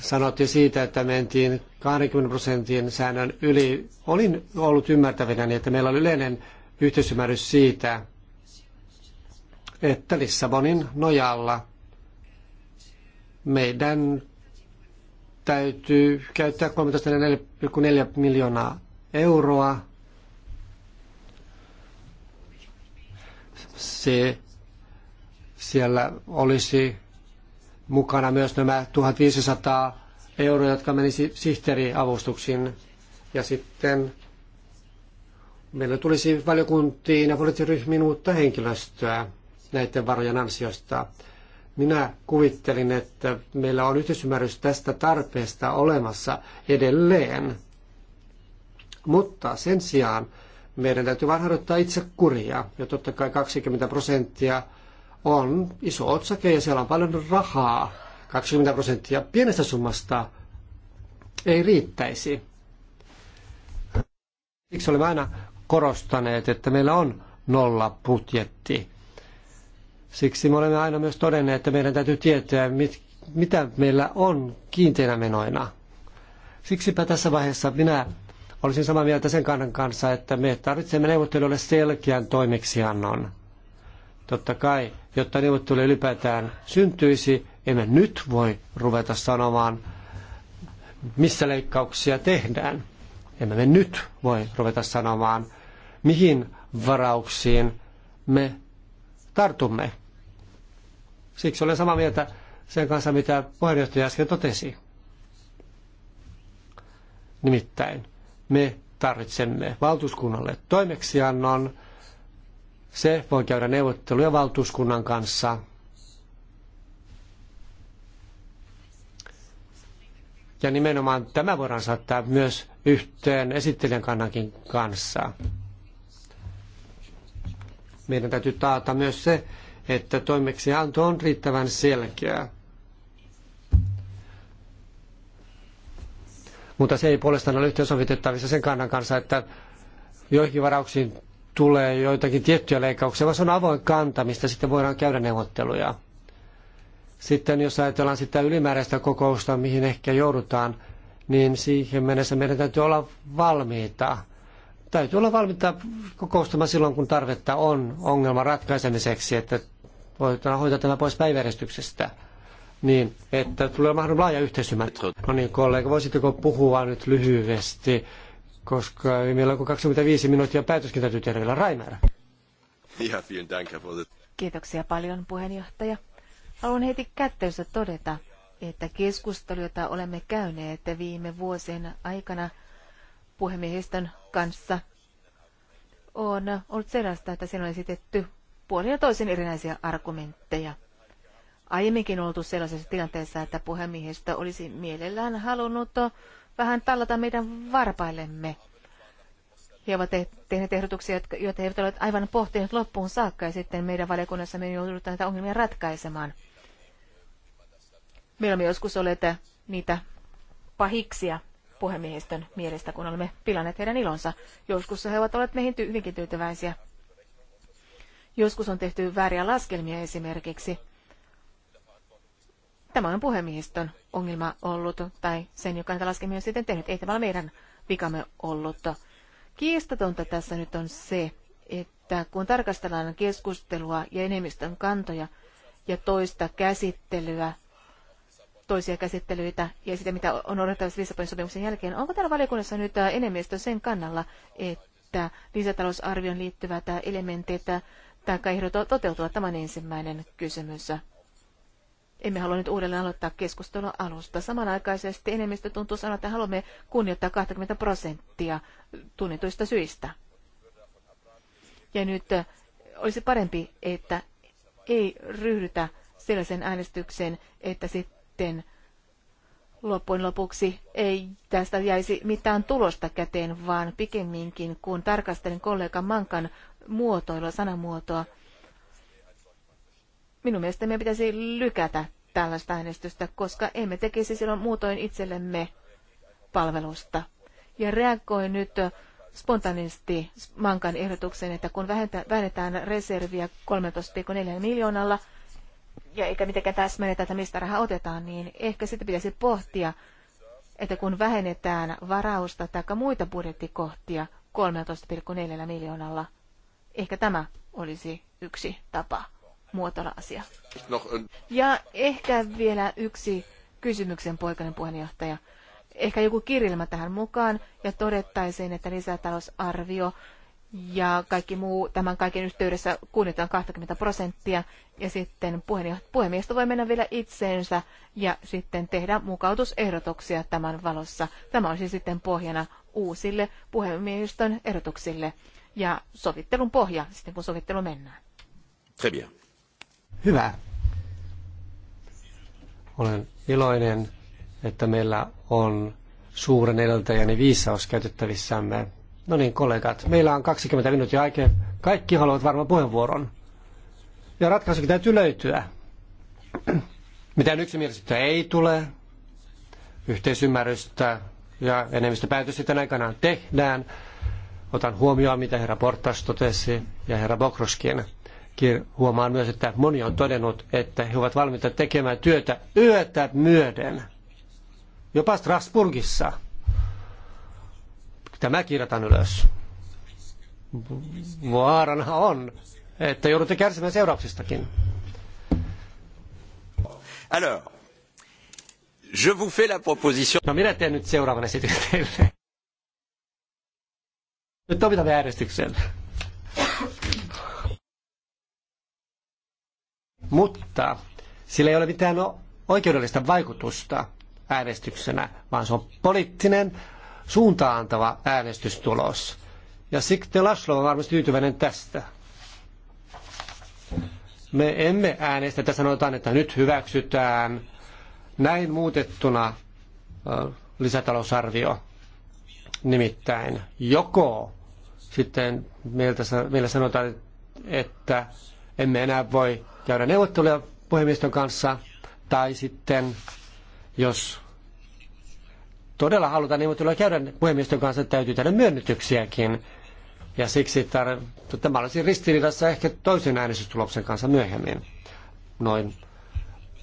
sanottiin siitä, että mentiin 20 prosentin säännön yli. Olin ollut ymmärtävinäni, että meillä oli yleinen yhteisymmärrys siitä, että Lissabonin nojalla meidän täytyy käyttää 13,4 miljoonaa euroa. Se siellä olisi mukana myös nämä 1500 euroa, jotka menisi sihteeriavustuksiin. Ja sitten meillä tulisi valiokuntiin ja poliittiryhmiin uutta henkilöstöä näiden varojen ansiosta. Minä kuvittelin, että meillä on yhteisymmärrys tästä tarpeesta olemassa edelleen. Mutta sen sijaan meidän täytyy vain harjoittaa itse kuria. Ja totta kai 20 prosenttia on iso otsake ja siellä on paljon rahaa. 20 prosenttia pienestä summasta ei riittäisi. Siksi olemme aina korostaneet, että meillä on nolla budjetti. Siksi me olemme aina myös todenneet, että meidän täytyy tietää, mit, mitä meillä on kiinteinä menoina. Siksipä tässä vaiheessa minä olisin samaa mieltä sen kannan kanssa, että me tarvitsemme neuvottelijoille selkeän toimeksiannon. Totta kai jotta neuvottelu ylipäätään syntyisi, emme nyt voi ruveta sanomaan, missä leikkauksia tehdään. Emme me nyt voi ruveta sanomaan, mihin varauksiin me tartumme. Siksi olen samaa mieltä sen kanssa, mitä puheenjohtaja äsken totesi. Nimittäin me tarvitsemme valtuuskunnalle toimeksiannon, se voi käydä neuvotteluja valtuuskunnan kanssa. Ja nimenomaan tämä voidaan saattaa myös yhteen esittelijän kannankin kanssa. Meidän täytyy taata myös se, että toimeksianto on riittävän selkeä. Mutta se ei puolestaan ole yhteensovitettavissa sen kannan kanssa, että joihinkin varauksiin tulee joitakin tiettyjä leikkauksia, vaan se on avoin kanta, mistä sitten voidaan käydä neuvotteluja. Sitten jos ajatellaan sitä ylimääräistä kokousta, mihin ehkä joudutaan, niin siihen mennessä meidän täytyy olla valmiita. Täytyy olla valmiita kokoustamaan silloin, kun tarvetta on ongelman ratkaisemiseksi, että voidaan hoitaa tämä pois päiväjärjestyksestä. Niin, että tulee mahdollisimman laaja yhteisymmärrys. No niin, kollega, voisitteko puhua nyt lyhyesti? koska ei meillä on kuin 25 minuuttia päätöskin täytyy tehdä vielä Raimer. Kiitoksia paljon puheenjohtaja. Haluan heti kättelyssä todeta, että keskustelu, jota olemme käyneet viime vuosien aikana puhemiehistön kanssa, on ollut sellaista, että siinä on esitetty puolin ja toisin erinäisiä argumentteja. Aiemminkin oltu sellaisessa tilanteessa, että puhemiehistö olisi mielellään halunnut vähän tallata meidän varpaillemme. He ovat tehneet ehdotuksia, jotka, he eivät ole aivan pohtineet loppuun saakka, ja sitten meidän valiokunnassa me joudutaan näitä ongelmia ratkaisemaan. Meillä on joskus olleet niitä pahiksia puhemiehistön mielestä, kun olemme pilanneet heidän ilonsa. Joskus he ovat olleet meihin hyvinkin tyytyväisiä. Joskus on tehty vääriä laskelmia esimerkiksi. Tämä on puhemiehistön ongelma ollut, tai sen, joka näitä laskemia on sitten tehnyt. Ei tämä ole meidän vikamme ollut. Kiistatonta tässä nyt on se, että kun tarkastellaan keskustelua ja enemmistön kantoja ja toista käsittelyä, toisia käsittelyitä ja sitä, mitä on odotettavissa Lissabonin sopimuksen jälkeen, onko täällä valiokunnassa nyt enemmistö sen kannalla, että lisätalousarvion liittyvät elementit tai ehdot toteutuvat? Tämä on ensimmäinen kysymys. Emme halua nyt uudelleen aloittaa keskustelua alusta. Samanaikaisesti enemmistö tuntuu sanoa, että haluamme kunnioittaa 20 prosenttia tunnetuista syistä. Ja nyt olisi parempi, että ei ryhdytä sellaisen äänestykseen, että sitten loppujen lopuksi ei tästä jäisi mitään tulosta käteen, vaan pikemminkin kun tarkastelin kollega Mankan muotoilua, sanamuotoa, Minun mielestäni meidän pitäisi lykätä tällaista äänestystä, koska emme tekisi silloin muutoin itsellemme palvelusta. Ja reagoi nyt spontaanisti Mankan ehdotuksen, että kun vähennetään reserviä 13,4 miljoonalla, ja eikä mitenkään täsmennetä, että mistä raha otetaan, niin ehkä sitä pitäisi pohtia, että kun vähennetään varausta tai muita budjettikohtia 13,4 miljoonalla, ehkä tämä olisi yksi tapa muotoilla asia. No, ja ehkä vielä yksi kysymyksen poikainen puheenjohtaja. Ehkä joku kirjelmä tähän mukaan ja todettaisiin, että lisätalousarvio ja kaikki muu tämän kaiken yhteydessä kuunnitaan 20 prosenttia ja sitten puhemiestä voi mennä vielä itseensä ja sitten tehdä mukautusehdotuksia tämän valossa. Tämä olisi sitten pohjana uusille puhemiehistön ehdotuksille ja sovittelun pohja sitten kun sovittelu mennään. Très bien. Hyvä. Olen iloinen, että meillä on suuren edeltäjäni viisaus käytettävissämme. No niin, kollegat, meillä on 20 minuuttia aikaa. Kaikki haluavat varmaan puheenvuoron. Ja ratkaisukin täytyy löytyä. Mitään yksimielisyyttä ei tule, yhteisymmärrystä ja enemmistöpäätös sitten aikanaan tehdään. Otan huomioon, mitä herra Portas totesi ja herra Bokroskin. Huomaan myös, että moni on todennut, että he ovat valmiita tekemään työtä yötä myöden, jopa Strasburgissa. Tämä kirjataan ylös. Vaarana on, että joudutte kärsimään seurauksistakin. Alors, je vous fais la proposition. No minä teen nyt seuraavan esityksen teille. Nyt opitaan äänestykseen. mutta sillä ei ole mitään oikeudellista vaikutusta äänestyksenä, vaan se on poliittinen suuntaantava äänestystulos. Ja sitten Laslo on varmasti tyytyväinen tästä. Me emme äänestä, että sanotaan, että nyt hyväksytään näin muutettuna lisätalousarvio. Nimittäin joko sitten meille meillä sanotaan, että emme enää voi käydä neuvotteluja puhemieston kanssa, tai sitten jos todella halutaan neuvotteluja käydä niin puhemieston kanssa, täytyy tehdä myönnytyksiäkin. Ja siksi tämä olisi ristiriidassa ehkä toisen äänestystuloksen kanssa myöhemmin. Noin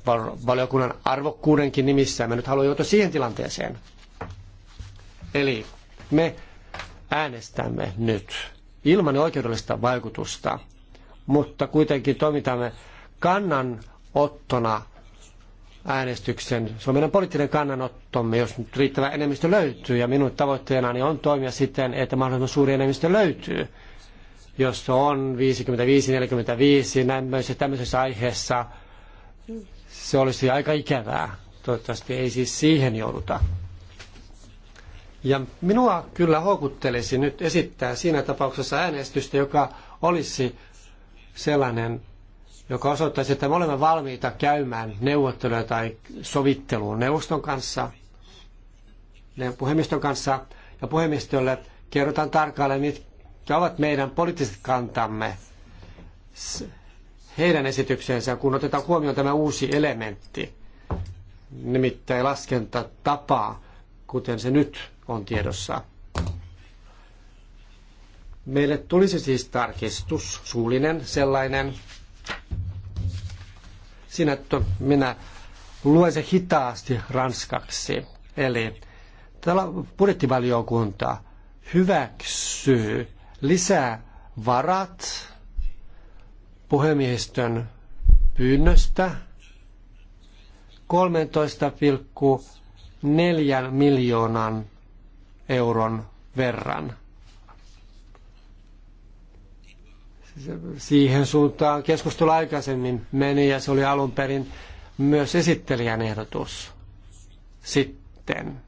val- valiokunnan arvokkuudenkin nimissä. Mä nyt haluan joutua siihen tilanteeseen. Eli me äänestämme nyt ilman oikeudellista vaikutusta, mutta kuitenkin toimitamme kannanottona äänestyksen. Se on meidän poliittinen kannanottomme, jos nyt riittävä enemmistö löytyy. Ja minun tavoitteenani on toimia siten, että mahdollisimman suuri enemmistö löytyy. Jos se on 55-45 myös tämmöisessä aiheessa, se olisi aika ikävää. Toivottavasti ei siis siihen jouduta. Ja minua kyllä houkuttelisi nyt esittää siinä tapauksessa äänestystä, joka olisi sellainen, joka osoittaisi, että me olemme valmiita käymään neuvotteluja tai sovitteluun neuvoston kanssa, puhemiston kanssa ja puhemistolle kerrotaan tarkalleen, mitkä ovat meidän poliittiset kantamme heidän esityksensä, kun otetaan huomioon tämä uusi elementti, nimittäin laskentatapa, kuten se nyt on tiedossa. Meille tulisi siis tarkistus, suullinen sellainen, siinä, että minä luen se hitaasti ranskaksi. Eli täällä budjettivaliokunta hyväksyy lisää varat puhemiehistön pyynnöstä 13,4 miljoonan euron verran. siihen suuntaan keskustelu aikaisemmin meni ja se oli alun perin myös esittelijän ehdotus. Sitten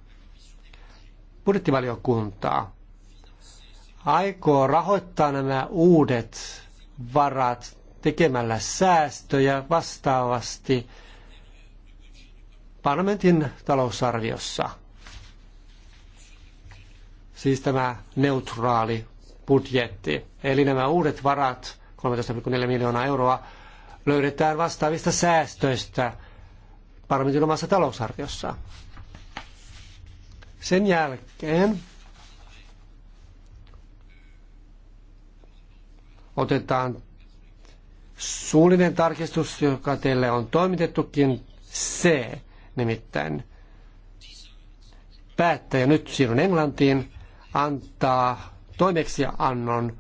budjettivaliokuntaa aikoo rahoittaa nämä uudet varat tekemällä säästöjä vastaavasti parlamentin talousarviossa. Siis tämä neutraali budjetti. Eli nämä uudet varat, 13,4 miljoonaa euroa, löydetään vastaavista säästöistä parlamentin omassa talousarviossa. Sen jälkeen otetaan suullinen tarkistus, joka teille on toimitettukin, C, nimittäin päättäjä, nyt siirryn Englantiin, antaa toimeksiannon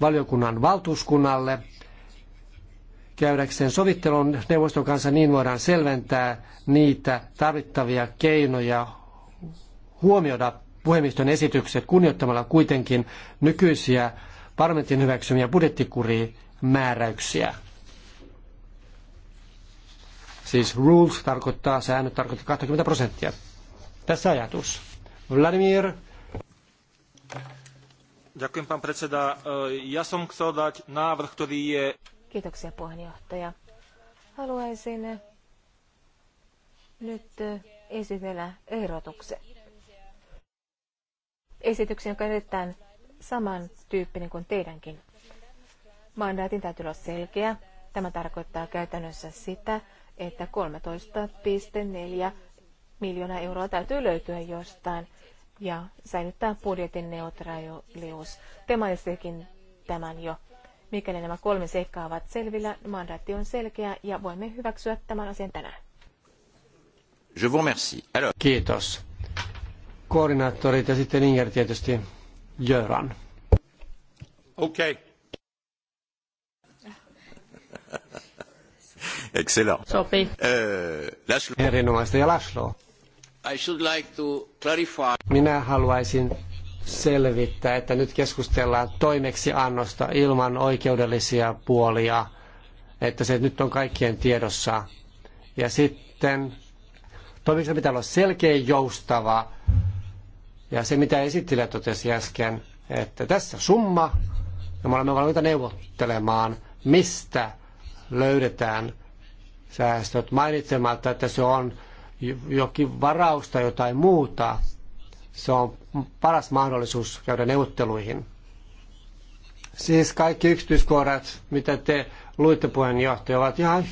valiokunnan valtuuskunnalle käydäkseen sovittelun neuvoston kanssa, niin voidaan selventää niitä tarvittavia keinoja huomioida puhemiston esitykset kunnioittamalla kuitenkin nykyisiä parlamentin hyväksymiä budjettikurimääräyksiä. Siis rules tarkoittaa, säännöt tarkoittaa 20 prosenttia. Tässä ajatus. Vladimir. E, ja som Kiitoksia, puheenjohtaja. Haluaisin nyt e, esitellä ehdotuksen. Esityksen, joka erittäin samantyyppinen kuin teidänkin. Mandaatin täytyy olla selkeä. Tämä tarkoittaa käytännössä sitä, että 13,4 miljoonaa euroa täytyy löytyä jostain ja säilyttää budjetin neutraalius. Te mainitsitkin tämän jo. Mikäli nämä kolme seikkaa ovat selvillä, mandaatti on selkeä ja voimme hyväksyä tämän asian tänään. Je vous remercie. Alors... Kiitos. Koordinaattorit ja sitten Inger tietysti Jöran. Okei. Okay. Excellent. Euh, Sopii. Erinomaista ja Laszlo. Minä haluaisin selvittää, että nyt keskustellaan toimeksiannosta ilman oikeudellisia puolia, että se nyt on kaikkien tiedossa. Ja sitten toimeksianto pitää olla selkeä joustava. Ja se, mitä esittelijä totesi äsken, että tässä summa, ja me olemme valmiita neuvottelemaan, mistä löydetään säästöt mainitsematta, että se on jokin tai jotain muuta, se on paras mahdollisuus käydä neuvotteluihin. Siis kaikki yksityiskohdat, mitä te luitte puheenjohtaja, ovat ihan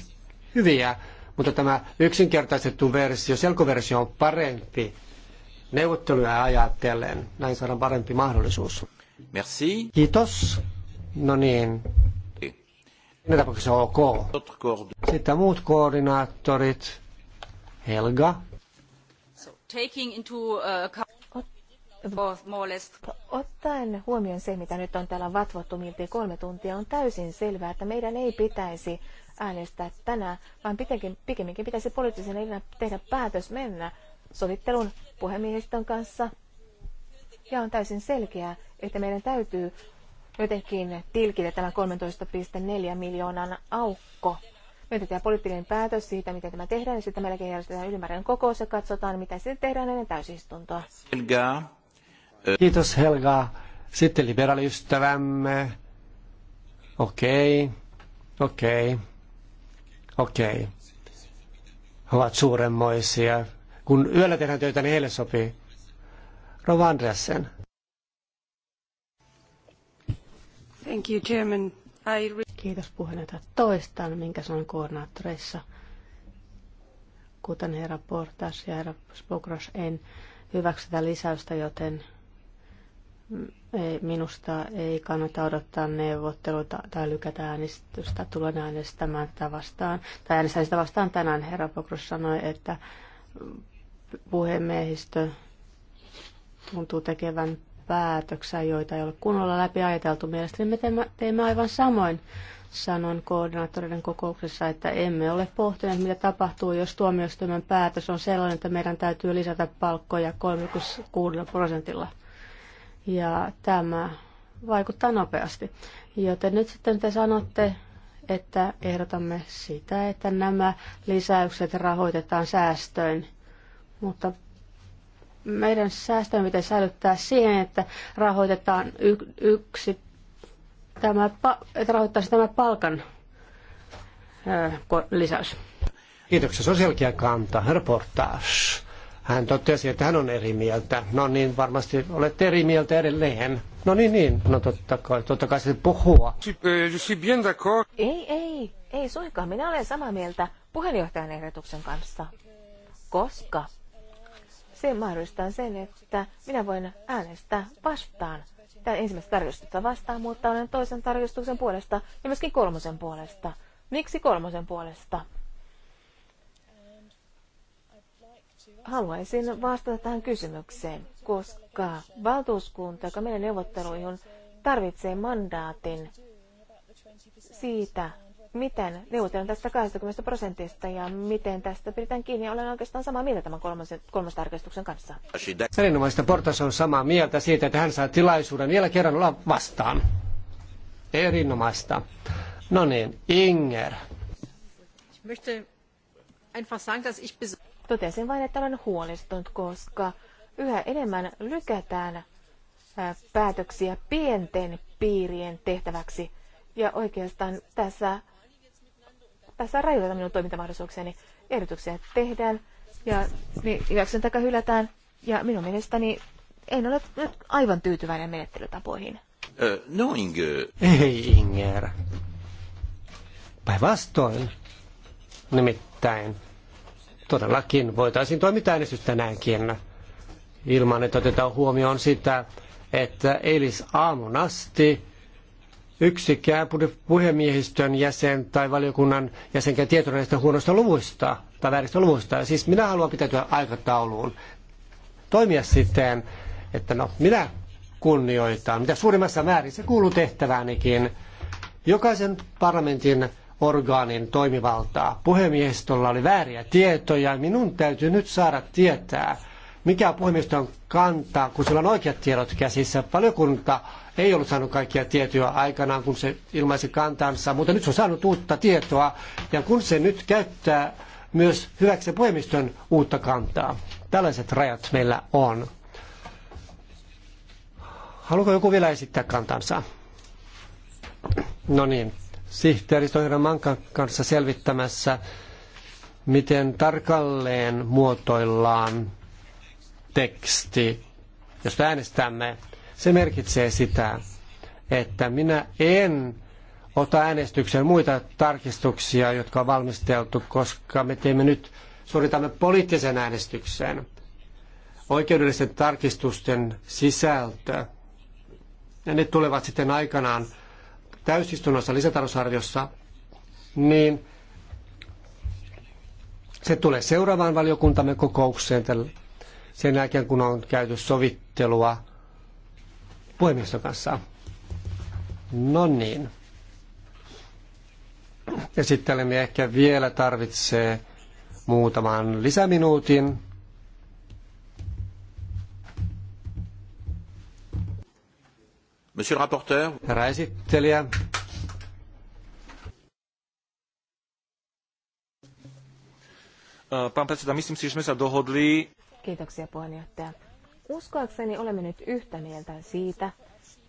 hyviä, mutta tämä yksinkertaistettu versio, selkoversio on parempi neuvotteluja ajatellen. Näin saadaan parempi mahdollisuus. Merci. Kiitos. No niin. se tapauksessa ok. Sitten muut koordinaattorit. Helga. So, taking into uh, account Ottaen huomioon se, mitä nyt on täällä vatvottu miltei kolme tuntia, on täysin selvää, että meidän ei pitäisi äänestää tänään, vaan pitäkin pikemminkin pitäisi poliittisen elinä tehdä päätös mennä sovittelun puhemiehistön kanssa. Ja on täysin selkeää, että meidän täytyy jotenkin tilkitä tämä 13,4 miljoonan aukko meidän tehdään poliittinen päätös siitä, miten tämä tehdään, ja sitten melkein järjestetään ylimääräinen kokous ja katsotaan, mitä sitten tehdään ennen täysistuntoa. Helga. Kiitos Helga. Sitten liberaaliystävämme. Okei, okay. okei, okay. okei. Okay. He ovat suuremmoisia. Kun yöllä tehdään töitä, niin heille sopii. Rova Andreasen. Thank you, Chairman. I... Kiitos puheenjohtaja. Toistan, minkä sanon koordinaattoreissa. Kuten herra Portas ja herra Spokros, en hyväksy lisäystä, joten mm, ei, minusta ei kannata odottaa neuvotteluita tai lykätä äänestystä. Tulen äänestämään tätä vastaan. Tai äänestän sitä vastaan tänään. Herra Pokros sanoi, että puhemiehistö tuntuu tekevän päätöksiä, joita ei ole kunnolla läpi ajateltu. Mielestäni me teemme, teemme aivan samoin, sanon koordinaattoreiden kokouksessa, että emme ole pohtineet, mitä tapahtuu, jos tuomioistuimen päätös on sellainen, että meidän täytyy lisätä palkkoja 36 prosentilla. Ja tämä vaikuttaa nopeasti. Joten nyt sitten te sanotte, että ehdotamme sitä, että nämä lisäykset rahoitetaan säästöin. Mutta meidän säästömme pitäisi säilyttää siihen, että rahoitetaan yksi tämä, että rahoittaisi tämä palkan lisäys. Kiitoksia. Sosiaalkia kanta, reportaas. Hän totesi, että hän on eri mieltä. No niin, varmasti olette eri mieltä edelleen. No niin, niin. No totta kai, totta kai se puhua. Ei, ei, ei suinkaan. Minä olen samaa mieltä puheenjohtajan ehdotuksen kanssa. Koska se mahdollistaa sen, että minä voin äänestää vastaan. Tämä ensimmäistä tarkistusta vastaan, mutta olen toisen tarkistuksen puolesta ja myöskin kolmosen puolesta. Miksi kolmosen puolesta? Haluaisin vastata tähän kysymykseen, koska valtuuskunta, joka menee neuvotteluihin, tarvitsee mandaatin siitä, miten neuvotellaan tästä 20 prosentista ja miten tästä pidetään kiinni. Olen oikeastaan samaa mieltä tämän kolmas tarkistuksen kanssa. Erinomaista Portas on samaa mieltä siitä, että hän saa tilaisuuden vielä kerran olla vastaan. Erinomaista. No niin, Inger. Totesin vain, että olen huolestunut, koska yhä enemmän lykätään äh, päätöksiä pienten piirien tehtäväksi. Ja oikeastaan tässä tässä rajoittamaan minun toimintamahdollisuuksiani. Ehdotuksia tehdään ja hyväksyn tai hylätään. Ja minun mielestäni en ole nyt aivan tyytyväinen menettelytapoihin. Äh, no Inge. Ei Inger. Päinvastoin. Nimittäin todellakin voitaisiin toimita äänestys tänäänkin ilman, että otetaan huomioon sitä, että eilis aamun asti yksikään puhemiehistön jäsen tai valiokunnan jäsenkään tietoinen näistä huonoista luvuista tai vääristä luvuista. Siis minä haluan pitäytyä aikatauluun, toimia siten, että no minä kunnioitan, mitä suurimmassa määrin se kuuluu tehtäväänikin. Jokaisen parlamentin orgaanin toimivaltaa. Puhemiehistöllä oli vääriä tietoja. Minun täytyy nyt saada tietää, mikä puhemiehistön kantaa, kun sillä on oikeat tiedot käsissä. Valiokunta ei ollut saanut kaikkia tietoja aikanaan, kun se ilmaisi kantansa, mutta nyt se on saanut uutta tietoa, ja kun se nyt käyttää myös hyväksi puhemiston uutta kantaa. Tällaiset rajat meillä on. Haluaako joku vielä esittää kantansa? No niin, sihteeristö on Mankan kanssa selvittämässä, miten tarkalleen muotoillaan teksti, josta äänestämme se merkitsee sitä, että minä en ota äänestykseen muita tarkistuksia, jotka on valmisteltu, koska me teemme nyt, suoritamme poliittisen äänestyksen. Oikeudellisten tarkistusten sisältö. Ja ne tulevat sitten aikanaan täysistunnossa lisätalousarviossa, niin se tulee seuraavaan valiokuntamme kokoukseen sen jälkeen, kun on käyty sovittelua puhemiehistön kanssa. No niin. Esittelemme ehkä vielä tarvitsee muutaman lisäminuutin. Monsieur rapporteur. Herra esittelijä. Pán predseda, myslím si, že sme sa dohodli. Kiitoksia puheenjohtaja Uskoakseni olemme nyt yhtä mieltä siitä,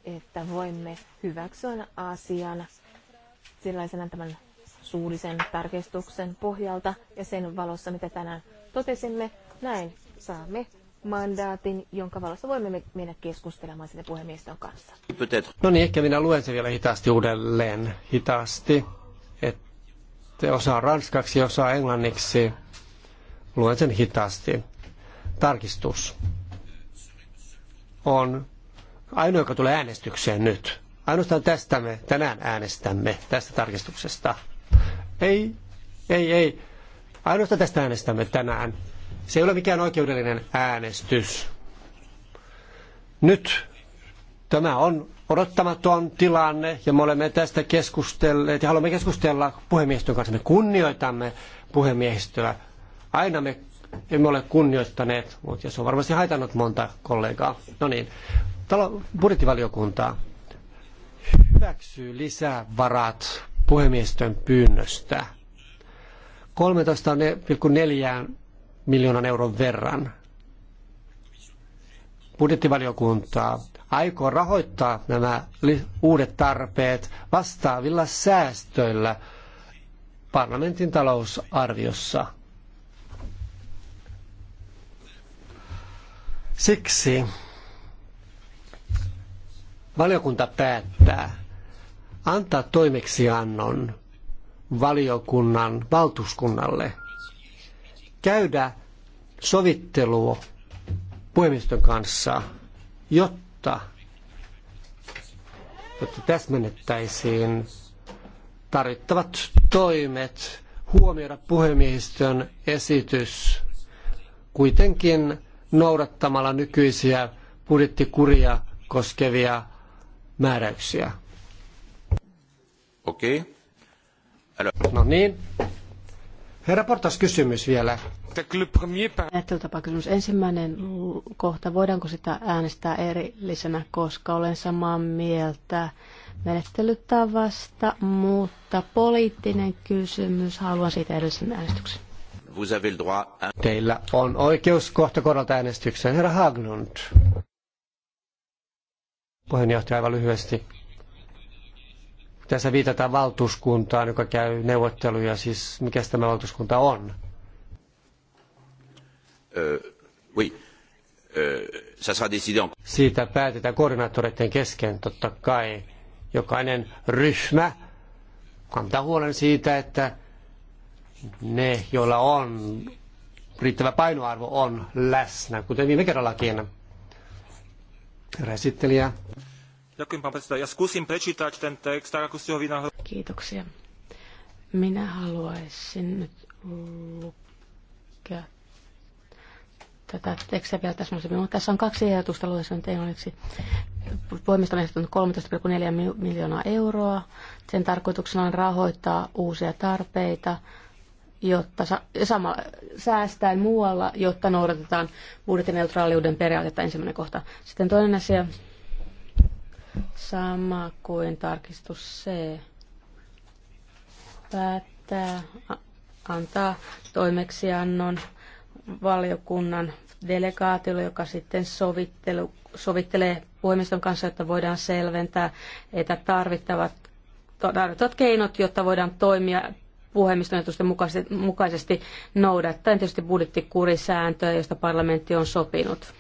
että voimme hyväksyä asian sellaisena tämän suullisen tarkistuksen pohjalta ja sen valossa, mitä tänään totesimme. Näin saamme mandaatin, jonka valossa voimme mennä keskustelemaan sitä puhemieston kanssa. No niin, ehkä minä luen sen vielä hitaasti uudelleen. Hitaasti. Että osaa ranskaksi, osaa englanniksi. Luen sen hitaasti. Tarkistus on ainoa, joka tulee äänestykseen nyt. Ainoastaan tästä me tänään äänestämme, tästä tarkistuksesta. Ei, ei, ei. Ainoastaan tästä äänestämme tänään. Se ei ole mikään oikeudellinen äänestys. Nyt tämä on odottamaton tilanne ja me olemme tästä keskustelleet ja haluamme keskustella puhemiehistön kanssa. Me kunnioitamme puhemiehistöä. Aina me emme ole kunnioittaneet, mutta se on varmasti haitannut monta kollegaa. No niin, talo, budjettivaliokunta hyväksyy lisävarat puhemiestön pyynnöstä 13,4 miljoonan euron verran. Budjettivaliokunta aikoo rahoittaa nämä uudet tarpeet vastaavilla säästöillä parlamentin talousarviossa – Siksi valiokunta päättää antaa toimeksiannon valiokunnan valtuuskunnalle käydä sovittelua puhemiston kanssa, jotta, jotta täsmennettäisiin tarvittavat toimet huomioida puhemiehistön esitys kuitenkin noudattamalla nykyisiä budjettikuria koskevia määräyksiä. Okei. Okay. No niin. Herra Portas, kysymys vielä. Ajattelutapakysymys. Ensimmäinen kohta, voidaanko sitä äänestää erillisenä, koska olen samaa mieltä menettelytavasta, mutta poliittinen kysymys, haluan siitä erillisen äänestyksen vous avez le droit à... Teillä on oikeus kohta korvata äänestykseen. Herra Haglund. Puheenjohtaja aivan lyhyesti. Tässä viitataan valtuuskuntaan, joka käy neuvotteluja. Siis mikä tämä valtuuskunta on? Öö, oui. Euh, siitä päätetään koordinaattoreiden kesken totta kai. Jokainen ryhmä kantaa huolen siitä, että ne, joilla on riittävä painoarvo, on läsnä, kuten viime kerrallakin. resittelijä. Kiitoksia. Minä haluaisin nyt lukea tätä tekstiä vielä täsmällisemmin, mutta tässä on kaksi ehdotusta luesson englanniksi. Voimistamisesta on 13,4 miljoonaa euroa. Sen tarkoituksena on rahoittaa uusia tarpeita, jotta sama, säästään muualla, jotta noudatetaan budjettineutraaliuden periaatetta ensimmäinen kohta. Sitten toinen asia, sama kuin tarkistus C, päättää antaa toimeksiannon valiokunnan delegaatiolle, joka sitten sovittelu, sovittelee puhemiston kanssa, jotta voidaan selventää, että tarvittavat, tarvittavat keinot, jotta voidaan toimia puhemiston mukaisesti, mukaisesti noudattaen tietysti budjettikurisääntöä, josta parlamentti on sopinut.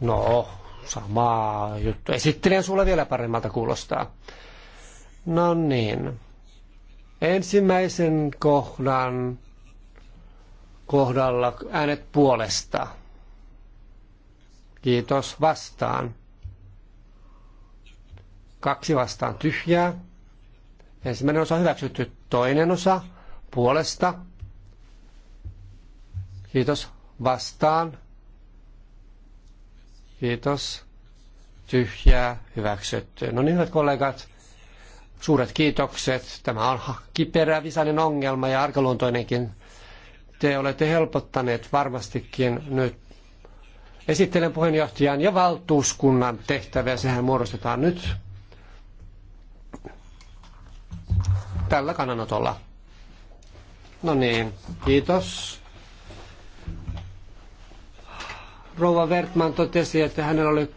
No, sama juttu. Esittelen sulle vielä paremmalta kuulostaa. No niin. Ensimmäisen kohdan kohdalla äänet puolesta. Kiitos vastaan. Kaksi vastaan tyhjää. Ensimmäinen osa hyväksytty, toinen osa puolesta. Kiitos. Vastaan. Kiitos. Tyhjää hyväksytty. No niin, hyvät kollegat, suuret kiitokset. Tämä on kiperä visainen ongelma ja arkaluontoinenkin. Te olette helpottaneet varmastikin nyt esittelen puheenjohtajan ja valtuuskunnan tehtäviä. Sehän muodostetaan nyt tällä kannanotolla. No niin, kiitos. Rouva Wertman totesi, että hänellä oli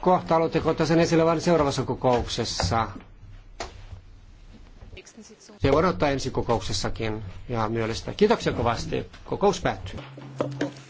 kohta, aloitteko ottaa sen esille vain seuraavassa kokouksessa? Se voi ottaa ensi kokouksessakin ja myöllistä. Kiitoksia kovasti. Kokous päättyy.